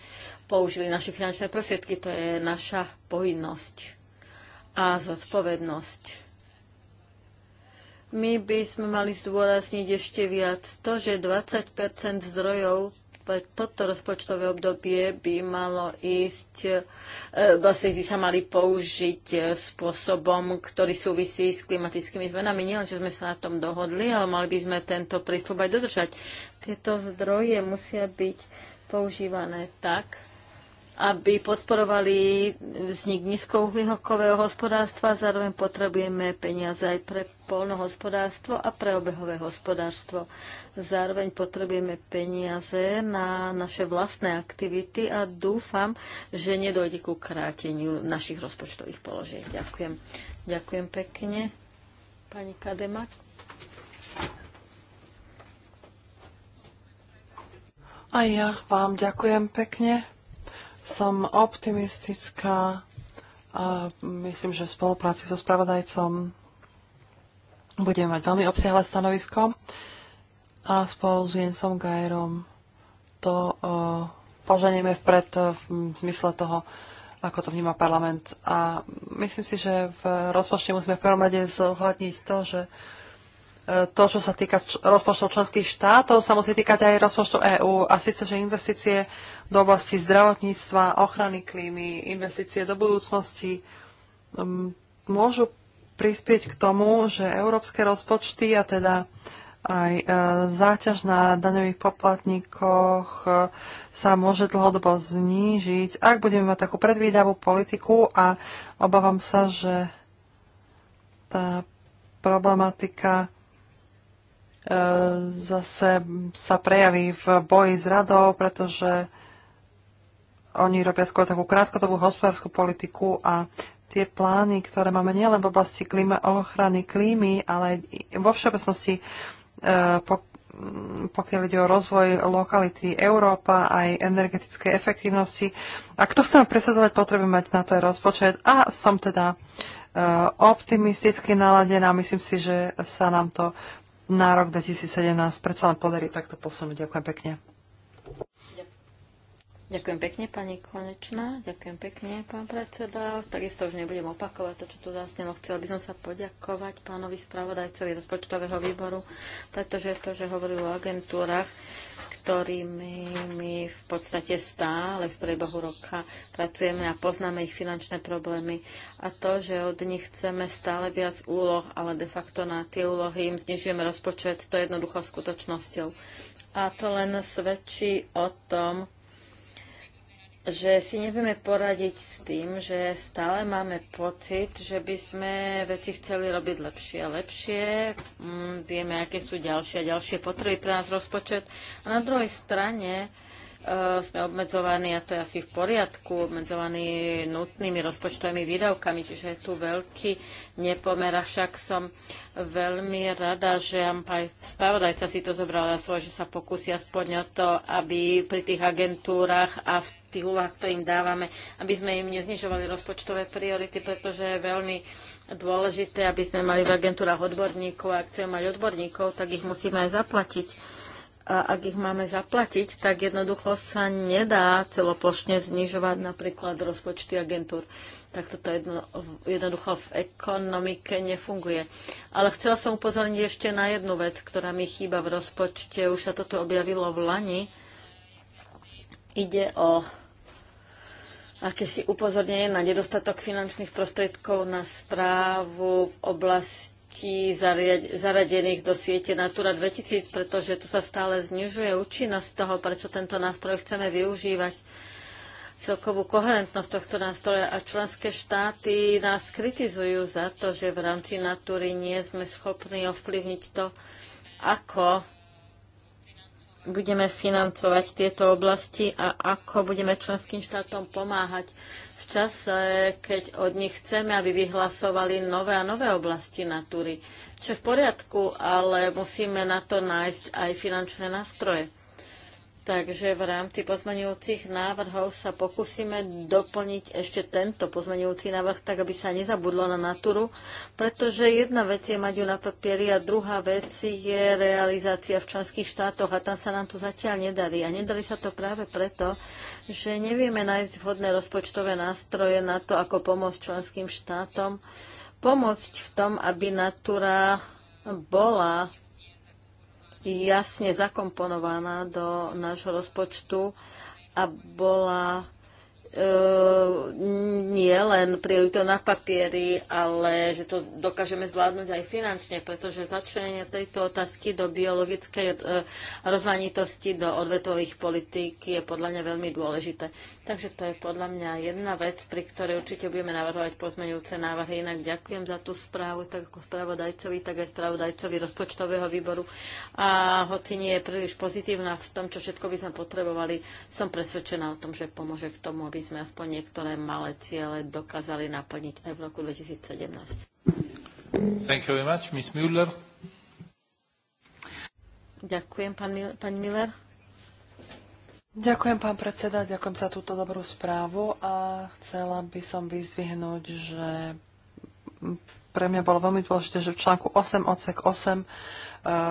Speaker 2: použili naše finančné prostriedky. To je naša povinnosť a zodpovednosť. My by sme mali zdôrazniť ešte viac to, že 20 zdrojov pre toto rozpočtové obdobie by malo ísť, e, vlastne by sa mali použiť e, spôsobom, ktorý súvisí s klimatickými zmenami. Nie len že sme sa na tom dohodli, ale mali by sme tento prístup aj dodržať. Tieto zdroje musia byť používané tak, aby podporovali vznik nízkouhlíhokového hospodárstva. Zároveň potrebujeme peniaze aj pre polnohospodárstvo a pre obehové hospodárstvo. Zároveň potrebujeme peniaze na naše vlastné aktivity a dúfam, že nedojde ku kráteniu našich rozpočtových položiek. Ďakujem.
Speaker 3: Ďakujem pekne.
Speaker 2: Pani Kadema.
Speaker 3: A ja vám ďakujem pekne. Som optimistická a myslím, že v spolupráci so spravodajcom budeme mať veľmi obsiahle stanovisko a spolu s Jensom Gajerom to uh, poženieme vpred v zmysle toho, ako to vníma parlament. A myslím si, že v rozpočte musíme v prvom rade zohľadniť to, že uh, to, čo sa týka rozpočtov členských štátov, sa musí týkať aj rozpočtov EÚ. A síce, že investície do oblasti zdravotníctva, ochrany klímy, investície do budúcnosti môžu prispieť k tomu, že európske rozpočty a teda aj e, záťaž na daňových poplatníkoch e, sa môže dlhodobo znížiť, ak budeme mať takú predvídavú politiku a obávam sa, že tá problematika E, zase sa prejaví v boji s radou, pretože oni robia skôr takú krátkodobú hospodárskú politiku a tie plány, ktoré máme nielen v oblasti klíma, ochrany klímy, ale vo všeobecnosti, e, pokiaľ ide o rozvoj lokality Európa, aj energetickej efektívnosti. Ak to chceme presadzovať, potrebujeme mať na to aj rozpočet a som teda e, optimisticky naladená. Myslím si, že sa nám to na rok 2017 predsa len podarí takto posunúť. Ďakujem pekne.
Speaker 2: Ďakujem pekne, pani Konečná. Ďakujem pekne, pán predseda. Takisto už nebudem opakovať to, čo tu zaznelo. Chcela by som sa poďakovať pánovi spravodajcovi rozpočtového výboru, pretože to, že hovoril o agentúrach, ktorými my v podstate stále v priebehu roka pracujeme a poznáme ich finančné problémy. A to, že od nich chceme stále viac úloh, ale de facto na tie úlohy im znižujeme rozpočet, to je jednoducho skutočnosťou. A to len svedčí o tom, že si nevieme poradiť s tým, že stále máme pocit, že by sme veci chceli robiť lepšie a lepšie. Mm, vieme, aké sú ďalšie a ďalšie potreby pre nás rozpočet. A na druhej strane Eh, sme obmedzovaní, a to je asi v poriadku, obmedzovaní nutnými rozpočtovými výdavkami, čiže je tu veľký nepomer. A však som veľmi rada, že aj spravodajca si to zobral na svoje, že sa pokusí aspoň o to, aby pri tých agentúrach a v tých úvah, ktoré im dávame, aby sme im neznižovali rozpočtové priority, pretože je veľmi dôležité, aby sme mali v agentúrach odborníkov. A ak chceme mať odborníkov, tak ich musíme aj zaplatiť a ak ich máme zaplatiť, tak jednoducho sa nedá celoplošne znižovať napríklad rozpočty agentúr. Tak toto jedno, jednoducho v ekonomike nefunguje. Ale chcela som upozorniť ešte na jednu vec, ktorá mi chýba v rozpočte. Už sa toto objavilo v Lani. Ide o si upozornenie na nedostatok finančných prostriedkov na správu v oblasti sietí zaradených do siete Natura 2000, pretože tu sa stále znižuje účinnosť toho, prečo tento nástroj chceme využívať celkovú koherentnosť tohto nástroja a členské štáty nás kritizujú za to, že v rámci natúry nie sme schopní ovplyvniť to, ako budeme financovať tieto oblasti a ako budeme členským štátom pomáhať v čase, keď od nich chceme, aby vyhlasovali nové a nové oblasti natúry. Čo je v poriadku, ale musíme na to nájsť aj finančné nástroje. Takže v rámci pozmenujúcich návrhov sa pokúsime doplniť ešte tento pozmenujúci návrh, tak aby sa nezabudlo na naturu, pretože jedna vec je mať ju na papieri a druhá vec je realizácia v členských štátoch a tam sa nám to zatiaľ nedarí. A nedarí sa to práve preto, že nevieme nájsť vhodné rozpočtové nástroje na to, ako pomôcť členským štátom, pomôcť v tom, aby natura bola jasne zakomponovaná do nášho rozpočtu a bola Ehm, nie len to na papieri, ale že to dokážeme zvládnuť aj finančne, pretože začlenenie tejto otázky do biologickej e, rozmanitosti do odvetových politík je podľa mňa veľmi dôležité. Takže to je podľa mňa jedna vec, pri ktorej určite budeme navrhovať pozmeňujúce návrhy. Inak ďakujem za tú správu, tak ako spravodajcovi, tak aj spravodajcovi rozpočtového výboru. A hoci nie je príliš pozitívna v tom, čo všetko by sme potrebovali, som presvedčená o tom, že pomôže k tomu, aby aby sme aspoň niektoré malé ciele dokázali naplniť aj v roku 2017.
Speaker 1: Thank you very much. Ms. Müller.
Speaker 3: Ďakujem, pán, Mil- pán Miller. Ďakujem, pán predseda, ďakujem za túto dobrú správu a chcela by som vyzdvihnúť, že pre mňa bolo veľmi dôležité, že v článku 8 odsek 8 e,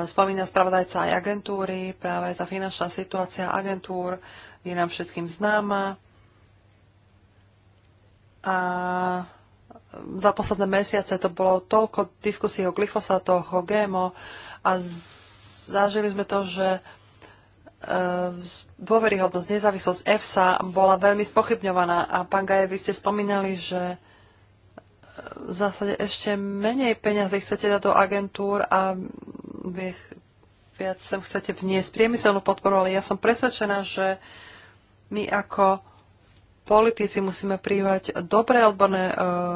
Speaker 3: spomína spravodajca aj agentúry, práve tá finančná situácia agentúr je nám všetkým známa a za posledné mesiace to bolo toľko diskusí o glyfosátoch, o GMO a zažili sme to, že e, dôveryhodnosť, nezávislosť EFSA bola veľmi spochybňovaná a pán Gaje, vy ste spomínali, že e, v zásade ešte menej peňazí chcete dať do agentúr a viac sem chcete vniesť priemyselnú podporu, ale ja som presvedčená, že my ako politici musíme prívať dobré odborné e,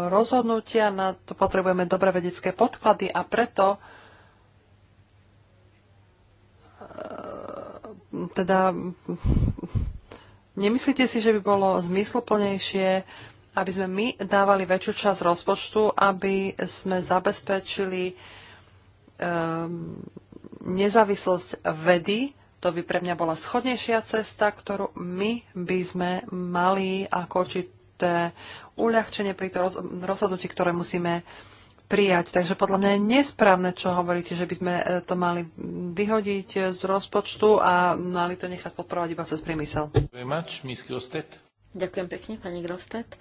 Speaker 3: rozhodnutia, na to potrebujeme dobré vedecké podklady a preto e, teda nemyslíte si, že by bolo zmysluplnejšie, aby sme my dávali väčšiu časť rozpočtu, aby sme zabezpečili um, nezávislosť vedy to by pre mňa bola schodnejšia cesta, ktorú my by sme mali ako určité uľahčenie pri to rozhodnutí, ktoré musíme prijať. Takže podľa mňa je nesprávne, čo hovoríte, že by sme e, to mali vyhodiť z rozpočtu a mali to nechať podporovať iba cez priemysel. Ďakujem pekne, pani Grostet.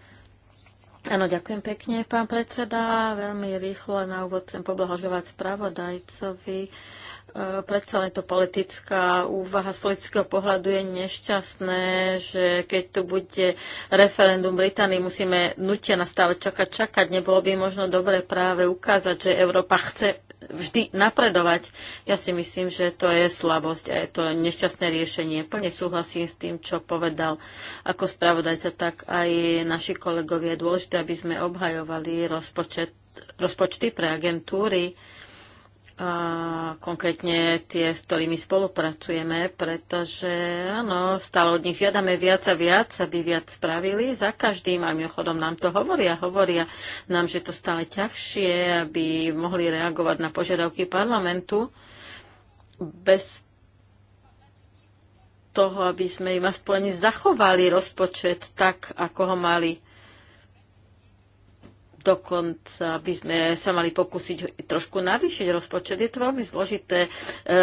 Speaker 3: Áno, ďakujem pekne, pán predseda. Veľmi
Speaker 2: rýchlo na úvod chcem poblahožovať spravodajcovi E, predsa len to politická úvaha z politického pohľadu je nešťastné, že keď tu bude referendum Británii, musíme nutia na stále čakať, čakať. Nebolo by možno dobre práve ukázať, že Európa chce vždy napredovať. Ja si myslím, že to je slabosť a je to nešťastné riešenie. Plne súhlasím s tým, čo povedal ako spravodajca, tak aj naši kolegovia. Je dôležité, aby sme obhajovali rozpočet, rozpočty pre agentúry a konkrétne tie, s ktorými spolupracujeme, pretože áno, stále od nich žiadame viac a viac, aby viac spravili za každým a mimochodom nám to hovoria, hovoria nám, že to stále ťažšie, aby mohli reagovať na požiadavky parlamentu bez toho, aby sme im aspoň zachovali rozpočet tak, ako ho mali dokonca by sme sa mali pokúsiť trošku navýšiť rozpočet. Je to veľmi zložité. E,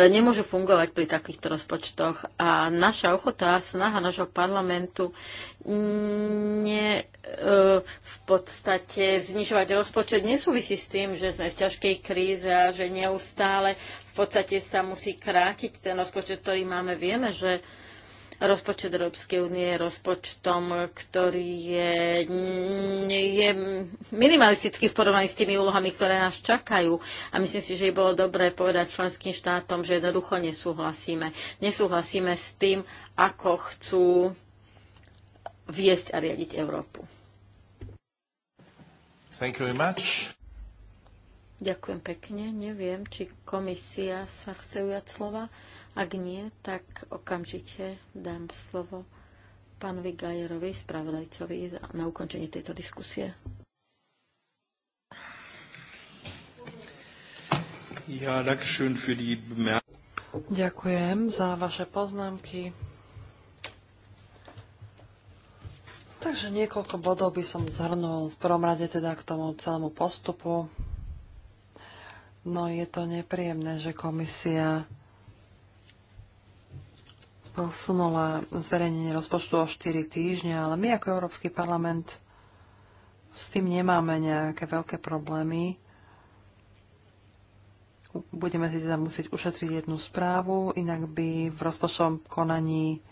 Speaker 2: nemôžu fungovať pri takýchto rozpočtoch. A naša ochota a snaha nášho parlamentu nie e, v podstate znižovať rozpočet nesúvisí s tým, že sme v ťažkej kríze a že neustále v podstate sa musí krátiť ten rozpočet, ktorý máme. Vieme, že Rozpočet Európskej únie je rozpočtom, ktorý je, je minimalistický v porovnaní s tými úlohami, ktoré nás čakajú. A myslím si, že by bolo dobré povedať členským štátom, že jednoducho nesúhlasíme. Nesúhlasíme s tým, ako chcú viesť a riadiť Európu.
Speaker 1: Thank you very much.
Speaker 2: Ďakujem pekne. Neviem, či komisia sa chce ujať slova. Ak nie, tak okamžite dám slovo pánovi Gajerovi, spravodajcovi, na ukončenie tejto diskusie.
Speaker 1: Ja, für die
Speaker 3: Ďakujem za vaše poznámky. Takže niekoľko bodov by som zhrnul v prvom rade teda k tomu celému postupu. No je to nepríjemné, že komisia posunula zverejnenie rozpočtu o 4 týždne, ale my ako Európsky parlament s tým nemáme nejaké veľké problémy. Budeme si teda musieť ušetriť jednu správu, inak by v rozpočtovom konaní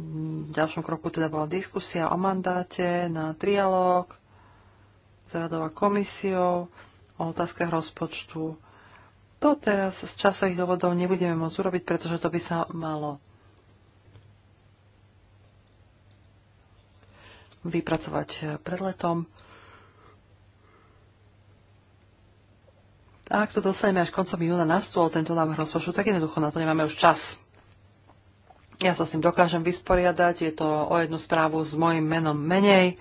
Speaker 3: v ďalšom kroku teda bola diskusia o mandáte na trialóg s radou a komisiou o otázkach rozpočtu to teraz z časových dôvodov nebudeme môcť urobiť, pretože to by sa malo vypracovať eh, pred letom. A ak to dostaneme až koncom júna na stôl, tento návrh rozpočtu, tak jednoducho na to nemáme už čas. Ja sa s tým dokážem vysporiadať, je to o jednu správu s mojim menom menej,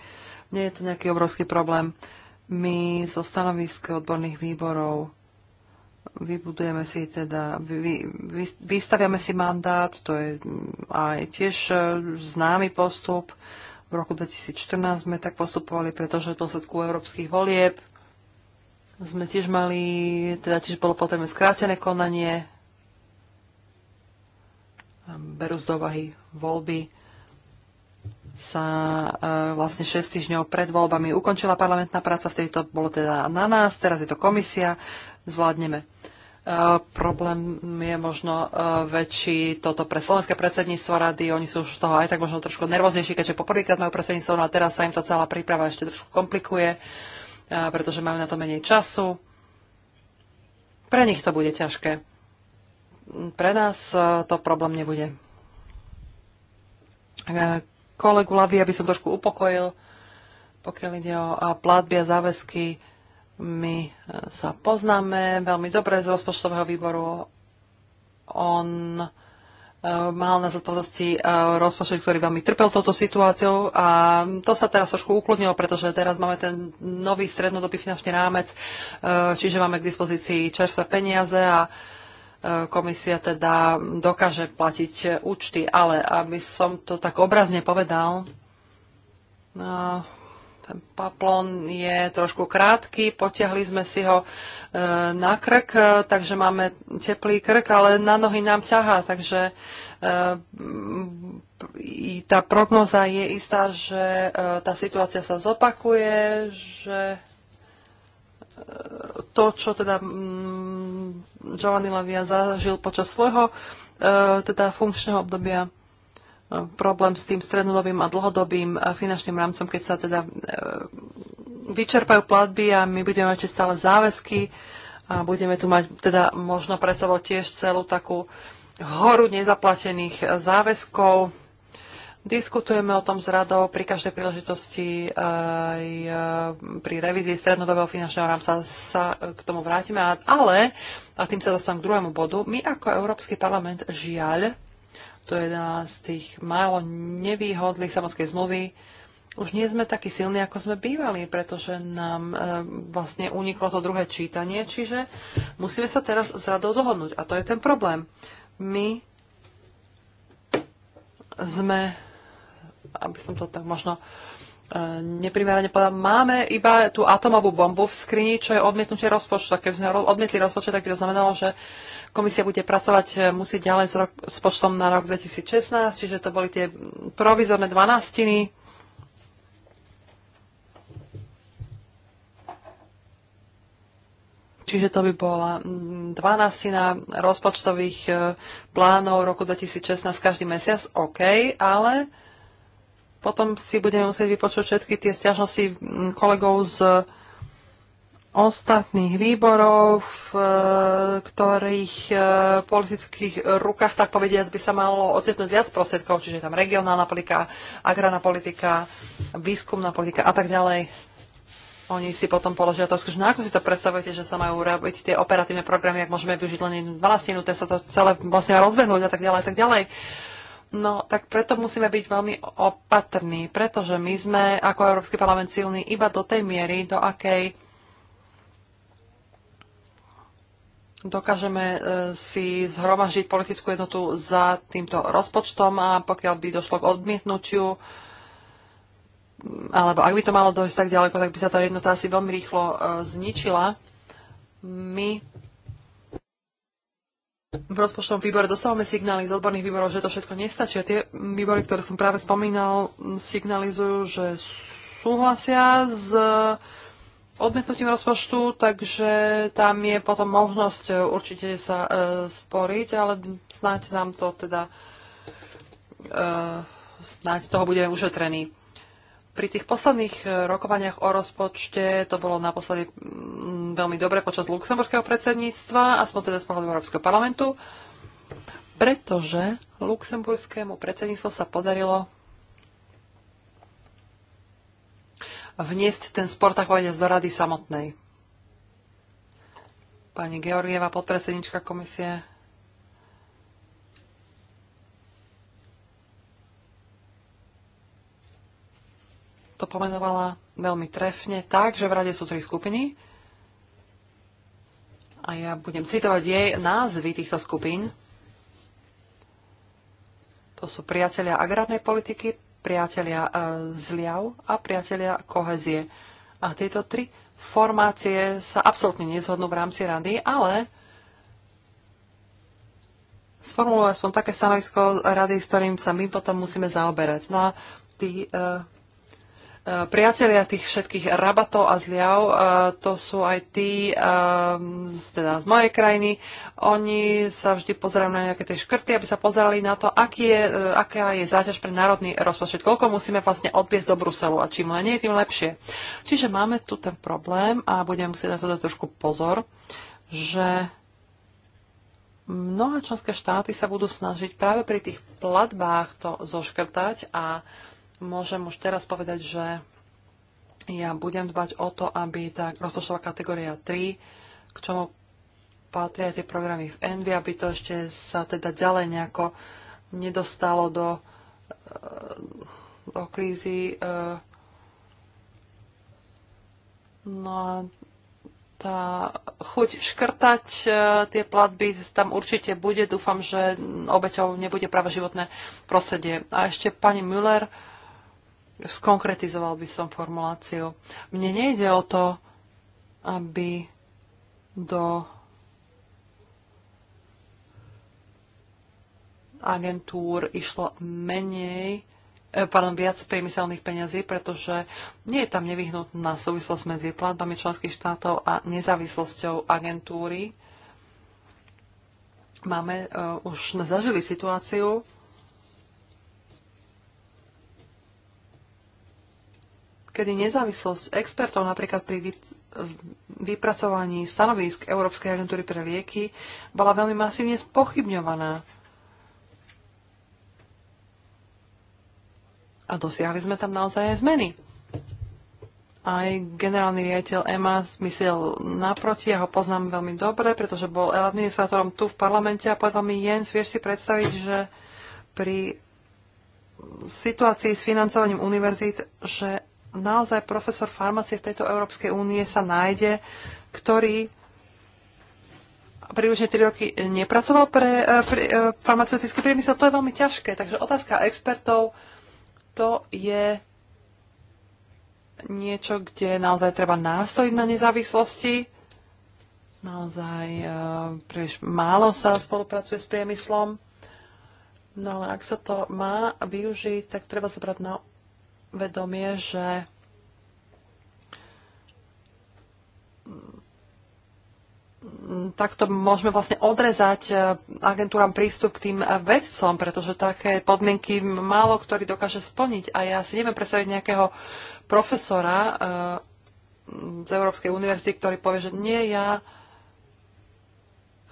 Speaker 3: nie je to nejaký obrovský problém. My zo stanovisk odborných výborov Vybudujeme si teda, vy, vy, vystaviame si mandát, to je mm, aj tiež e, známy postup. V roku 2014 sme tak postupovali, pretože v dôsledku európskych volieb sme tiež mali, teda tiež bolo potrebné skrátené konanie, berú z dovahy voľby, sa e, vlastne 6 týždňov pred voľbami ukončila parlamentná práca, vtedy to bolo teda na nás, teraz je to komisia, zvládneme. Uh, problém je možno uh, väčší toto pre slovenské predsedníctvo rady. Oni sú už z toho aj tak možno trošku nervóznejší, keďže poprvýkrát majú predsedníctvo, no a teraz sa im to celá príprava ešte trošku komplikuje, uh, pretože majú na to menej času. Pre nich to bude ťažké. Pre nás to problém nebude. Kolegu Lavi, aby som trošku upokojil, pokiaľ ide o platby a záväzky, my e, sa poznáme veľmi dobre z rozpočtového výboru. On e, mal na zodpovednosti e, rozpočet, ktorý veľmi trpel touto situáciou a to sa teraz trošku ukludnilo, pretože teraz máme ten nový strednodobý finančný rámec, čiže máme k dispozícii čerstvé peniaze a komisia teda dokáže platiť účty, ale aby som to tak obrazne povedal, ten paplon je trošku krátky, potiahli sme si ho e, na krk, e, takže máme teplý krk, ale na nohy nám ťahá, takže e, tá prognoza je istá, že e, tá situácia sa zopakuje, že e, to, čo teda mm, Giovanni Lavia zažil počas svojho e, teda funkčného obdobia problém s tým strednodobým a dlhodobým e, finančným rámcom, keď sa teda e, vyčerpajú platby a my budeme mať stále záväzky a budeme tu mať teda možno pred sebou tiež celú takú horu nezaplatených e, záväzkov. Diskutujeme o tom s radou pri každej príležitosti aj pri revízii strednodobého finančného rámca sa k tomu vrátime, ale, a tým sa dostanem k druhému bodu, my ako Európsky parlament žiaľ to je jedna z tých málo nevýhod Lisabonskej zmluvy. Už nie sme takí silní, ako sme bývali, pretože nám e, vlastne uniklo to druhé čítanie, čiže musíme sa teraz s radou dohodnúť. A to je ten problém. My aby som to tak možno neprimerane povedal, máme iba tú atomovú bombu v skrini, čo je odmietnutie rozpočtu. Keby sme odmietli rozpočet, tak by to znamenalo, že komisia bude pracovať, e, musí ďalej s, rok, s počtom na rok 2016, čiže to boli tie provizorné dvanástiny. Čiže to by bola 12 mm, rozpočtových e, plánov roku 2016 každý mesiac, OK, ale potom si budeme musieť vypočuť všetky tie stiažnosti mm, kolegov z ostatných výborov, v e, ktorých e, politických rukách, tak povediac, by sa malo ocitnúť viac prostriedkov, čiže tam regionálna politika, agrárna politika, výskumná politika a tak ďalej. Oni si potom položia otázku, že na no, ako si to predstavujete, že sa majú robiť tie operatívne programy, ak môžeme využiť len 12 minút, sa to celé vlastne rozbehnúť a tak ďalej, a tak ďalej. Uh, No, tak preto musíme byť veľmi opatrní, pretože my sme ako Európsky parlament silní iba do tej miery, do akej dokážeme e, si zhromažiť politickú jednotu za týmto rozpočtom a pokiaľ by došlo k odmietnutiu, mm, alebo ak by to malo dojsť tak ďaleko, tak by sa tá jednota asi veľmi rýchlo e, zničila. My v rozpočtovom výbore dostávame signály z odborných výborov, že to všetko nestačí. A tie výbory, ktoré som práve spomínal, signalizujú, že súhlasia s odmietnutím rozpočtu, takže tam je potom možnosť určite sa e, sporiť, ale snáď nám to teda e, snáď toho budeme ušetrení. Pri tých posledných e, rokovaniach o rozpočte, to bolo naposledy veľmi dobre počas luxemburského predsedníctva, aspoň teda z pohľadu Európskeho parlamentu, pretože luxemburskému predsedníctvu sa podarilo vniesť ten spor, tak povedať, do rady samotnej. Pani Georgieva, podpredsednička komisie. To pomenovala veľmi trefne tak, že v rade sú tri skupiny a ja budem citovať jej názvy týchto skupín. To sú priatelia agrárnej politiky, priatelia e, zliav a priatelia kohezie. A tieto tri formácie sa absolútne nezhodnú v rámci rady, ale sformulujú aspoň také stanovisko rady, s ktorým sa my potom musíme zaoberať. No a tí e, Eh, priatelia tých všetkých rabatov a zliav, eh, to sú aj tí eh, z, teda z mojej krajiny, oni sa vždy pozerajú na nejaké tie škrty, aby sa pozerali na to, aký je, aká je záťaž pre národný rozpočet, koľko musíme vlastne odviesť do Bruselu a čím menej, tým lepšie. Čiže máme tu ten problém a budeme musieť na to dať trošku pozor, že mnohé členské štáty sa budú snažiť práve pri tých platbách to zoškrtať a môžem už teraz povedať, že ja budem dbať o to, aby tá rozpočtová kategória 3, k čomu patria tie programy v Envy, aby to ešte sa teda ďalej nejako nedostalo do, eh, do krízy. Eh, no a tá chuť škrtať eh, tie platby tam určite bude. Dúfam, že obeťou nebude práve životné prostredie. A ešte pani Müller, skonkretizoval by som formuláciu. Mne nejde o to, aby do agentúr išlo menej, e, pardon, viac priemyselných peňazí, pretože nie je tam nevyhnutná súvislosť medzi platbami členských štátov a nezávislosťou agentúry. Máme, uh, už zažili situáciu, kedy nezávislosť expertov napríklad pri vypracovaní stanovisk Európskej agentúry pre lieky bola veľmi masívne spochybňovaná. A dosiahli sme tam naozaj aj zmeny. Aj generálny riaditeľ EMA myslel naproti, ja ho poznám veľmi dobre, pretože bol administratorom tu v parlamente a povedal mi, Jens, vieš si predstaviť, že pri situácii s financovaním univerzít, že naozaj profesor farmácie v tejto Európskej únie sa nájde, ktorý približne 3 roky nepracoval pre, eh, pre eh, farmaceutický priemysel. To je veľmi ťažké. Takže otázka expertov, to je niečo, kde naozaj treba nástojiť na nezávislosti. Naozaj eh, príliš málo sa spolupracuje s priemyslom. No ale ak sa to má využiť, tak treba zobrať na vedomie, že takto môžeme vlastne odrezať eh, agentúram prístup k tým eh, vedcom, pretože také podmienky málo ktorý dokáže splniť. A ja si neviem predstaviť nejakého profesora eh, z Európskej univerzity, ktorý povie, že nie, ja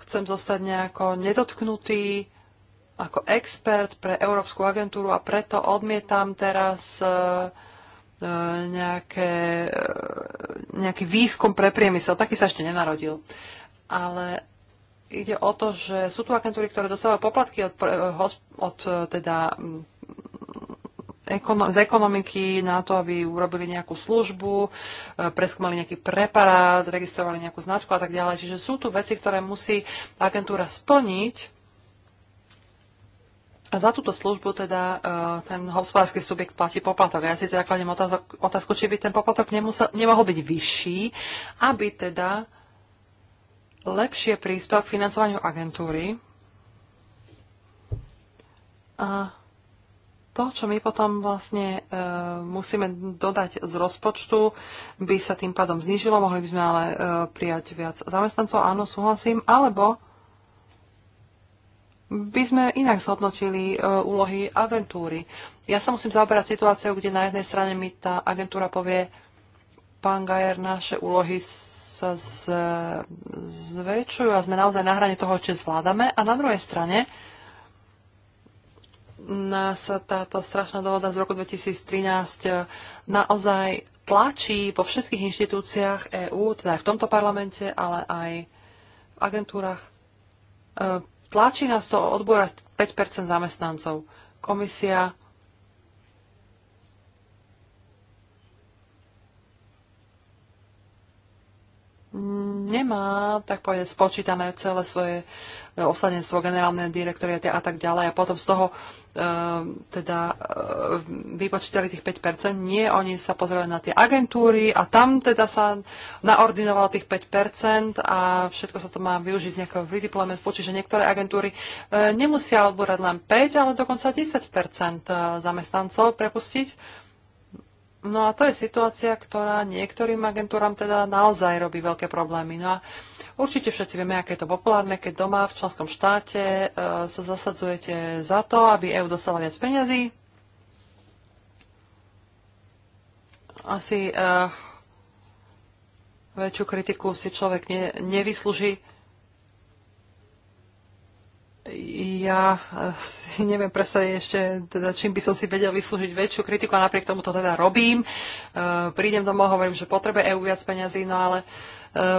Speaker 3: chcem zostať nejako nedotknutý, ako expert pre Európsku agentúru a preto odmietam teraz e, e, nejaké, e, nejaký výskum pre priemysel. Taký sa ešte nenarodil. Ale ide o to, že sú tu agentúry, ktoré dostávajú poplatky od, od teda mm, z ekonomiky na to, aby urobili nejakú službu, preskúmali nejaký preparát, registrovali nejakú značku a tak ďalej. Čiže sú tu veci, ktoré musí agentúra splniť, a za túto službu teda eh, ten hospodársky subjekt platí poplatok. Ja si teda kladiem otázok, otázku, či by ten poplatok nemusel, nemohol byť vyšší, aby teda lepšie príspel k financovaniu agentúry. A to, čo my potom vlastne e, musíme dodať z rozpočtu, by sa tým pádom znížilo, mohli by sme ale e, prijať viac zamestnancov, áno, súhlasím, alebo by sme inak zhodnotili e, úlohy agentúry. Ja sa musím zaoberať situáciou, kde na jednej strane mi tá agentúra povie, pán Gajer, naše úlohy sa z, zväčšujú a sme naozaj na hrane toho, čo zvládame. A na druhej strane nás táto strašná dohoda z roku 2013 e, naozaj tlačí po všetkých inštitúciách EÚ, teda aj v tomto parlamente, ale aj v agentúrach e, Tlačí nás to odborať 5 zamestnancov. Komisia nemá, tak povedať, spočítané celé svoje e, osadenstvo, generálne direktoriaty a tak ďalej. A potom z toho Ehm, teda ehm, vypočítali tých 5%. Nie, oni sa pozreli na tie agentúry a tam teda sa naordinovalo tých 5% a všetko sa to má využiť z nejakého redeployment poči, že niektoré agentúry e, nemusia odborať len 5, ale dokonca 10% e, zamestnancov prepustiť. No a to je situácia, ktorá niektorým agentúram teda naozaj robí veľké problémy. No a Určite všetci vieme, aké je to populárne, keď doma v členskom štáte e, sa zasadzujete za to, aby EU dostala viac peňazí. Asi e, väčšiu kritiku si človek ne, nevyslúži ja eh, si neviem presne ešte, teda, čím by som si vedel vyslúžiť väčšiu kritiku a napriek tomu to teda robím. E, prídem domov, hovorím, že potrebuje EU viac peňazí, no ale e,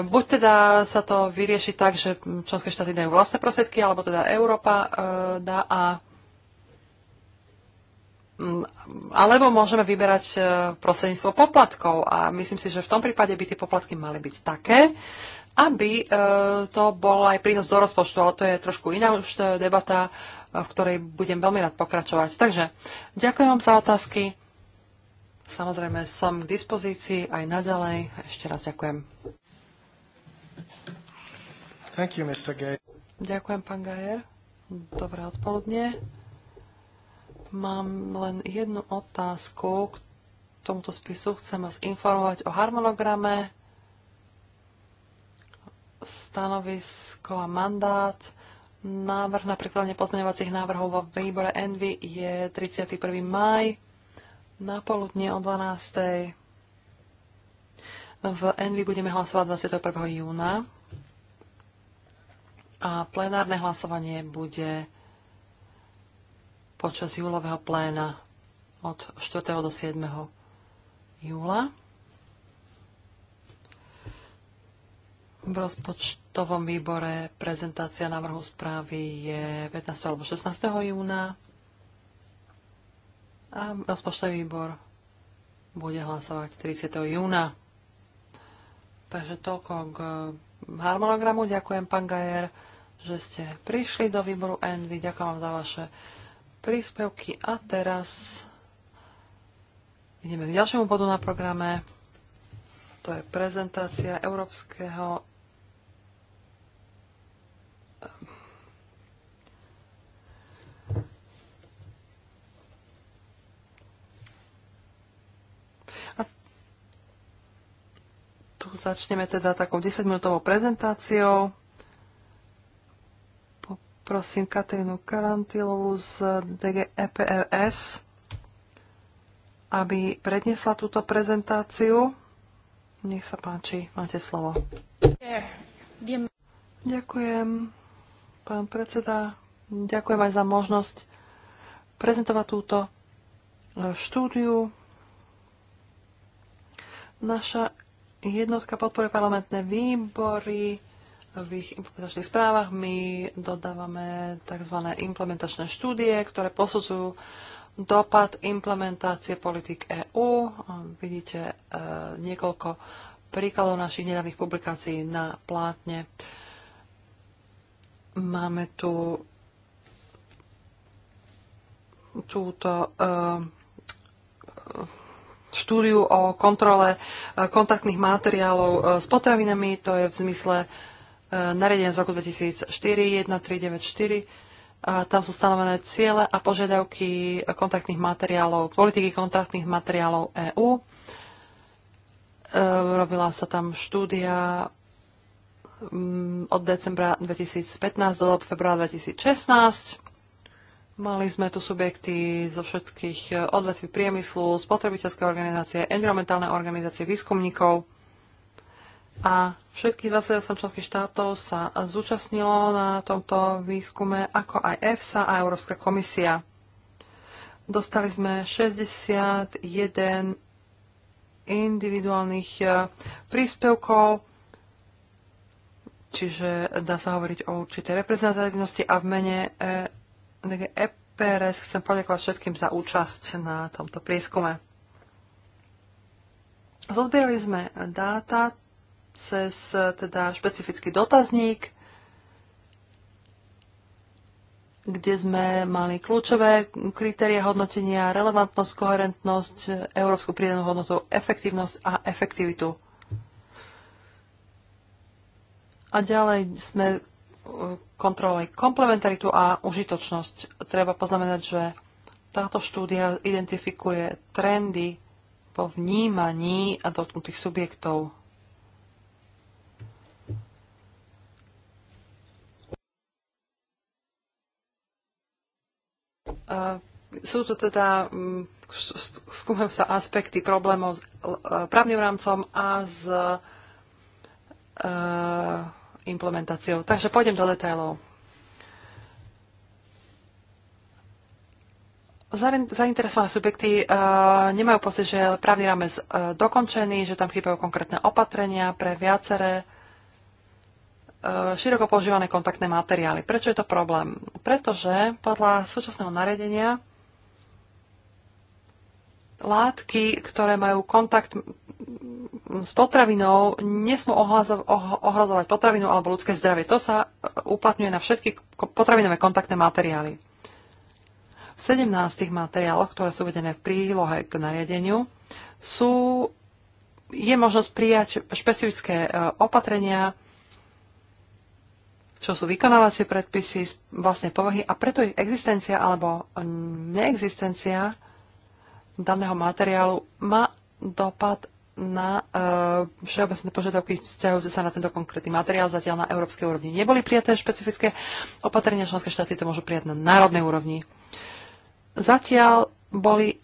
Speaker 3: buď teda sa to vyrieši tak, že členské štáty dajú vlastné prostriedky, alebo teda Európa e, dá a mm, alebo môžeme vyberať prostredníctvo poplatkov a myslím si, že v tom prípade by tie poplatky mali byť také, aby e, to bol aj prínos do rozpočtu, ale to je trošku iná už e, debata, e, v ktorej budem veľmi rád pokračovať. Takže ďakujem vám za otázky. Samozrejme som k dispozícii aj naďalej. Ešte raz ďakujem. Thank you, Mr. Gay. Ďakujem, pán Gajer. Dobré odpoludne. Mám len jednu otázku k tomuto spisu. Chcem vás informovať o harmonograme stanovisko a mandát. Návrh na prekladanie pozmeňovacích návrhov vo výbore Envy je 31. maj na poludne o 12. V Envy budeme hlasovať 21. júna a plenárne hlasovanie bude počas júlového pléna od 4. do 7. júla. V rozpočtovom výbore prezentácia návrhu správy je 15. alebo 16. júna a rozpočtový výbor bude hlasovať 30. júna. Takže toľko k harmonogramu. Ďakujem, pán Gajer, že ste prišli do výboru Envy. Ďakujem vám za vaše príspevky. A teraz ideme k ďalšiemu bodu na programe. To je prezentácia Európskeho Tu začneme teda takou 10-minútovou prezentáciou. Poprosím Katarínu Karantilovú z DGEPRS. aby predniesla túto prezentáciu. Nech sa páči, máte slovo. Ďakujem, pán predseda. Ďakujem aj za možnosť prezentovať túto e, štúdiu. Naša Jednotka podporuje parlamentné výbory v ich implementačných správach. My dodávame tzv. implementačné štúdie, ktoré posudzujú dopad implementácie politik EÚ. Vidíte e, niekoľko príkladov našich nedávnych publikácií na plátne. Máme tu túto e, štúdiu o kontrole e, kontaktných materiálov e, s potravinami. To je v zmysle e, nariadenia z roku 2004 1394. tam sú stanovené ciele a požiadavky kontaktných materiálov, politiky kontaktných materiálov EÚ. Robila sa tam štúdia mm, od decembra 2015 do februára 2016 Mali sme tu subjekty zo všetkých eh, odvetví priemyslu, spotrebiteľské organizácie, environmentálne organizácie, výskumníkov. A všetkých 28 členských štátov sa zúčastnilo na tomto výskume, ako aj EFSA a Európska komisia. Dostali sme 61 individuálnych eh, príspevkov, čiže dá sa hovoriť o určitej reprezentatívnosti a v mene eh, EPRS chcem poďakovať všetkým za účasť na tomto prieskume. Zozbierali sme dáta cez teda špecifický dotazník, kde sme mali kľúčové kritéria hodnotenia, relevantnosť, koherentnosť, európsku prídenú hodnotu, efektívnosť a efektivitu. A ďalej sme kontrolovali komplementaritu a užitočnosť. Treba poznamenať, že táto štúdia identifikuje trendy vo vnímaní a dotknutých subjektov. Sú tu teda, mm, skúmajú sa aspekty problémov s e, právnym rámcom a s e, implementáciou. Takže pôjdem do detailov. Zainteresované subjekty uh, nemajú pocit, že je právny rámec uh, dokončený, že tam chýbajú konkrétne opatrenia pre viaceré uh, široko používané kontaktné materiály. Prečo je to problém? Pretože podľa súčasného nariadenia látky, ktoré majú kontakt s potravinou nesmú ohrozovať potravinu alebo ľudské zdravie. To sa e, uplatňuje na všetky potravinové kontaktné materiály. V 17 materiáloch, ktoré sú vedené v prílohe k nariadeniu, sú, je možnosť prijať špecifické e, opatrenia, čo sú vykonávacie predpisy z vlastnej povahy a preto ich existencia alebo neexistencia daného materiálu má dopad na uh, všeobecné požiadavky vzťahujúce sa na tento konkrétny materiál zatiaľ na európskej úrovni neboli prijaté špecifické opatrenia. Členské štáty to môžu prijať na národnej úrovni. Zatiaľ boli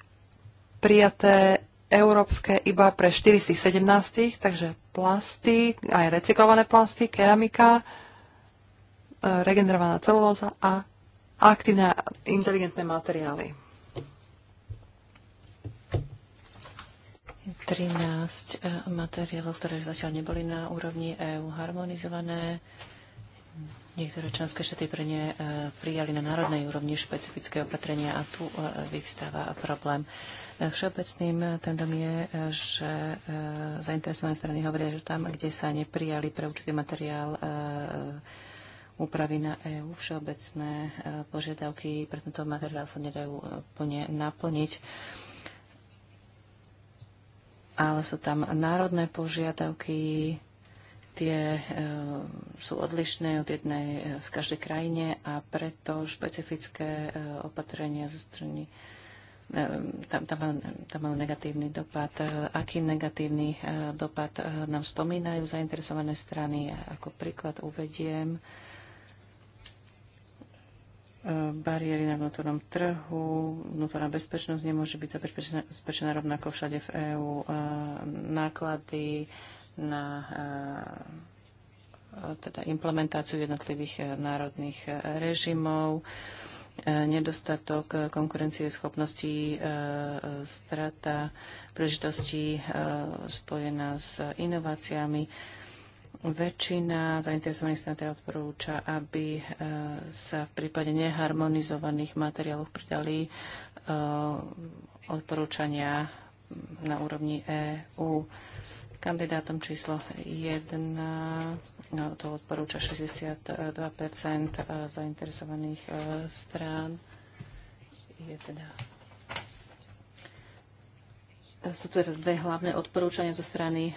Speaker 3: prijaté európske iba pre 4 z tých 17, takže plasty, aj recyklované plasty, keramika, eh, regenerovaná celulóza a aktívne inteligentné materiály.
Speaker 4: 13 eh, materiálov, ktoré zatiaľ neboli na úrovni EÚ harmonizované. Niektoré členské štáty pre ne eh, prijali na národnej úrovni špecifické opatrenia a tu eh, vyvstáva problém. Všeobecným tendom je, že zainteresované strany hovoria, že tam, kde sa neprijali pre určitý materiál úpravy na EÚ, všeobecné požiadavky pre tento materiál sa nedajú plne naplniť ale sú tam národné požiadavky, tie e, sú odlišné od jednej e, v každej krajine a preto špecifické e, opatrenia zo strany e, tam, tam, tam majú negatívny dopad. E, aký negatívny dopad nám spomínajú zainteresované strany? Ako príklad uvediem, bariéry na vnútornom trhu, vnútorná bezpečnosť nemôže byť zabezpečená rovnako všade v EÚ, e, náklady na e, e, teda implementáciu jednotlivých národných režimov, nedostatok konkurencie schopností, strata príležitostí spojená s inováciami Väčšina zainteresovaných strán teda odporúča, aby e, sa v prípade neharmonizovaných materiálov pridali e, odporúčania na úrovni EÚ. Kandidátom číslo 1 no, to odporúča 62 e, zainteresovaných strán. Je teda sú teraz dve hlavné odporúčania zo strany e, e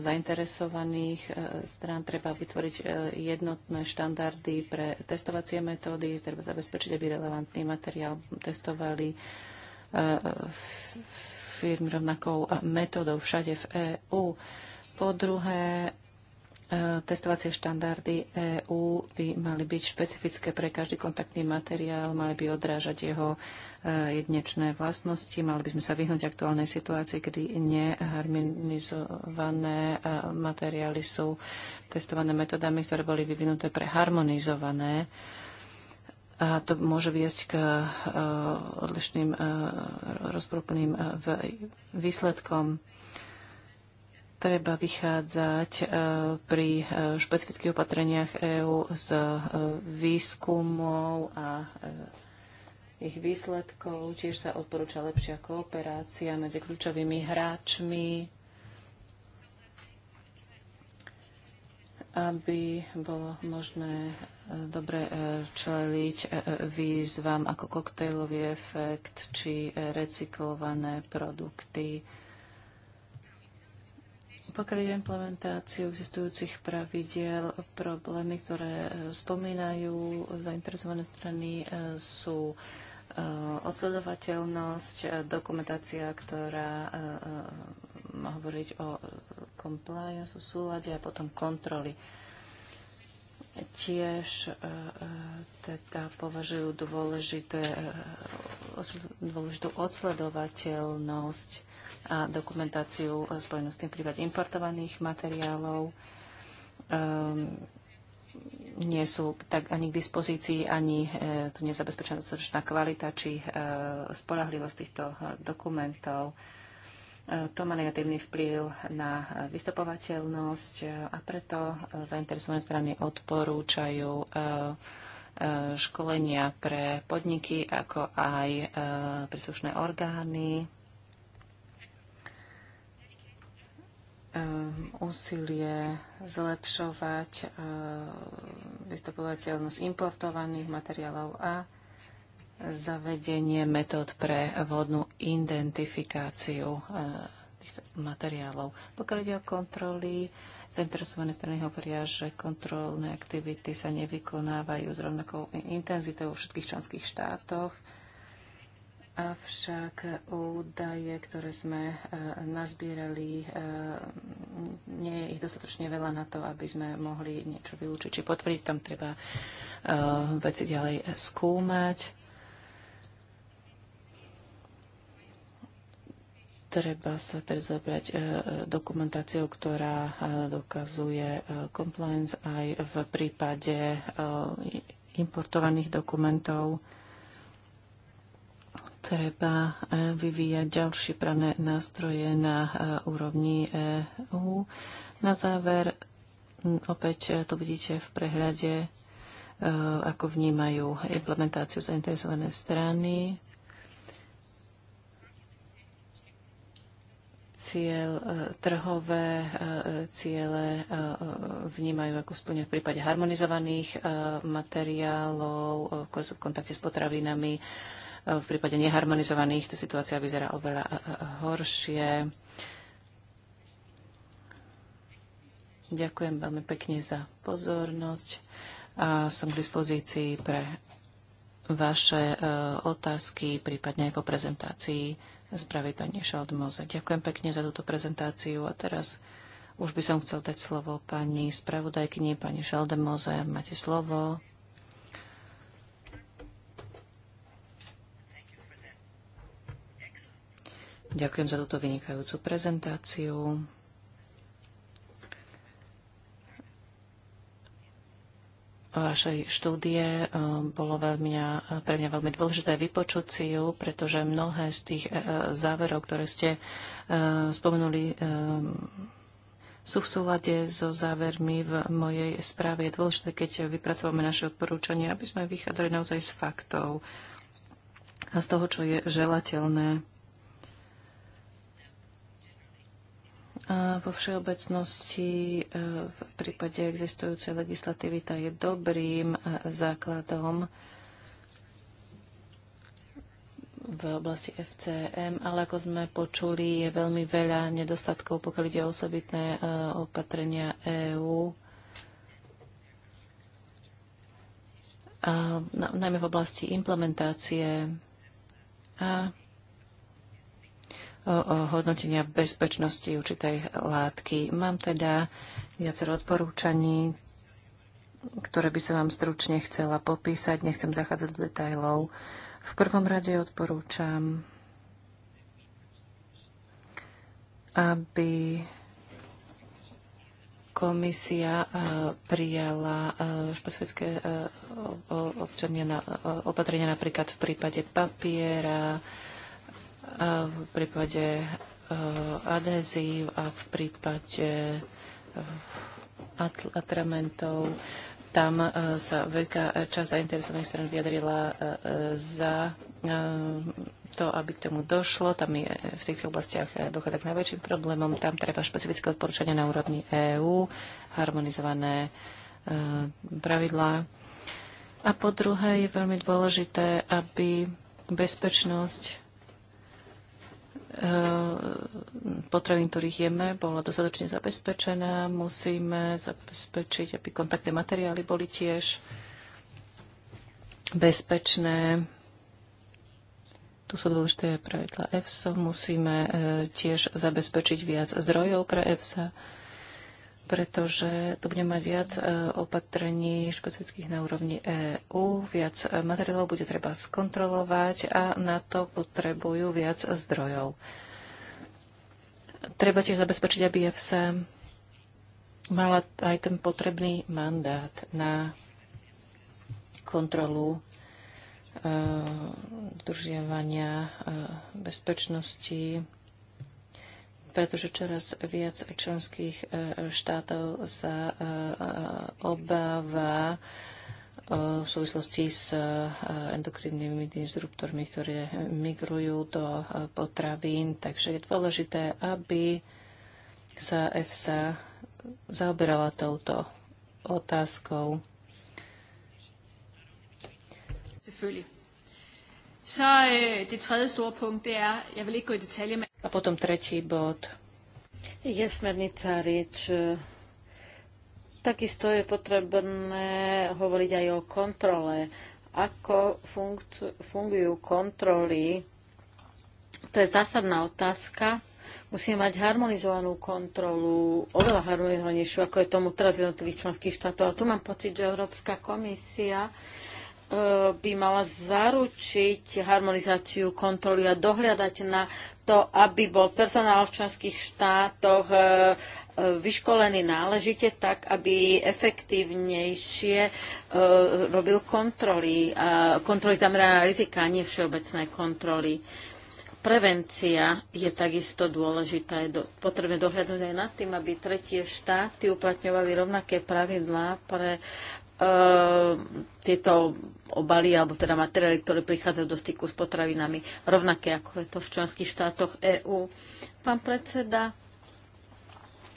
Speaker 4: zainteresovaných e, strán. Treba vytvoriť e, jednotné štandardy pre testovacie metódy, treba zabezpečiť, aby relevantný materiál testovali e, firmy rovnakou metódou všade v EÚ. Po druhé, E, testovacie štandardy EÚ by mali byť špecifické pre každý kontaktný materiál, mali by odrážať jeho e, jednečné vlastnosti, mali by sme sa vyhnúť aktuálnej situácii, kedy neharmonizované e, materiály sú testované metodami, ktoré boli vyvinuté pre harmonizované a to môže viesť k odlišným rozprúplným výsledkom treba vychádzať e, pri e, špecifických opatreniach EÚ z e, výskumov a ich výsledkov. Tiež sa odporúča lepšia kooperácia medzi kľúčovými hráčmi, aby bolo možné dobre čeliť výzvam ako koktejlový efekt či recyklované produkty pokiaľ ide implementáciu existujúcich pravidiel, problémy, ktoré e, spomínajú zainteresované strany, e, sú e, odsledovateľnosť, dokumentácia, ktorá má hovoriť o compliance, o súlade a potom kontroly. Tiež teda považujú dôležité, dôležitú odsledovateľnosť a dokumentáciu spojenú s tým prípade importovaných materiálov. Um, nie sú tak ani k dispozícii, ani e, tu nezabezpečená dostatočná kvalita či e, spolahlivosť týchto e, dokumentov. To má negatívny vplyv na vystupovateľnosť a preto zainteresované strany odporúčajú školenia pre podniky, ako aj príslušné orgány Ehm, úsilie zlepšovať ehm, vystupovateľnosť importovaných materiálov a zavedenie metód pre vodnú identifikáciu ehm, týchto materiálov. Pokiaľ ide o kontroly, zainteresované strany hovoria, že kontrolné aktivity sa nevykonávajú s rovnakou intenzitou vo všetkých členských štátoch Avšak údaje, ktoré sme e, nazbierali, e, nie je ich dostatočne veľa na to, aby sme mohli niečo vylúčiť či potvrdiť. Tam treba e, veci ďalej skúmať. Treba sa teraz zabrať dokumentáciou, ktorá dokazuje compliance aj v prípade importovaných dokumentov treba eh, vyvíjať ďalšie prané nástroje na eh, úrovni EU. Eh, na záver, hm, opäť to vidíte v prehľade, ako vnímajú implementáciu zainteresované strany. Ciel, trhové ciele vnímajú ako splňujú v prípade harmonizovaných materiálov, v kontakte s potravinami, v prípade neharmonizovaných tá situácia vyzerá oveľa e, e, horšie. Ďakujem veľmi pekne za pozornosť a som k dispozícii pre vaše e, otázky, prípadne aj po prezentácii spraví pani Šaldmoze. Ďakujem pekne za túto prezentáciu a teraz už by som chcel dať slovo pani spravodajkyni, pani Šaldemoze. Máte slovo. Ďakujem za túto vynikajúcu prezentáciu. vašej štúdie eh, bolo veľmi, pre mňa veľmi dôležité vypočuť si ju, pretože mnohé z tých eh, záverov, ktoré ste eh, spomenuli, sú v súlade so závermi v mojej správe. Je dôležité, keď vypracovame naše odporúčania, aby sme vychádzali naozaj z faktov a z toho, čo je želateľné. vo všeobecnosti e, v prípade existujúcej legislatívy tá je dobrým e, základom v oblasti FCM, ale ako sme počuli, je veľmi veľa nedostatkov, pokiaľ ide o osobitné e, opatrenia EÚ. A najmä v oblasti implementácie a hodnotenia bezpečnosti určitej látky. Mám teda viacero odporúčaní, ktoré by sa vám stručne chcela popísať. Nechcem zachádzať do detajlov. V prvom rade odporúčam, aby komisia e, prijala e, špecifické e, opatrenia napríklad v prípade papiera, v prípade adhezív a v prípade e, e, atramentov. Tam e, sa veľká časť zainteresovaných stran vyjadrila za to, aby k tomu došlo. Tam je v týchto oblastiach dochádza k najväčším problémom. Tam treba špecifické odporúčania na úrovni EÚ, harmonizované pravidlá. A po druhé je veľmi dôležité, aby bezpečnosť E, potravín, ktorých jeme, bola dostatočne zabezpečená. Musíme zabezpečiť, aby kontaktné materiály boli tiež bezpečné. Tu sú dôležité pravidla EFSA. Musíme e, tiež zabezpečiť viac zdrojov pre EFSA pretože tu budeme mať viac e, opatrení špecických na úrovni EÚ, viac e, materiálov bude treba skontrolovať a na to potrebujú viac zdrojov. Treba tiež zabezpečiť, aby EFSA mala aj ten potrebný mandát na kontrolu udržiavania e, bezpečnosti pretože čoraz viac členských e, štátov sa e, e, obáva v súvislosti s endokrinnými disruptormi, ktoré migrujú do potravín. Takže je dôležité, aby sa EFSA zaoberala touto otázkou.
Speaker 5: Selvfølgelig. Så øh, det tredje store punkt, det er, jeg vil ikke gå i detalje med...
Speaker 4: A potom tretí
Speaker 2: bod. Je smernica rieč. Takisto je potrebné hovoriť aj o kontrole. Ako fungujú kontroly? To je zásadná otázka. Musíme mať harmonizovanú kontrolu, oveľa harmonizovanejšiu, ako je tomu teraz v jednotlivých členských štátov. A tu mám pocit, že Európska komisia E, by mala zaručiť harmonizáciu kontroly a dohľadať na to, aby bol personál v členských štátoch e, e, vyškolený náležite tak, aby efektívnejšie robil kontroly, kontroly zamerané na rizika, nie všeobecné kontroly. Prevencia je takisto dôležitá. Je potrebné dohľadnúť aj nad tým, aby tretie štáty uplatňovali rovnaké pravidlá pre E, tieto obaly alebo teda materiály, ktoré prichádzajú do styku s potravinami, rovnaké ako je to v členských štátoch EÚ. Pán predseda,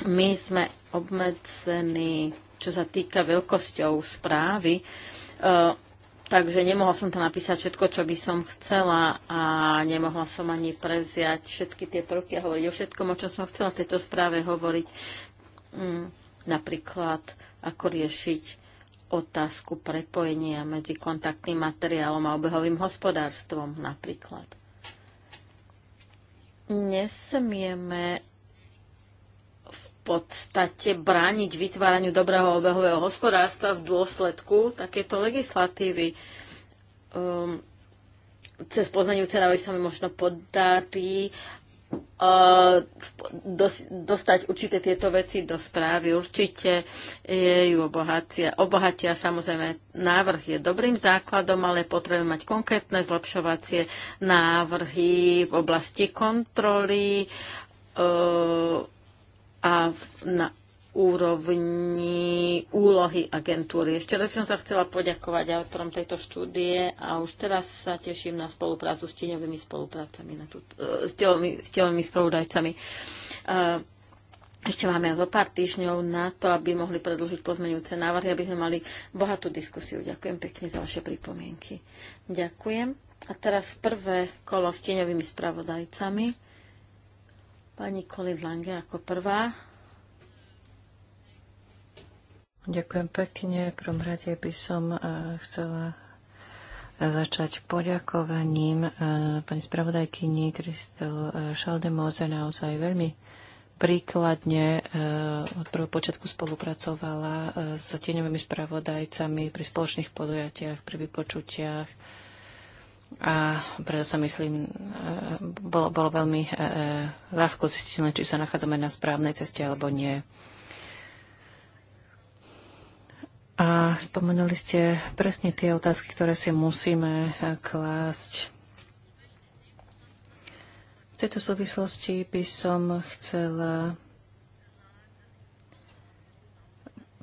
Speaker 2: my sme obmedzení, čo sa týka veľkosťou správy, e, takže nemohla som to napísať všetko, čo by som chcela a nemohla som ani prevziať všetky tie prvky a hovoriť o všetkom, o čom som chcela v tejto správe hovoriť. Mm, napríklad, ako riešiť otázku prepojenia medzi kontaktným materiálom a obehovým hospodárstvom napríklad. Nesmieme v podstate brániť vytváraniu dobrého obehového hospodárstva v dôsledku takéto legislatívy. Um, cez poznaniu cenávy sa mi možno podarí Eh, dostať určité tieto veci do správy. Určite ju obohatia. obohatia. Samozrejme, návrh je dobrým základom, ale potrebujeme mať konkrétne zlepšovacie návrhy v oblasti kontroly eh, a na úrovni úlohy agentúry. Ešte raz som sa chcela poďakovať autorom tejto štúdie a už teraz sa teším na spoluprácu s tieňovými spoluprácami, na tú, e, s, tieľovými, s tieľovými spoludajcami. E, ešte máme zo pár týždňov na to, aby mohli predložiť pozmeňujúce návrhy, aby sme mali bohatú diskusiu. Ďakujem pekne za vaše pripomienky. Ďakujem. A teraz prvé kolo s tieňovými spravodajcami. Pani Kolid Lange ako prvá.
Speaker 4: Ďakujem pekne. V prvom rade by som e, chcela začať poďakovaním e, pani spravodajkyni Kristel Šaldemoze. E, Naozaj veľmi príkladne od prvého počiatku spolupracovala s tieňovými spravodajcami pri spoločných podujatiach, pri vypočutiach. A preto sa myslím, bolo, bolo veľmi ľahko zistiť, či sa nachádzame na správnej ceste alebo nie. A spomenuli ste presne tie otázky, ktoré si musíme eh, klásť. V tejto súvislosti by som chcela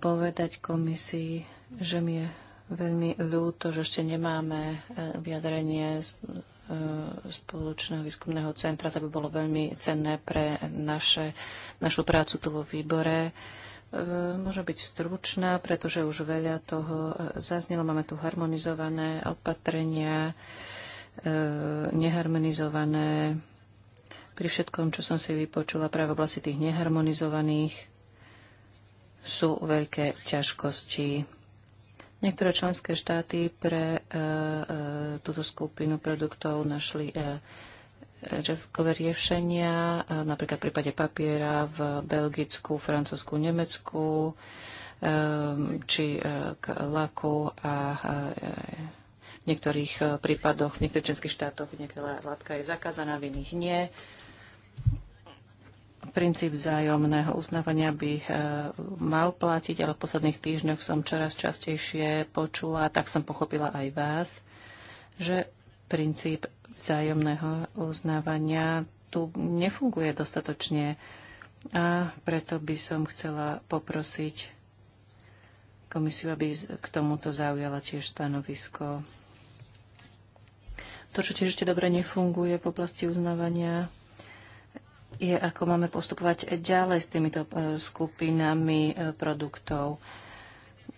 Speaker 4: povedať komisii, že mi je veľmi ľúto, že ešte nemáme eh, vyjadrenie eh, spoločného výskumného centra. To by bolo veľmi cenné pre naše, našu prácu tu vo výbore. Môže byť stručná, pretože už veľa toho e, zaznelo. Máme tu harmonizované opatrenia, e, neharmonizované. Pri všetkom, čo som si vypočula práve v oblasti tých neharmonizovaných, sú veľké ťažkosti. Niektoré členské štáty pre e, e, túto skupinu produktov našli e, jazzkové riešenia, e, napríklad v prípade papiera v Belgicku, Francúzsku, Nemecku, e, či e, k laku a v niektorých prípadoch, v niektorých českých štátoch niektorá látka je zakázaná, v iných nie. Princíp vzájomného uznávania by mal platiť, ale v posledných týždňoch som čoraz častejšie počula, tak som pochopila aj vás, že princíp vzájomného uznávania tu nefunguje dostatočne. A preto by som chcela poprosiť komisiu, aby k tomuto zaujala tiež stanovisko. To, čo tiež ešte dobre nefunguje v oblasti uznávania, je, ako máme postupovať ďalej s týmito e, skupinami e, produktov.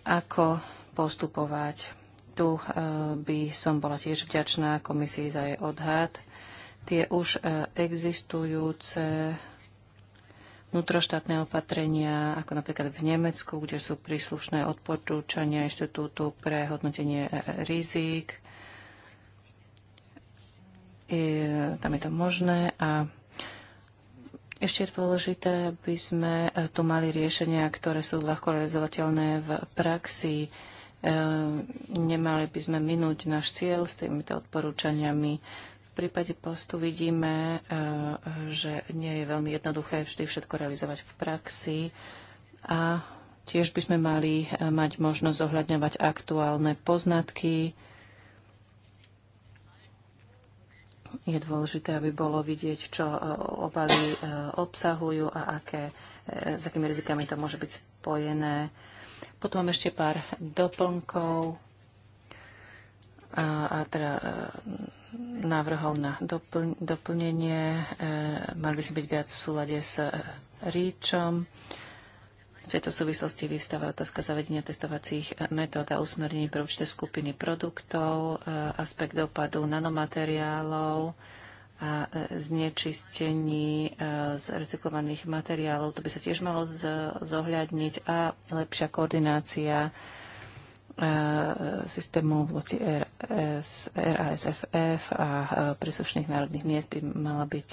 Speaker 4: Ako postupovať. Tu eh, by som bola tiež vďačná komisii za jej odhad. Tie už eh, existujúce vnútroštátne opatrenia, ako napríklad v Nemecku, kde sú príslušné odporúčania Inštitútu pre hodnotenie eh, rizík. I tam je to možné a ešte je dôležité, aby sme tu mali riešenia, ktoré sú ľahko realizovateľné v praxi. E, nemali by sme minúť náš cieľ s týmito odporúčaniami. V prípade postu vidíme, e, že nie je veľmi jednoduché vždy všetko realizovať v praxi a tiež by sme mali e, mať možnosť zohľadňovať aktuálne poznatky, je dôležité, aby bolo vidieť, čo obaly obsahujú a aké, s akými rizikami to môže byť spojené. Potom mám ešte pár doplnkov a, a teda e, návrhov na dopl- doplnenie. E, mali by sme byť viac v súlade s e, ríčom. V tejto súvislosti vystáva otázka zavedenia testovacích e, metód a usmernení pre určité skupiny produktov, aspekt dopadu nanomateriálov, a e, znečistení e, z recyklovaných materiálov. To by sa tiež malo zohľadniť a lepšia koordinácia e, systému voci RASFF a príslušných národných miest by mala byť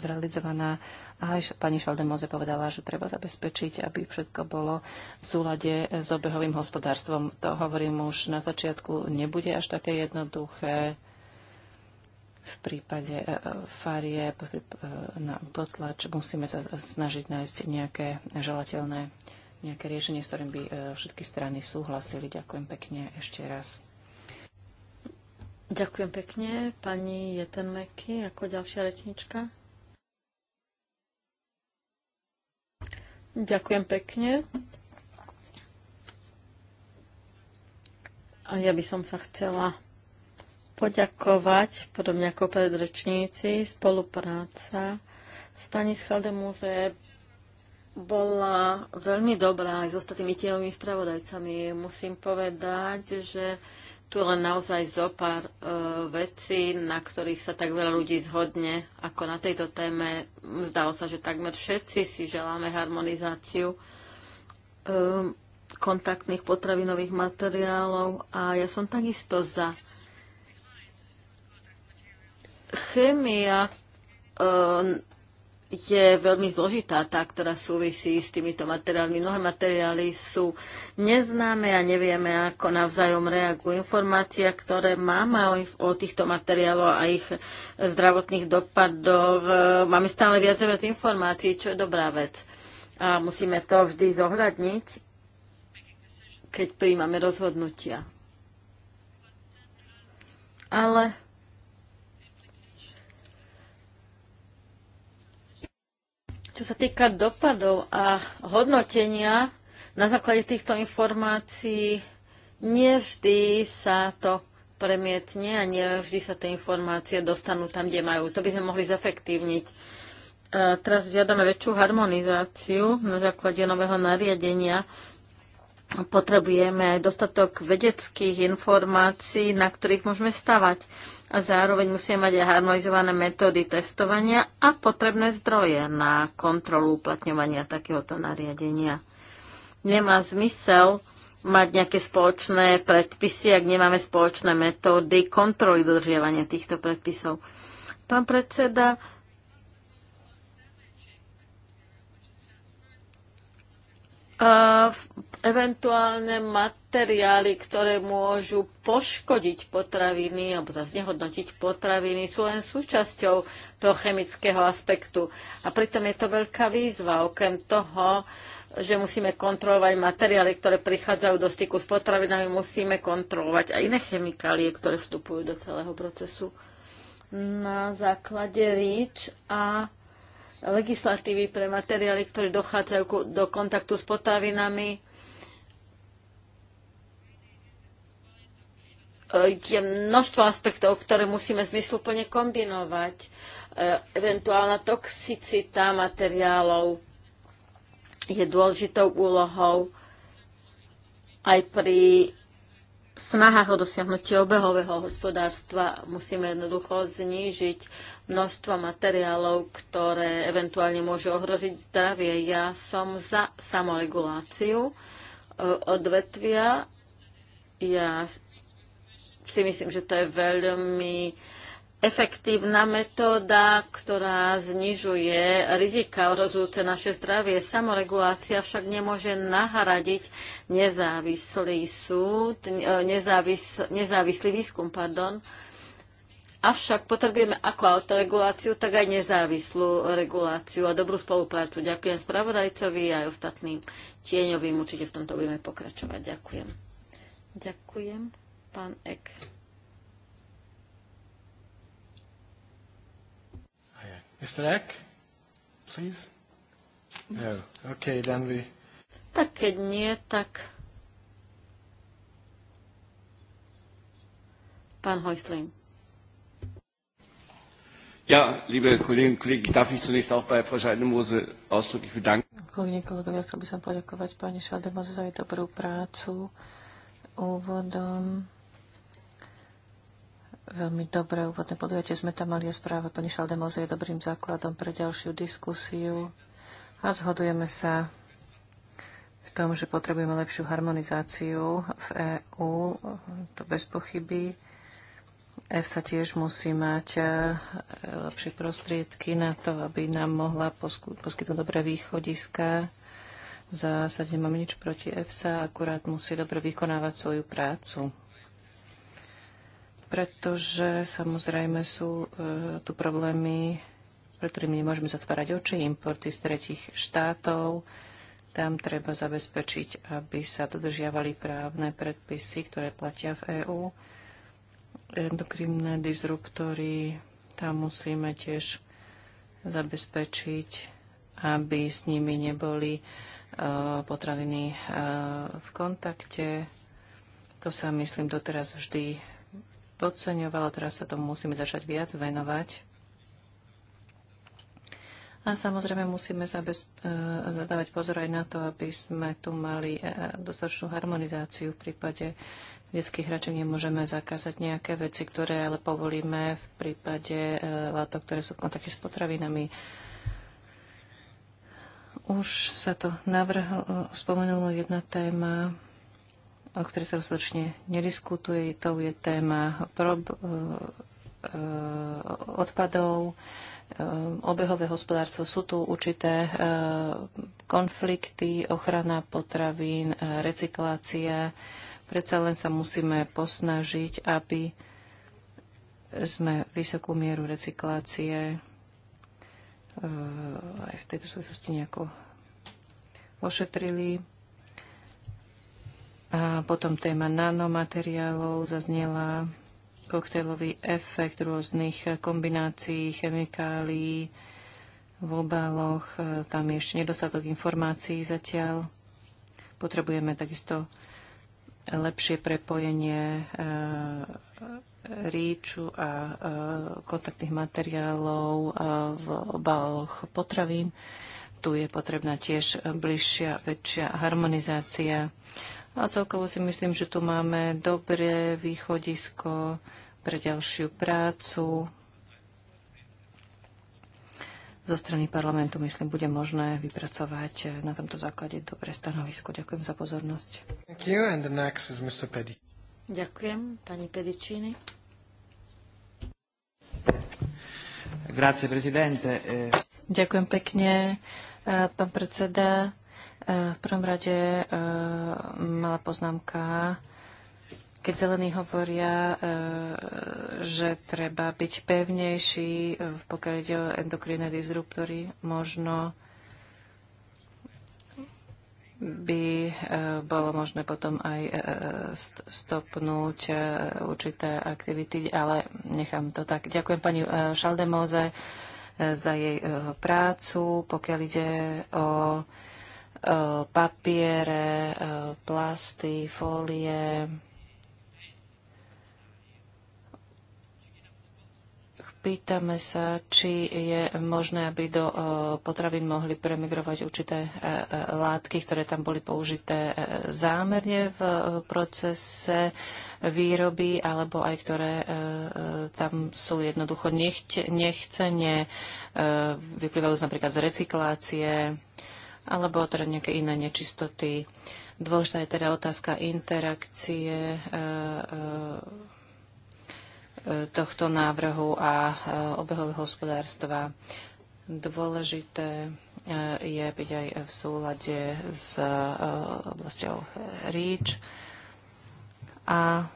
Speaker 4: zrealizovaná. A aj pani Švaldemoze povedala, že treba zabezpečiť, aby všetko bolo v súlade s obehovým hospodárstvom. To hovorím už na začiatku, nebude až také jednoduché v prípade e, e, farieb e, na potlač musíme sa snažiť nájsť nejaké želateľné nejaké riešenie, s ktorým by všetky strany súhlasili. Ďakujem pekne ešte raz. Ďakujem pekne. Pani Jetenmeky, ako ďalšia rečnička.
Speaker 2: Ďakujem pekne. A ja by som sa chcela poďakovať, podobne ako predrečníci, spolupráca s pani Schaldemuse bola veľmi dobrá aj s ostatnými tieľovými spravodajcami. Musím povedať, že tu len naozaj zo pár e, vecí, na ktorých sa tak veľa ľudí zhodne, ako na tejto téme. Zdalo sa, že takmer všetci si želáme harmonizáciu e, kontaktných potravinových materiálov a ja som takisto za Chémia eh, je veľmi zložitá, tá, ktorá súvisí s týmito materiálmi. Mnohé materiály sú neznáme a nevieme, ako navzájom reagujú. Informácia, ktoré máme o, o týchto materiáloch a ich zdravotných dopadov, eh, máme stále viac a viac informácií, čo je dobrá vec. A musíme to vždy zohľadniť, keď príjmame rozhodnutia. Ale Čo sa týka dopadov a hodnotenia, na základe týchto informácií nevždy sa to premietne a nevždy sa tie informácie dostanú tam, kde majú. To by sme mohli zefektívniť. Teraz žiadame väčšiu harmonizáciu na základe nového nariadenia. Potrebujeme aj dostatok vedeckých informácií, na ktorých môžeme stavať a zároveň musíme mať aj harmonizované metódy testovania a potrebné zdroje na kontrolu uplatňovania takéhoto nariadenia. Nemá zmysel mať nejaké spoločné predpisy, ak nemáme spoločné metódy kontroly dodržiavania týchto predpisov. Pán predseda, Uh, eventuálne mať materiály, ktoré môžu poškodiť potraviny alebo teda znehodnotiť potraviny, sú len súčasťou toho chemického aspektu. A pritom je to veľká výzva. Okrem toho, že musíme kontrolovať materiály, ktoré prichádzajú do styku s potravinami, musíme kontrolovať aj iné chemikálie, ktoré vstupujú do celého procesu. Na základe REACH a legislatívy pre materiály, ktoré dochádzajú do kontaktu s potravinami, E, je množstvo aspektov, ktoré musíme zmysluplne kombinovať. E, eventuálna toxicita materiálov je dôležitou úlohou aj pri snahách o dosiahnutie obehového hospodárstva musíme jednoducho znížiť množstvo materiálov, ktoré eventuálne môžu ohroziť zdravie. Ja som za samoreguláciu e, odvetvia. Ja si myslím, že to je veľmi efektívna metóda, ktorá znižuje rizika ohrozujúce naše zdravie. Samoregulácia však nemôže nahradiť nezávislý súd, nezávis, nezávislý výskum, pardon. Avšak potrebujeme ako autoreguláciu, tak aj nezávislú reguláciu a dobrú spoluprácu. Ďakujem spravodajcovi a aj ostatným tieňovým. Určite v tomto budeme pokračovať. Ďakujem. Ďakujem. Pán Ek.
Speaker 1: Ah, Mr. Ek, please? No. Okay, then we... Tak
Speaker 2: keď nie, tak...
Speaker 4: Pán Hojstlin.
Speaker 1: Ja, liebe Kolleginnen und Kollegen, ich darf mich zunächst auch bei Frau Scheidemose ausdrücklich bedanken.
Speaker 4: Kolegyne, kolegovia, chcel by som poďakovať pani Šaldemose za jej dobrú prácu úvodom veľmi dobré úvodné podujatie. Sme tam mali a správa pani Šaldemoze je dobrým základom pre ďalšiu diskusiu a zhodujeme sa v tom, že potrebujeme lepšiu harmonizáciu v EÚ, to bez pochyby. EF sa tiež musí mať e, lepšie prostriedky na to, aby nám mohla poskytnúť dobré východiska. V zásade nemám nič proti EFSA, akurát musí dobre vykonávať svoju prácu pretože samozrejme sú e, tu problémy, pre ktorými nemôžeme zatvárať oči, importy z tretich štátov. Tam treba zabezpečiť, aby sa dodržiavali právne predpisy, ktoré platia v EÚ. Endokrinné disruptory, tam musíme tiež zabezpečiť, aby s nimi neboli e, potraviny e, v kontakte. To sa, myslím, doteraz vždy podceňovalo, teraz sa tomu musíme začať viac venovať. A samozrejme musíme e, zadávať dávať pozor aj na to, aby sme tu mali e, dostatočnú harmonizáciu v prípade detských hračiek. Nemôžeme zakázať nejaké veci, ktoré ale povolíme v prípade e, látok, ktoré sú v kontakte s potravinami. Už sa to navrhlo, spomenulo jedna téma, o ktorej sa dostatočne nediskutuje. To je téma prob, e, e, odpadov, e, obehové hospodárstvo. Sú tu určité konflikty, ochrana potravín, recyklácia. Predsa len sa musíme posnažiť, aby sme vysokú mieru recyklácie aj v tejto súvislosti nejako ošetrili. A potom téma nanomateriálov zaznela koktejlový efekt rôznych kombinácií chemikálií v obaloch. Tam je ešte nedostatok informácií zatiaľ. Potrebujeme takisto lepšie prepojenie e, ríču a e, kontaktných materiálov e, v obáloch potravín. Tu je potrebná tiež bližšia, väčšia harmonizácia a celkovo si myslím, že tu máme dobré východisko pre ďalšiu prácu. Zo strany parlamentu, myslím, bude možné vypracovať na tomto základe dobré stanovisko. Ďakujem za pozornosť.
Speaker 2: Ďakujem, pani Pedicini.
Speaker 5: Grazie, eh,
Speaker 4: Ďakujem pekne, eh, pán predseda. E, v prvom rade e, malá poznámka. Keď zelení hovoria, e, že treba byť pevnejší, pokiaľ pokrade o endokrinné disruptory, možno by bolo možné potom aj stopnúť určité aktivity, ale nechám to tak. Ďakujem pani Šaldemoze za jej prácu, pokiaľ ide o Eh, papiere, eh, plasty, fólie. Pýtame sa, či je možné, aby do eh, potravín mohli premigrovať určité látky, ktoré tam boli použité zámerne v procese výroby, alebo aj ktoré tam sú jednoducho nechcene, vyplývajú napríklad z recyklácie alebo teda nejaké iné nečistoty. Dôležitá je teda otázka interakcie e, e, e, tohto návrhu a obehového hospodárstva. Dôležité je byť aj v súlade s oblasťou REACH a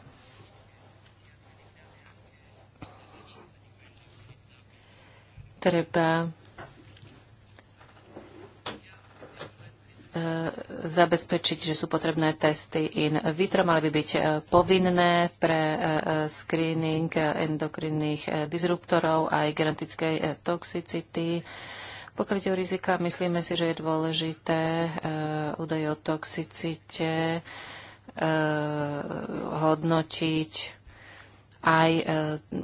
Speaker 4: treba E, zabezpečiť, že sú potrebné testy in vitro, mali by byť e, povinné pre e, screening endokrinných disruptorov aj genetickej toxicity. Pokiaľ ide o rizika, myslíme si, že je dôležité údaje o toxicite hodnotiť aj e,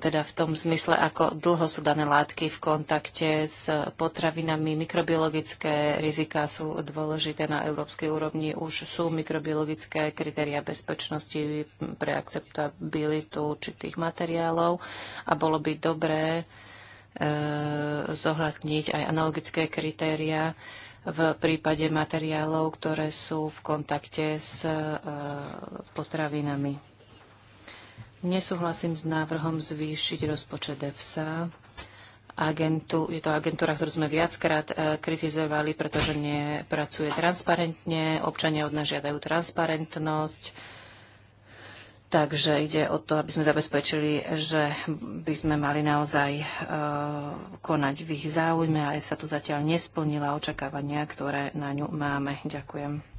Speaker 4: teda v tom zmysle, ako dlho sú dané látky v kontakte s potravinami. Mikrobiologické riziká sú dôležité na európskej úrovni. Už sú mikrobiologické kritéria bezpečnosti pre akceptabilitu určitých materiálov a bolo by dobré e, zohľadniť aj analogické kritéria v prípade materiálov, ktoré sú v kontakte s e, potravinami. Nesúhlasím s návrhom zvýšiť rozpočet EFSA. Agentu, je to agentúra, ktorú sme viackrát e, kritizovali, pretože nepracuje transparentne, občania od nás žiadajú transparentnosť. Takže ide o to, aby sme zabezpečili, že by sme mali naozaj e, konať v ich záujme a sa tu zatiaľ nesplnila očakávania, ktoré na ňu máme. Ďakujem.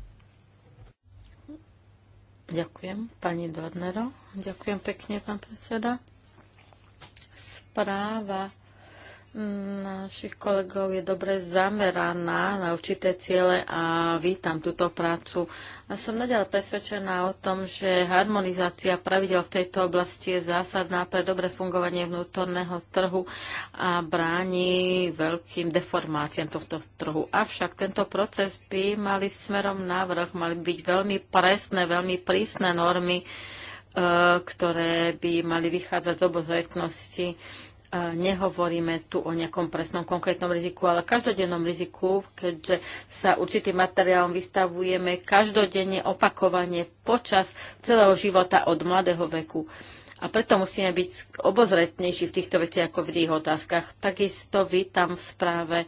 Speaker 2: Ďakujem, pani Dornero. Ďakujem pekne, pán predseda. Správa našich kolegov je dobre zameraná na určité ciele a vítam túto prácu. A som nadal presvedčená o tom, že harmonizácia pravidel v tejto oblasti je zásadná pre dobre fungovanie vnútorného trhu a bráni veľkým deformáciám tohto trhu. Avšak tento proces by mali smerom návrh, mali byť veľmi presné, veľmi prísne normy, e, ktoré by mali vychádzať z obozretnosti nehovoríme tu o nejakom presnom konkrétnom riziku, ale každodennom riziku, keďže sa určitým materiálom vystavujeme každodenne opakovane počas celého života od mladého veku. A preto musíme byť obozretnejší v týchto veciach ako v tých otázkach. Takisto tam v správe e,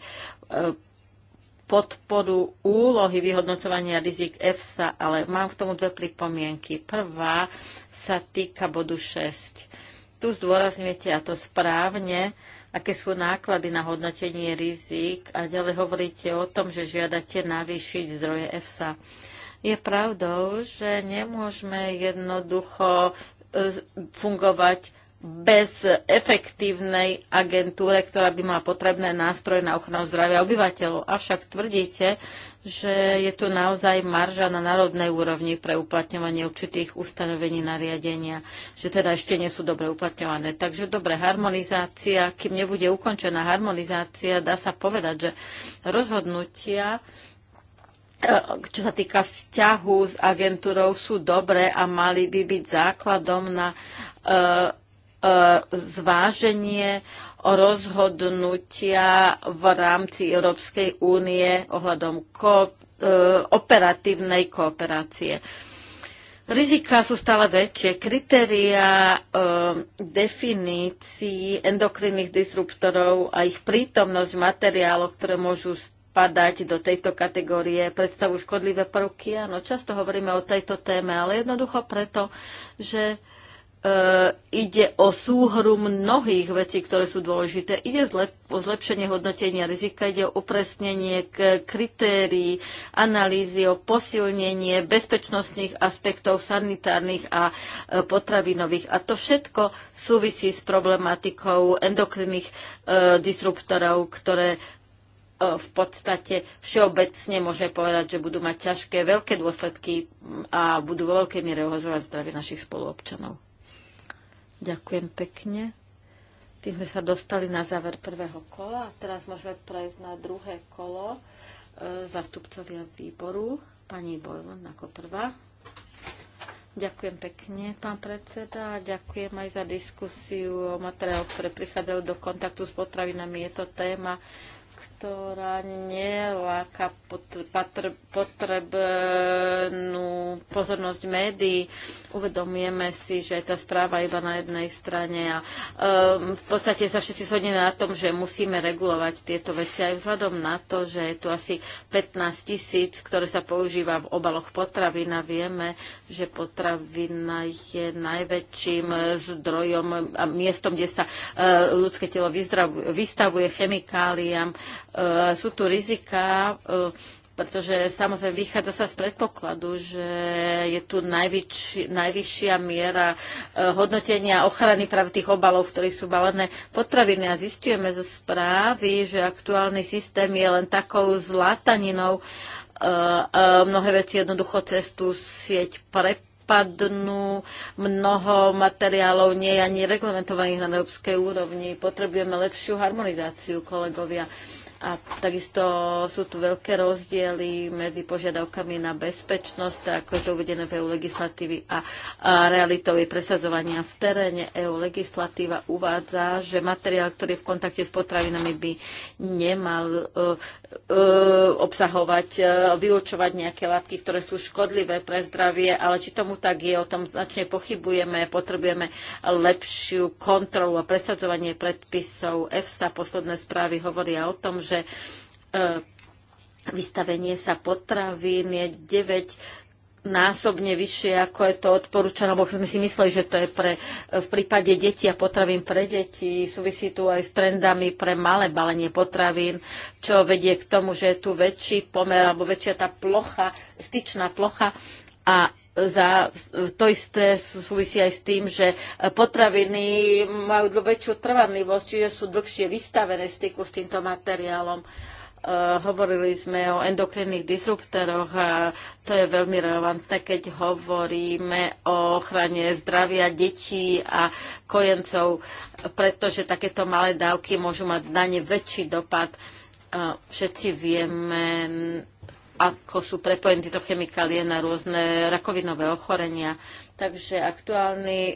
Speaker 2: podporu úlohy vyhodnocovania rizik EFSA, ale mám k tomu dve pripomienky. Prvá sa týka bodu 6 tu zdôrazňujete, a to správne, aké sú náklady na hodnotenie rizik a ďalej hovoríte o tom, že žiadate navýšiť zdroje EFSA. Je pravdou, že nemôžeme jednoducho e, fungovať bez efektívnej agentúre, ktorá by mala potrebné nástroje na ochranu zdravia obyvateľov. Avšak tvrdíte, že je tu naozaj marža na národnej úrovni pre uplatňovanie určitých ustanovení nariadenia, že teda ešte nie sú dobre uplatňované. Takže dobre, harmonizácia, kým nebude ukončená harmonizácia, dá sa povedať, že rozhodnutia eh, čo sa týka vzťahu s agentúrou, sú dobré a mali by byť základom na eh, E, zváženie rozhodnutia v rámci Európskej únie ohľadom ko- e, operatívnej kooperácie. Rizika sú stále väčšie. Kritéria e, definícií endokrinných disruptorov a ich prítomnosť materiálov, ktoré môžu spadať do tejto kategórie, predstavujú škodlivé prvky. Áno, často hovoríme o tejto téme, ale jednoducho preto, že E, ide o súhru mnohých vecí, ktoré sú dôležité. Ide o zlepšenie hodnotenia rizika, ide o upresnenie k kritérií, analýzy, o posilnenie bezpečnostných aspektov sanitárnych a e, potravinových. A to všetko súvisí s problematikou endokrinných e, disruptorov, ktoré e, v podstate všeobecne môžeme povedať, že budú mať ťažké, veľké dôsledky a budú vo veľkej miere ohrozovať zdravie našich spoluobčanov. Ďakujem pekne. Tým sme sa dostali na záver prvého kola a teraz môžeme prejsť na druhé kolo. E, zastupcovia výboru, pani Bojlen ako prvá. Ďakujem pekne, pán predseda. A ďakujem aj za diskusiu o materiáloch, ktoré prichádzajú do kontaktu s potravinami. Je to téma, ktorá neláka potrebnú pozornosť médií. Uvedomujeme si, že je tá správa iba na jednej strane a um, v podstate sa všetci shodneme na tom, že musíme regulovať tieto veci aj vzhľadom na to, že je tu asi 15 tisíc, ktoré sa používa v obaloch potravina. vieme, že potravina je najväčším zdrojom a miestom, kde sa uh, ľudské telo vystavuje chemikáliám E, sú tu rizika, e, pretože samozrejme vychádza sa z predpokladu, že je tu najvyšší, najvyššia miera e, hodnotenia ochrany práve tých obalov, v ktorých sú balené potraviny. A zistujeme zo správy, že aktuálny systém je len takou zlataninou. Mnohé veci jednoducho cestu sieť pre padnú, mnoho materiálov nie je ani reglementovaných na európskej úrovni. Potrebujeme lepšiu harmonizáciu, kolegovia. Uh, a takisto sú tu veľké rozdiely medzi požiadavkami na bezpečnosť, ako je to uvedené v EU legislatívy a, a realitou jej presadzovania v teréne. EU legislatíva uvádza, že materiál, ktorý je v kontakte s potravinami, by nemal uh, uh, obsahovať, uh, nejaké látky, ktoré sú škodlivé pre zdravie, ale či tomu tak je, o tom značne pochybujeme, potrebujeme lepšiu kontrolu a presadzovanie predpisov. EFSA posledné správy hovoria o tom, že e, vystavenie sa potravín je 9 násobne vyššie, ako je to odporúčané, lebo sme si mysleli, že to je pre, v prípade detí a potravín pre deti. Súvisí tu aj s trendami pre malé balenie potravín, čo vedie k tomu, že je tu väčší pomer alebo väčšia tá plocha, styčná plocha a za, to isté súvisí aj s tým, že potraviny majú väčšiu trvanlivosť, čiže sú dlhšie vystavené styku s týmto materiálom. Uh, hovorili sme o endokrinných disruptoroch a to je veľmi relevantné, keď hovoríme o ochrane zdravia detí a kojencov, pretože takéto malé dávky môžu mať na ne väčší dopad. Uh, všetci vieme, ako sú prepojené tieto chemikálie na rôzne rakovinové ochorenia. Takže aktuálny e,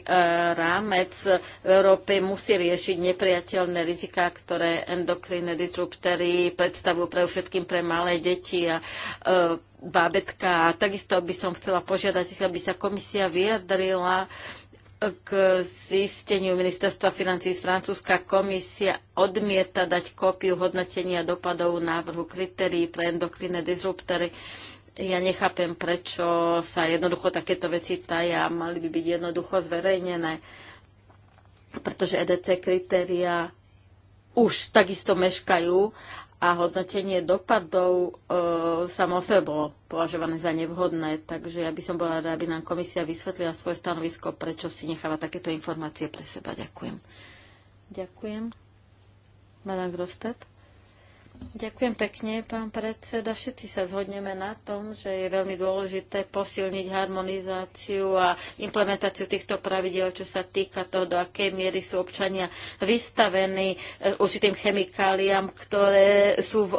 Speaker 2: rámec v Európe musí riešiť nepriateľné riziká, ktoré endokrinné disruptory predstavujú pre všetkým pre malé deti a e, bábetka. A takisto by som chcela požiadať, aby sa komisia vyjadrila k zisteniu ministerstva financí z Francúzska komisia odmieta dať kópiu hodnotenia dopadov návrhu kritérií pre endokrinné disruptory. Ja nechápem, prečo sa jednoducho takéto veci tajá, mali by byť jednoducho zverejnené, pretože EDC kritéria už takisto meškajú a hodnotenie dopadov e, samo sebe bolo považované za nevhodné, takže ja by som bola rada, aby nám komisia vysvetlila svoje stanovisko, prečo si necháva takéto informácie pre seba. Ďakujem. Ďakujem. Madame Grostet. Ďakujem pekne, pán predseda. Všetci sa zhodneme na tom, že je veľmi dôležité posilniť harmonizáciu a implementáciu týchto pravidel, čo sa týka toho, do akej miery sú občania vystavení e, určitým chemikáliám, ktoré sú v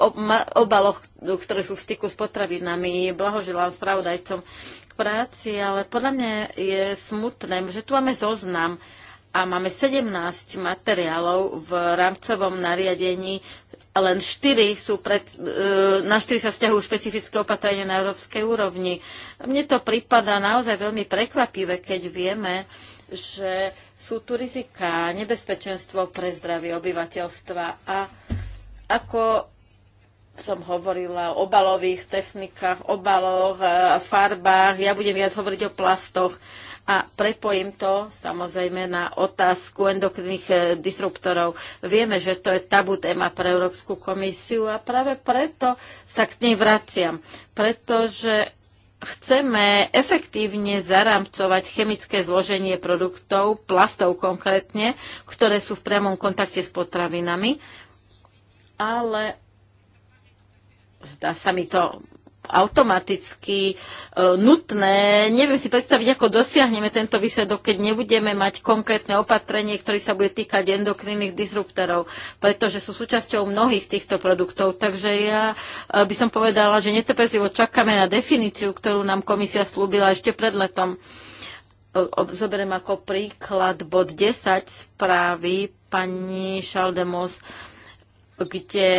Speaker 2: obaloch, ktoré sú v styku s potravinami. Blahoželám spravodajcom k práci, ale podľa mňa je smutné, že tu máme zoznam a máme 17 materiálov v rámcovom nariadení len 4 sú pred, e, na 4 sa vzťahujú špecifické opatrenia na európskej úrovni. Mne to prípada naozaj veľmi prekvapivé, keď vieme, že sú tu riziká, nebezpečenstvo pre zdravie obyvateľstva a ako som hovorila o obalových technikách, obaloch, e, farbách, ja budem viac hovoriť o plastoch a prepojím to samozrejme na otázku endokrinných eh, disruptorov. Vieme, že to je tabu téma pre Európsku komisiu a práve preto sa k nej vraciam. Pretože chceme efektívne zaramcovať chemické zloženie produktov, plastov konkrétne, ktoré sú v priamom kontakte s potravinami, ale zdá sa mi to automaticky e, nutné. Neviem si predstaviť, ako dosiahneme tento výsledok, keď nebudeme mať konkrétne opatrenie, ktoré sa bude týkať endokrinných disruptorov, pretože sú súčasťou mnohých týchto produktov. Takže ja e, by som povedala, že netrpezlivo čakáme na definíciu, ktorú nám komisia slúbila ešte pred letom. E, zoberiem ako príklad bod 10 správy pani Šaldemos kde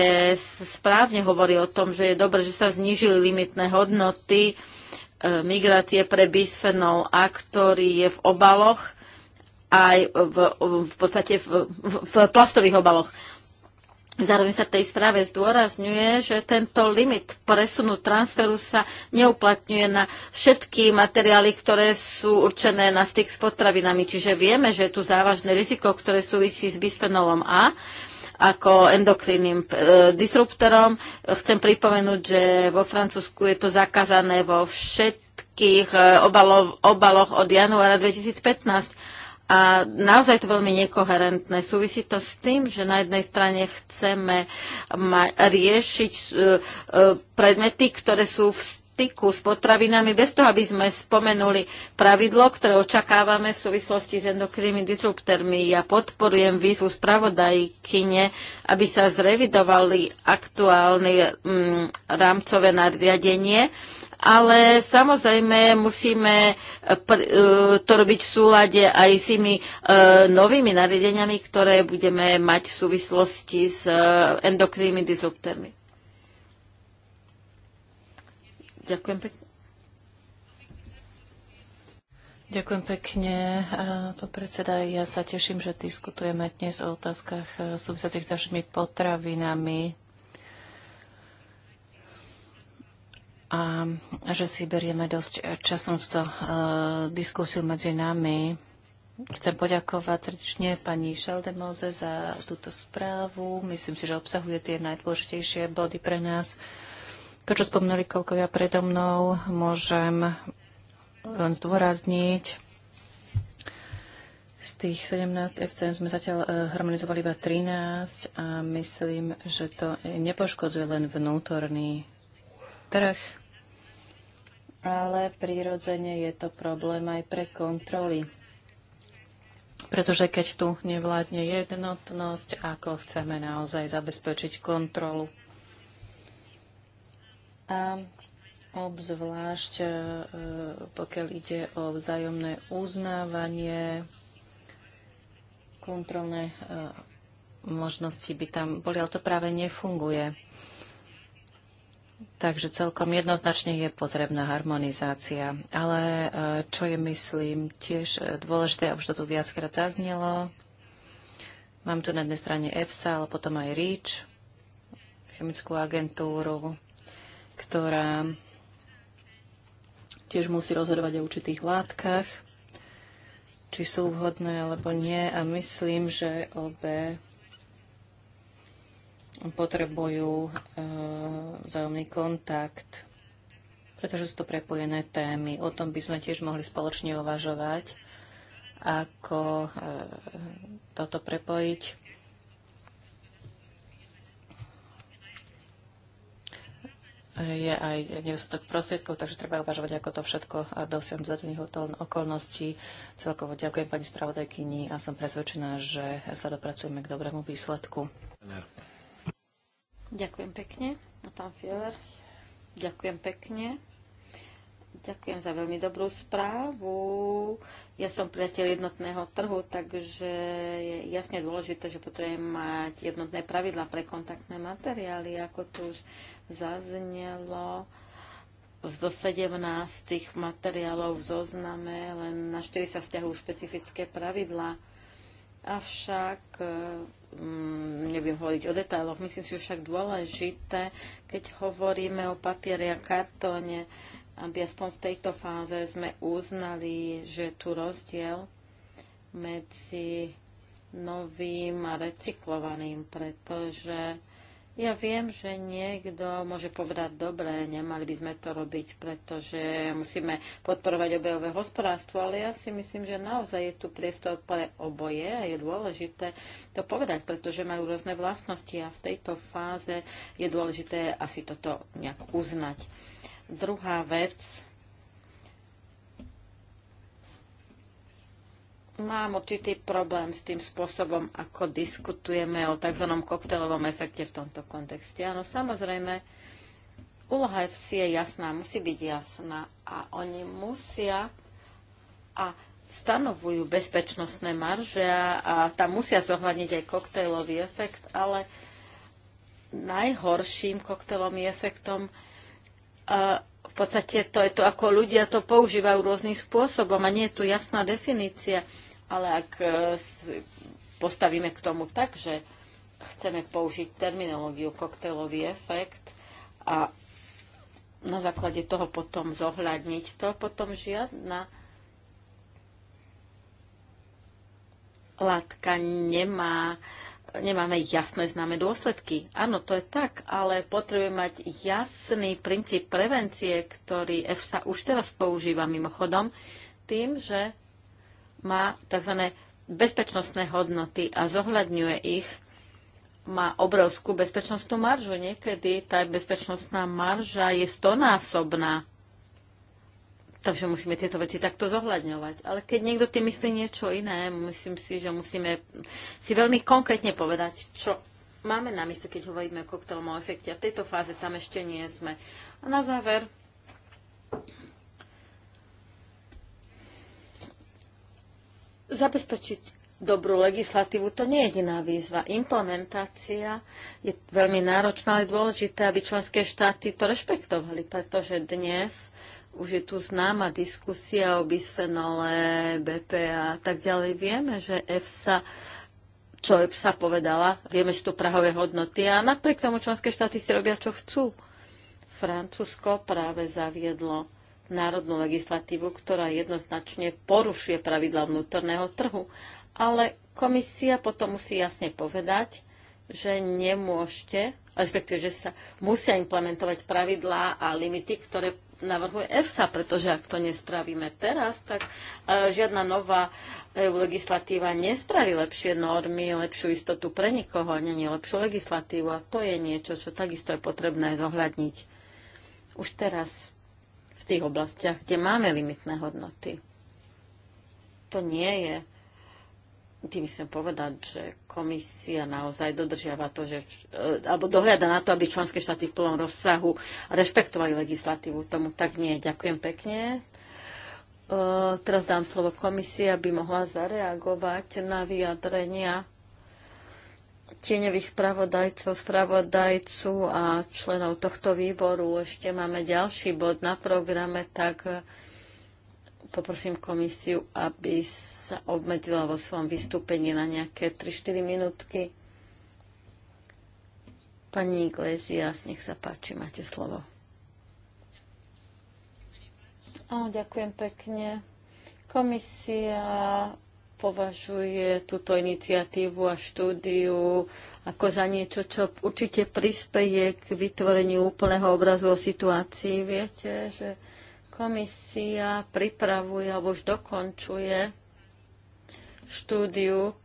Speaker 2: správne hovorí o tom, že je dobre, že sa znížili limitné hodnoty e, migrácie pre bisfenol A, ktorý je v obaloch aj v, v podstate v, v, v plastových obaloch. Zároveň sa v tej správe zdôrazňuje, že tento limit presunu transferu sa neuplatňuje na všetky materiály, ktoré sú určené na styk s potravinami. Čiže vieme, že je tu závažné riziko, ktoré súvisí s bisfenolom A ako endokrinným eh, disruptorom. Chcem pripomenúť, že vo Francúzsku je to zakázané vo všetkých eh, obalov, obaloch od januára 2015. A naozaj to veľmi nekoherentné. Súvisí to s tým, že na jednej strane chceme riešiť eh, predmety, ktoré sú v styku s potravinami, bez toho, aby sme spomenuli pravidlo, ktoré očakávame v súvislosti s endokrinnými disruptermi, Ja podporujem výzvu spravodajkyne, aby sa zrevidovali aktuálne mm, rámcové nariadenie, ale samozrejme musíme eh, eh, to robiť v súlade aj s tými eh, novými nariadeniami, ktoré budeme mať v súvislosti s endokrými disruptermi.
Speaker 4: Ďakujem pekne. Ďakujem pekne, pán predseda. Ja sa teším, že diskutujeme dnes o otázkach e, súvisiacich s našimi potravinami a že si berieme dosť času na túto uh, diskusiu medzi nami. Chcem poďakovať srdečne pani Šaldemoze za túto správu. Myslím si, že obsahuje tie najdôležitejšie body pre nás. Uh, to, čo spomnali kolkovia predo mnou, môžem len zdôrazniť. Z tých 17 FCM sme zatiaľ e, harmonizovali iba 13 a myslím, že to nepoškodzuje len vnútorný trh, ale prirodzene je to problém aj pre kontroly. Pretože keď tu nevládne jednotnosť, ako chceme naozaj zabezpečiť kontrolu a obzvlášť e, pokiaľ ide o vzájomné uznávanie, kontrolné e, možnosti by tam boli, ale to práve nefunguje. Takže celkom jednoznačne je potrebná harmonizácia. Ale e, čo je, myslím, tiež dôležité, a už to tu viackrát zaznelo, mám tu na jednej strane EFSA, ale potom aj REACH, chemickú agentúru, ktorá tiež musí rozhodovať o určitých látkach, či sú vhodné alebo nie. A myslím, že obe potrebujú e, vzájomný kontakt, pretože sú to prepojené témy. O tom by sme tiež mohli spoločne uvažovať, ako e, toto prepojiť. je aj nedostatok prostriedkov, takže treba uvažovať, ako to všetko dosiahnuť za tých okolností. Celkovo ďakujem pani spravodajkyni a som presvedčená, že sa dopracujeme k dobrému výsledku.
Speaker 2: Ďakujem pekne. A pán Fieler, ďakujem pekne. Ďakujem za veľmi dobrú správu. Ja som priateľ jednotného trhu, takže je jasne dôležité, že potrebujem mať jednotné pravidla pre kontaktné materiály, ako tu už zaznelo do 17 tých materiálov v zozname, len na 4 sa vzťahujú špecifické pravidla. Avšak, mm, neviem hovoriť o detailoch, myslím si však dôležité, keď hovoríme o papieri a kartóne, aby aspoň v tejto fáze sme uznali, že tu rozdiel medzi novým a recyklovaným, pretože ja viem, že niekto môže povedať, dobre, nemali by sme to robiť, pretože musíme podporovať obehové hospodárstvo, ale ja si myslím, že naozaj je tu priestor pre oboje a je dôležité to povedať, pretože majú rôzne vlastnosti a v tejto fáze je dôležité asi toto nejak uznať. Druhá vec, mám určitý problém s tým spôsobom, ako diskutujeme o tzv. koktelovom efekte v tomto kontexte. Áno, samozrejme, úloha FC je jasná, musí byť jasná a oni musia a stanovujú bezpečnostné marže a, tam musia zohľadniť aj koktejlový efekt, ale najhorším koktejlovým efektom v podstate to je to, ako ľudia to používajú rôznym spôsobom a nie je tu jasná definícia. Ale ak e, postavíme k tomu tak, že chceme použiť terminológiu koktejlový efekt a na základe toho potom zohľadniť to, potom žiadna látka nemá nemáme jasné známe dôsledky. Áno, to je tak, ale potrebujeme mať jasný princíp prevencie, ktorý EFSA už teraz používa mimochodom, tým, že má tzv. bezpečnostné hodnoty a zohľadňuje ich, má obrovskú bezpečnostnú maržu. Niekedy tá bezpečnostná marža je stonásobná Takže musíme tieto veci takto zohľadňovať. Ale keď niekto tým myslí niečo iné, myslím si, že musíme si veľmi konkrétne povedať, čo máme na mysli, keď hovoríme o o efekte. A v tejto fáze tam ešte nie sme. A na záver, zabezpečiť dobrú legislatívu, to nie je jediná výzva. Implementácia je veľmi náročná, ale dôležité, aby členské štáty to rešpektovali, pretože dnes už je tu známa diskusia o bisfenole, BP a tak ďalej. Vieme, že EFSA čo EFSA povedala, vieme, že to prahové hodnoty a napriek tomu členské štáty si robia, čo chcú. Francúzsko práve zaviedlo národnú legislatívu, ktorá jednoznačne porušuje pravidla vnútorného trhu. Ale komisia potom musí jasne povedať, že nemôžete, respektíve, že sa musia implementovať pravidlá a limity, ktoré navrhuje EFSA, pretože ak to nespravíme teraz, tak e, žiadna nová EU legislatíva nespraví lepšie normy, lepšiu istotu pre nikoho, ani lepšiu legislatívu. A to je niečo, čo takisto je potrebné zohľadniť už teraz v tých oblastiach, kde máme limitné hodnoty. To nie je tým chcem povedať, že komisia naozaj dodržiava to, že, e, alebo dohľada na to, aby členské štáty v plnom rozsahu rešpektovali legislatívu. Tomu tak nie. Ďakujem pekne. E, teraz dám slovo komisii, aby mohla zareagovať na vyjadrenia tieňových spravodajcov, spravodajcu a členov tohto výboru. Ešte máme ďalší bod na programe, tak poprosím komisiu, aby sa obmedzila vo svojom vystúpení na nejaké 3-4 minútky. Pani Iglesias, nech sa páči, máte slovo. Áno, ďakujem pekne. Komisia považuje túto iniciatívu a štúdiu ako za niečo, čo určite prispeje k vytvoreniu úplného obrazu o situácii. Viete, že Komisia pripravuje alebo už dokončuje štúdiu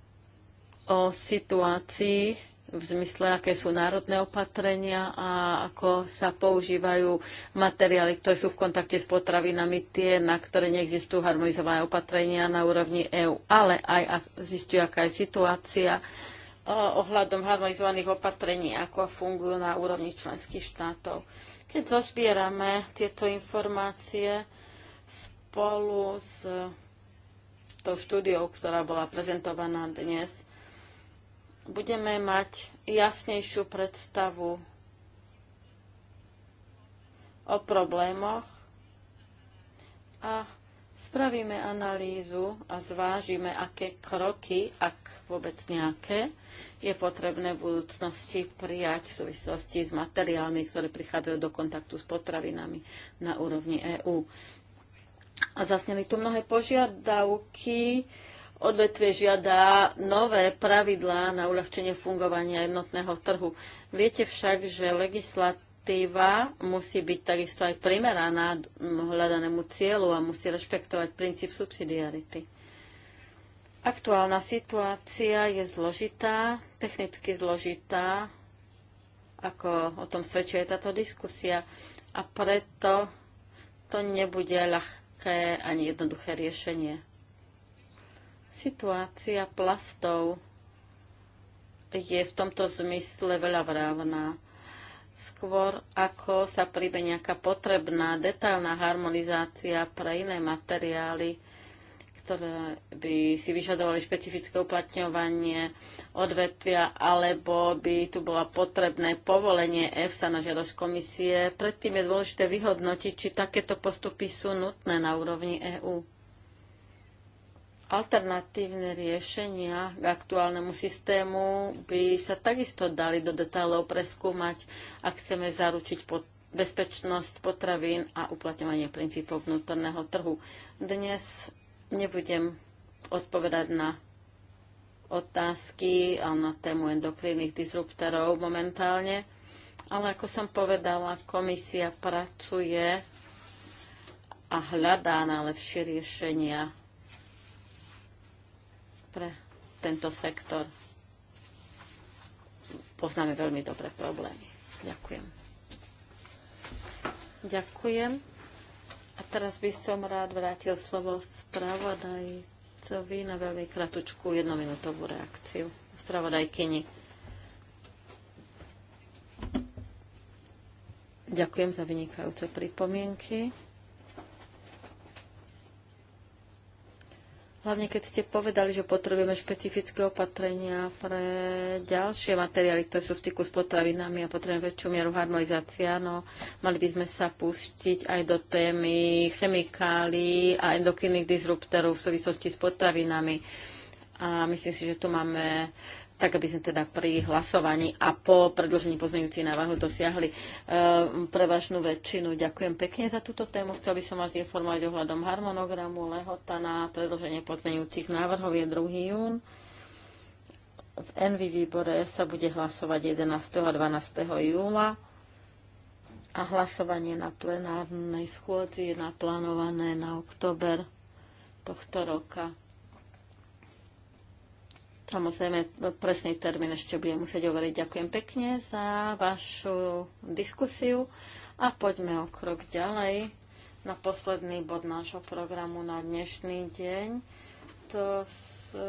Speaker 2: o situácii v zmysle, aké sú národné opatrenia a ako sa používajú materiály, ktoré sú v kontakte s potravinami, tie, na ktoré neexistujú harmonizované opatrenia na úrovni EÚ, ale aj zistujú, aká je situácia eh, ohľadom harmonizovaných opatrení, ako fungujú na úrovni členských štátov. Keď zozbierame tieto informácie spolu s tou štúdiou, ktorá bola prezentovaná dnes, budeme mať jasnejšiu predstavu o problémoch a Spravíme analýzu a zvážime, aké kroky, ak vôbec nejaké, je potrebné v budúcnosti prijať v súvislosti s materiálmi, ktoré prichádzajú do kontaktu s potravinami na úrovni EÚ. A zasneli tu mnohé požiadavky, Odvetvie žiada nové pravidlá na uľahčenie fungovania jednotného trhu. Viete však, že legislatíva perspektíva musí byť takisto aj primeraná hľadanému cieľu a musí rešpektovať princíp subsidiarity. Aktuálna situácia je zložitá, technicky zložitá, ako o tom svedčuje táto diskusia a preto to nebude ľahké ani jednoduché riešenie. Situácia plastov je v tomto zmysle veľa vrávna skôr ako sa príbe nejaká potrebná detailná harmonizácia pre iné materiály, ktoré by si vyžadovali špecifické uplatňovanie odvetvia, alebo by tu bola potrebné povolenie EFSA na žiadosť komisie. Predtým je dôležité vyhodnotiť, či takéto postupy sú nutné na úrovni EÚ alternatívne riešenia k aktuálnemu systému by sa takisto dali do detailov preskúmať, ak chceme zaručiť pod bezpečnosť potravín a uplatňovanie princípov vnútorného trhu. Dnes nebudem odpovedať na otázky a na tému endokrínnych disruptorov momentálne, ale ako som povedala, komisia pracuje a hľadá najlepšie riešenia pre tento sektor. Poznáme veľmi dobré problémy. Ďakujem. Ďakujem. A teraz by som rád vrátil slovo spravodajcovi na veľmi kratučku jednominútovú reakciu. Spravodajkyni. Ďakujem za vynikajúce pripomienky. Hlavne keď ste povedali, že potrebujeme špecifické opatrenia pre ďalšie materiály, ktoré sú v styku s potravinami a potrebujeme väčšiu mieru harmonizácia, no mali by sme sa pustiť aj do témy chemikálií a endokrinných disruptorov v súvislosti s potravinami. A myslím si, že tu máme tak aby sme teda pri hlasovaní a po predložení pozmeňujúcich návrhu dosiahli e, prevažnú väčšinu. Ďakujem pekne za túto tému. Chcel by som vás informovať ohľadom harmonogramu lehota na predloženie pozmeňujúcich návrhov je 2. jún. V NV výbore sa bude hlasovať 11. a 12. júla a hlasovanie na plenárnej schôdzi je naplánované na október tohto roka. Samozrejme, presný termín ešte budem musieť overiť. Ďakujem pekne za vašu diskusiu a poďme o krok ďalej na posledný bod nášho programu na dnešný deň. To sú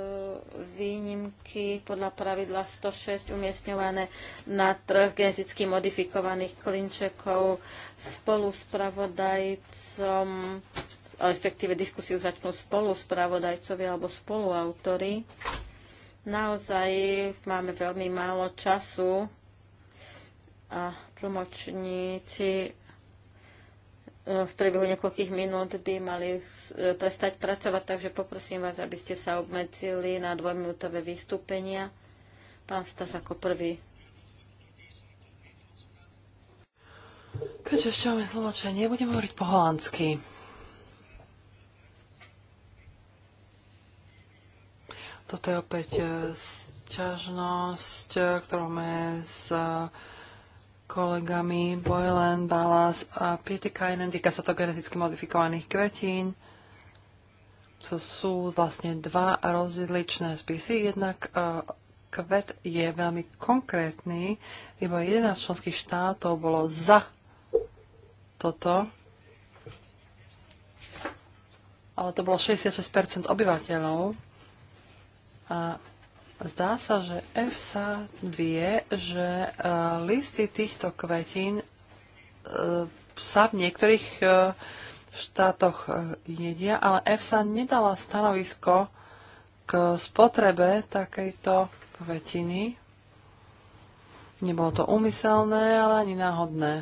Speaker 2: výnimky podľa pravidla 106 umiestňované na trh geneticky modifikovaných klinčekov spolu s pravodajcom respektíve diskusiu začnú spolu spravodajcovia alebo spoluautori. Naozaj máme veľmi málo času a tlmočníci e, v priebehu niekoľkých minút by mali e, prestať pracovať, takže poprosím vás, aby ste sa obmedzili na dvojminútové vystúpenia. Pán Stas ako prvý.
Speaker 3: Keďže ešte máme tlmočenie, budem hovoriť po holandsky. Toto je opäť e, sťažnosť, e, ktorú máme s e, kolegami Boylan, Balas a Pietikainen. Týka sa to geneticky modifikovaných kvetín. To sú vlastne dva rozličné spisy. Jednak kvet je veľmi konkrétny. Iba 11 členských štátov bolo za toto. Ale to bolo 66% obyvateľov a zdá sa, že EFSA vie, že e, listy týchto kvetín e, sa v niektorých e, štátoch jedia, ale EFSA nedala stanovisko k spotrebe takejto kvetiny. Nebolo to úmyselné, ale ani náhodné.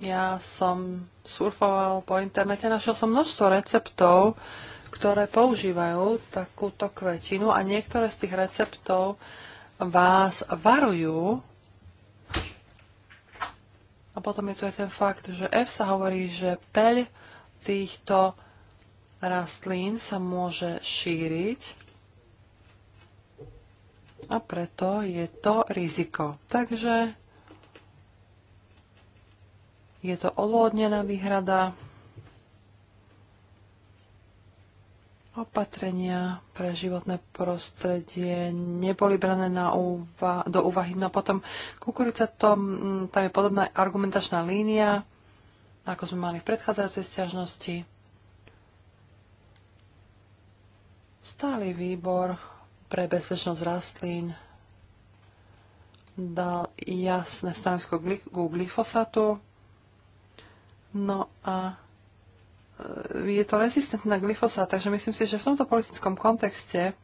Speaker 3: Ja som surfoval po internete, našiel som množstvo receptov ktoré používajú takúto kvetinu a niektoré z tých receptov vás varujú. A potom je tu aj ten fakt, že F sa hovorí, že peľ týchto rastlín sa môže šíriť a preto je to riziko. Takže je to odôvodnená výhrada. opatrenia pre životné prostredie neboli brané na úva- do úvahy. No potom kukurica, to, mm, tam je podobná argumentačná línia, ako sme mali v predchádzajúcej stiažnosti. Stály výbor pre bezpečnosť rastlín dal jasné stanovisko k glyfosatu. No a E, je to rezistentná na glyfosát, takže myslím si, že v tomto politickom kontexte,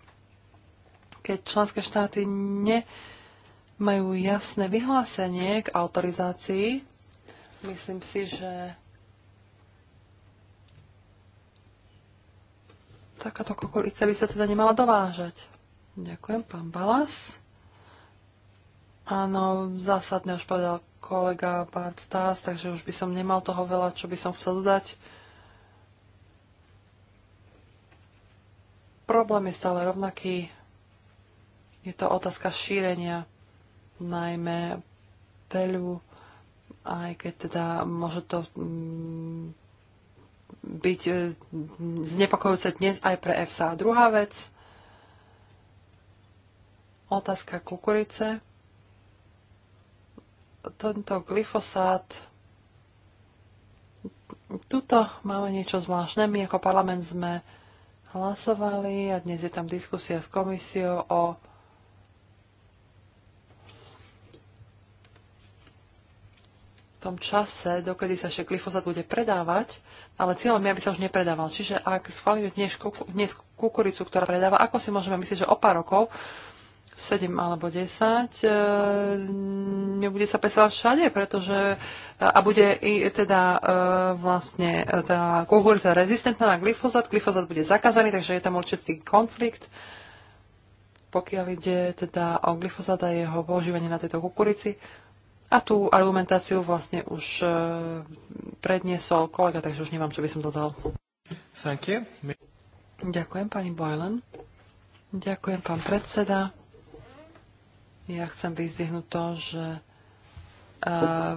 Speaker 3: keď členské štáty nemajú jasné vyhlásenie k autorizácii, myslím si, že takáto kokolica by sa teda nemala dovážať. Ďakujem, pán Balas. Áno, zásadne už povedal kolega Bart Stas, takže už by som nemal toho veľa, čo by som chcel dodať. Problém je stále rovnaký. Je to otázka šírenia, najmä teľu, aj keď teda môže to mm, byť e, znepokojúce dnes aj pre EFSA. Druhá vec, otázka kukurice. Tento glyfosát, tuto máme niečo zvláštne. My ako parlament sme hlasovali a dnes je tam diskusia s komisiou o tom čase, dokedy sa ešte glyfosát bude predávať, ale cieľom je, aby sa už nepredával. Čiže ak schválime dnes, kuku, dnes kukuricu, ktorá predáva, ako si môžeme myslieť, že o pár rokov 7 alebo 10, e, nebude sa pesovať všade, pretože e, a bude i teda e, vlastne tá kukurica rezistentná na glyfozát, glyfozát bude zakázaný, takže je tam určitý konflikt, pokiaľ ide teda o glyfozát a jeho používanie na tejto kukurici. A tú argumentáciu vlastne už predniesol kolega, takže už nemám, čo by som dodal. Thank you. Ďakujem, pani Boylan. Ďakujem, pán predseda. Ja chcem vyzdvihnúť to, že eh,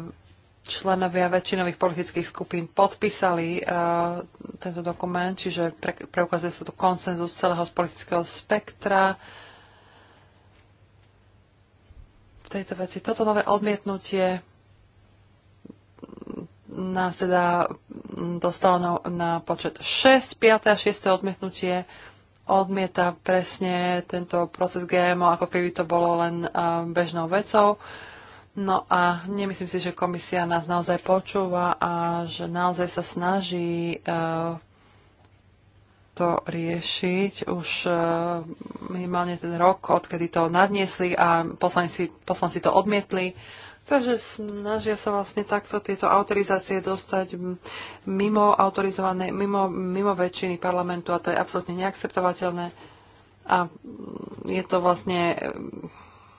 Speaker 3: členovia väčšinových politických skupín podpísali eh, tento dokument, čiže preukazuje sa tu konsenzus celého z politického spektra v tejto veci. Toto nové odmietnutie nás teda dostalo na, na počet 6, 5 a 6 odmietnutie odmieta presne tento proces GMO, ako keby to bolo len eh, bežnou vecou. No a nemyslím si, že komisia nás naozaj počúva a že naozaj sa snaží eh, to riešiť už eh, minimálne ten rok, odkedy to nadniesli a poslanci, poslanci to odmietli. Takže snažia sa vlastne takto tieto autorizácie dostať mimo autorizované, mimo, mimo väčšiny parlamentu a to je absolútne neakceptovateľné a je to vlastne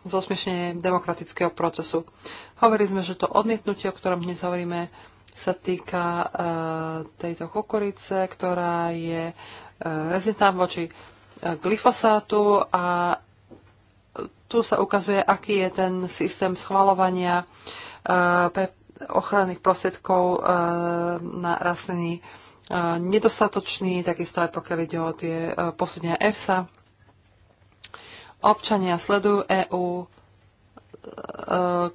Speaker 3: zosmiešenie demokratického procesu. Hovorili sme, že to odmietnutie, o ktorom dnes hovoríme, sa týka e, tejto kukurice, ktorá je e, rezidentná voči e, glyfosátu a tu sa ukazuje, aký je ten systém schvalovania e, ochranných prostriedkov e, na rastliny e, nedostatočný, takisto aj pokiaľ ide o tie posúdenia EFSA. Občania sledujú EÚ,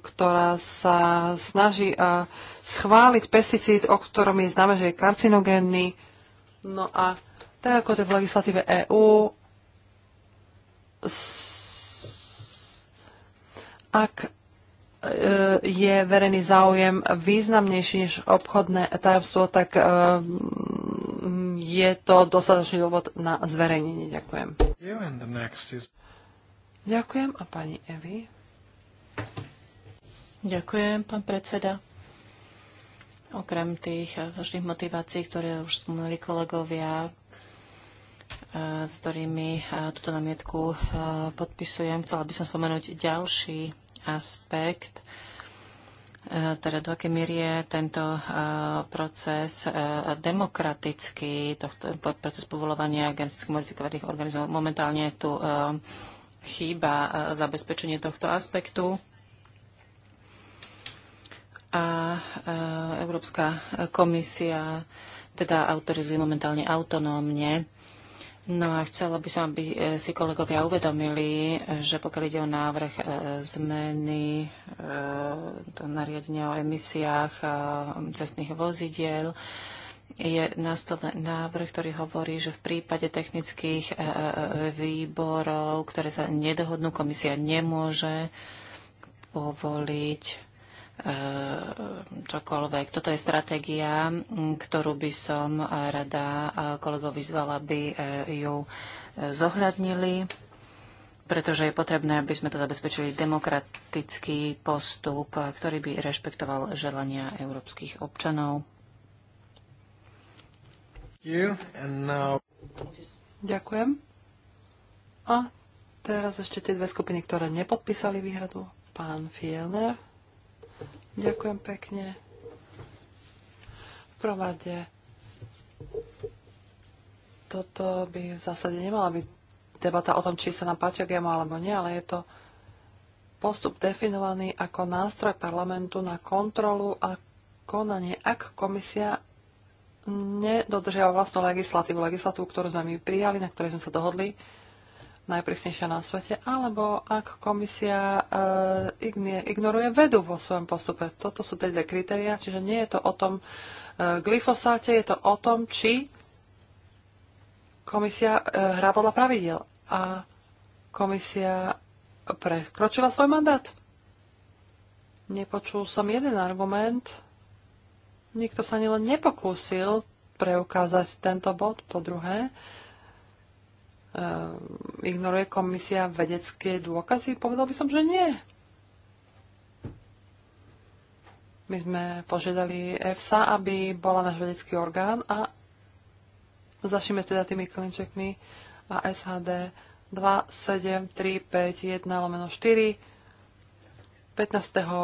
Speaker 3: ktorá sa snaží schváliť pesticíd, o ktorom je známe, že je karcinogénny. No a tak ako to v legislatíve EÚ, ak e, je verejný záujem významnejší než obchodné tajomstvo, tak e, je to dostatočný dôvod na zverejnenie. Ďakujem. Ďakujem a pani Evi.
Speaker 4: Ďakujem, pán predseda. Okrem tých e, vždych motivácií, ktoré už spomínali kolegovia, s ktorými túto namietku podpisujem, chcela by som spomenúť ďalší aspekt, e, teda do akej miery je tento e, proces e, demokratický, tohto, proces povolovania geneticky modifikovaných organizmov. Momentálne tu chýba zabezpečenie tohto aspektu. A Európska komisia teda autorizuje momentálne autonómne No a chcela by som, aby e, si kolegovia uvedomili, že pokiaľ ide o návrh e, zmeny do e, nariadenia o emisiách cestných vozidiel, je na stole návrh, ktorý hovorí, že v prípade technických výborov, ktoré sa nedohodnú, komisia nemôže povoliť Eh, čokoľvek. Toto je stratégia, mm, ktorú by som eh, rada eh, kolego vyzvala, aby ju zohľadnili, pretože je potrebné, aby sme to zabezpečili demokratický postup, ktorý by rešpektoval želania európskych občanov.
Speaker 3: Ďakujem. A teraz ešte tie dve skupiny, ktoré nepodpísali výhradu. Pán Fielner. Ďakujem pekne. V prvade toto by v zásade nemala byť debata o tom, či sa nám páčia GMO alebo nie, ale je to postup definovaný ako nástroj parlamentu na kontrolu a konanie, ak komisia nedodržiava vlastnú legislatívu, legislatívu, ktorú sme my prijali, na ktorej sme sa dohodli, najprísnejšia na svete, alebo ak komisia e, ignoruje vedu vo svojom postupe. Toto sú tie dve kritéria, čiže nie je to o tom e, glyfosáte, je to o tom, či komisia e, hrá podľa pravidel a komisia prekročila svoj mandát. Nepočul som jeden argument. Nikto sa ani len nepokúsil preukázať tento bod. Po druhé, Ehm, ignoruje komisia vedecké dôkazy? Povedal by som, že nie. My sme požiadali EFSA, aby bola náš vedecký orgán a zašíme teda tými klinčekmi a SHD 2, 7, 3, 5, 1, lomeno 4. 15. Eh,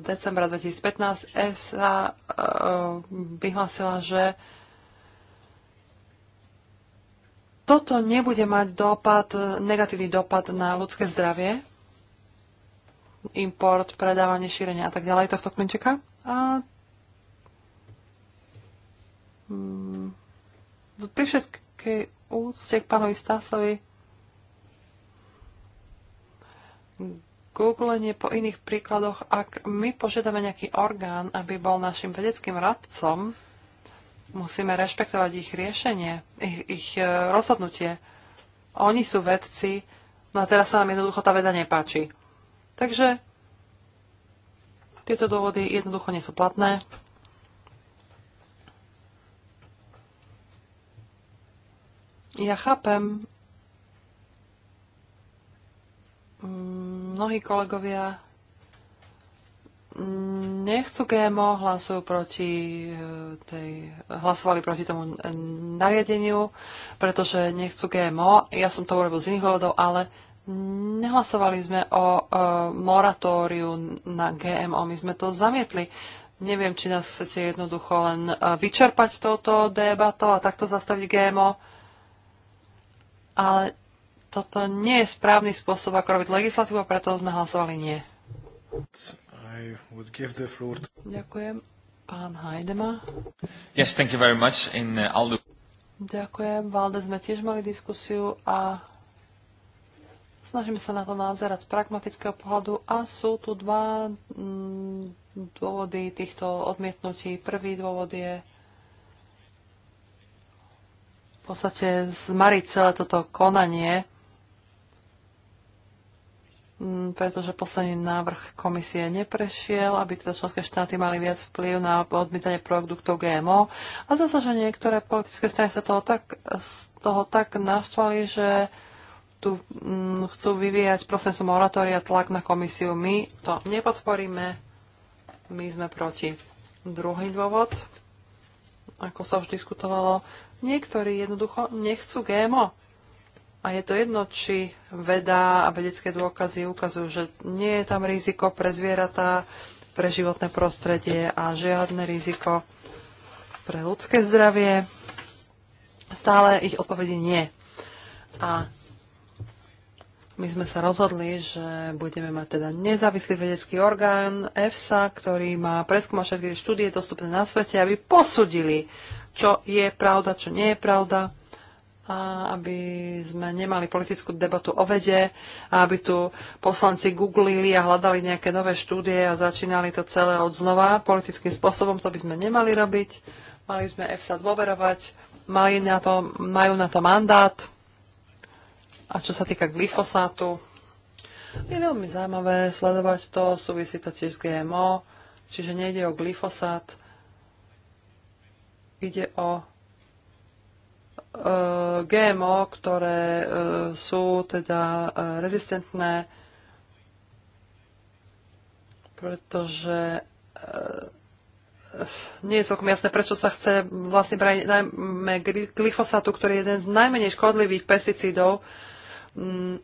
Speaker 3: decembra 2015 EFSA eh, vyhlásila, že toto nebude mať dopad, e, negatívny dopad na ľudské zdravie, import, predávanie, šírenie a tak ďalej tohto klinčeka. A mm, pri všetkej úcte k pánovi Stasovi googlenie po iných príkladoch, ak my požiadame nejaký orgán, aby bol našim vedeckým radcom, Musíme rešpektovať ich riešenie, ich, ich e, rozhodnutie. Oni sú vedci, no a teraz sa nám jednoducho tá veda nepáči. Takže tieto dôvody jednoducho nie sú platné. Ja chápem, mnohí kolegovia nechcú GMO, hlasujú proti e, tej, hlasovali proti tomu nariadeniu, pretože nechcú GMO. Ja som to urobil z iných dôvodov, ale nehlasovali sme o e, moratóriu na GMO. My sme to zamietli. Neviem, či nás chcete jednoducho len e, vyčerpať touto debatou a takto zastaviť GMO. Ale toto nie je správny spôsob, ako robiť legislatívu, preto sme hlasovali nie. To... Ďakujem. Pán Hajdema. Yes, thank you very much. In uh, Aldo... Ďakujem. Valde sme tiež mali diskusiu a snažíme sa na to názerať z pragmatického pohľadu a sú tu dva mm, dôvody týchto odmietnutí. Prvý dôvod je v podstate zmariť celé toto konanie Mm, pretože posledný návrh komisie neprešiel, aby teda členské štáty mali viac vplyv na odmietanie produktov GMO. A zase, že niektoré politické strany sa toho tak, z toho tak naštvali, že tu mm, chcú vyvíjať sú moratória tlak na komisiu. My to nepodporíme, my sme proti. Druhý dôvod, ako sa už diskutovalo, niektorí jednoducho nechcú GMO a je to jedno, či veda a vedecké dôkazy ukazujú, že nie je tam riziko pre zvieratá, pre životné prostredie a žiadne riziko pre ľudské zdravie. Stále ich odpovede nie. A my sme sa rozhodli, že budeme mať teda nezávislý vedecký orgán EFSA, ktorý má preskúmať všetky štúdie dostupné na svete, aby posudili, čo je pravda, čo nie je pravda a aby sme nemali politickú debatu o vede a aby tu poslanci googlili a hľadali nejaké nové štúdie a začínali to celé od znova. Politickým spôsobom to by sme nemali robiť. Mali sme EFSA dôverovať, mali na to, majú na to mandát. A čo sa týka glyfosátu, je veľmi zaujímavé sledovať to, súvisí to tiež s GMO, čiže nejde o glyfosát, ide o E, GMO, ktoré e, sú teda e, rezistentné, pretože nie je celkom jasné, prečo sa chce vlastne brániť najmä glyfosátu, ktorý je jeden z najmenej škodlivých pesticídov. Mm,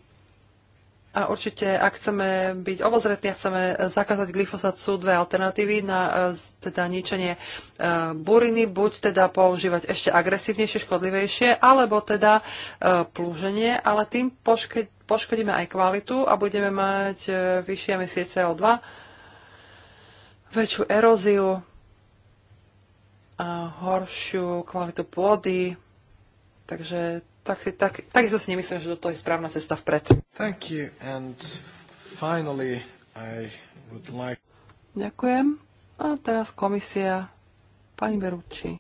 Speaker 3: a určite, ak chceme byť obozretní a chceme zakázať glyfosát, sú dve alternatívy na e, teda ničenie e, buriny, buď teda používať ešte agresívnejšie, škodlivejšie, alebo teda e, plúženie, ale tým poškodíme aj kvalitu a budeme mať vyššie emisie CO2, väčšiu eróziu, a horšiu kvalitu pôdy, takže tak, tak, takisto si nemyslím, že toto je správna cesta vpred. Thank you. And finally, I would like... Ďakujem. A teraz komisia. Pani Berucci.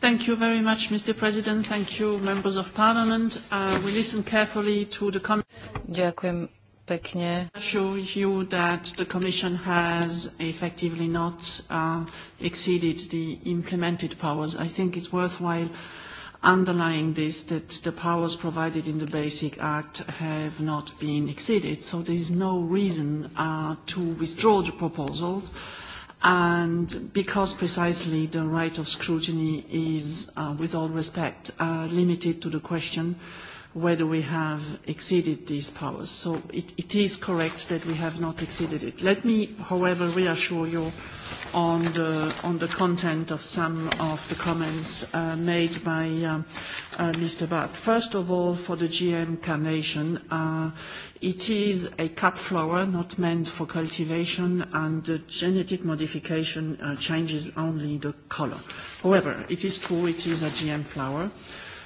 Speaker 5: Thank you very much, Mr. President. Thank you, members of parliament. Uh, we listen carefully to the comments. Ďakujem pekne. Assure you that the Commission has effectively not uh, exceeded the implemented powers. I think it's worthwhile uh, underlying this that the powers provided in the Basic Act have not been exceeded. So there is no reason uh, to withdraw the proposals. And because precisely the right of scrutiny is, uh, with all respect, uh, limited to the question uh, whether we have exceeded these powers. So it, it is correct that we have not exceeded it. Let me, however, reassure you on the, on the content of some of the comments uh, made by um, uh, uh, Mr. Bart. First of all, for the GM carnation, uh, it is a cut flower not meant for cultivation, and the genetic modification uh, changes only the color. However, it is true it is a GM flower. Uh,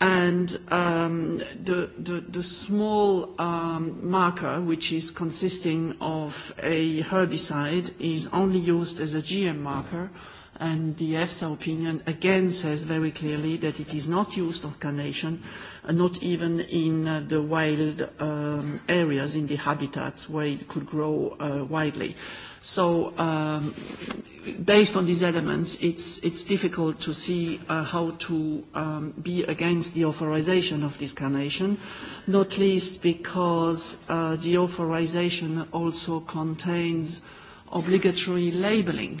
Speaker 5: and um, the, the, the small um, marker, which is consisting of a herbicide, is only used as a GM marker, and the EFSA opinion again says very clearly that it is not used for carnation, uh, not even in uh, the wild um, areas, in the habitats where it could grow uh, widely. So um, based on these elements, it's, it's difficult to see uh, how to um, be against the authorization of this carnation, not least because uh, the authorization also contains obligatory labeling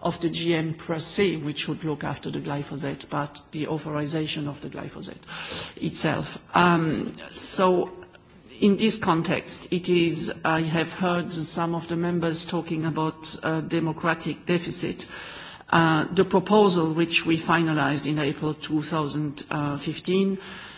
Speaker 5: of the GM per se, which would look after the glyphosate, but the authorization of the glyphosate itself. Um, so in this context, it is, I have heard some of the members talking about a democratic deficit. Uh, the proposal which we finalized in April 2015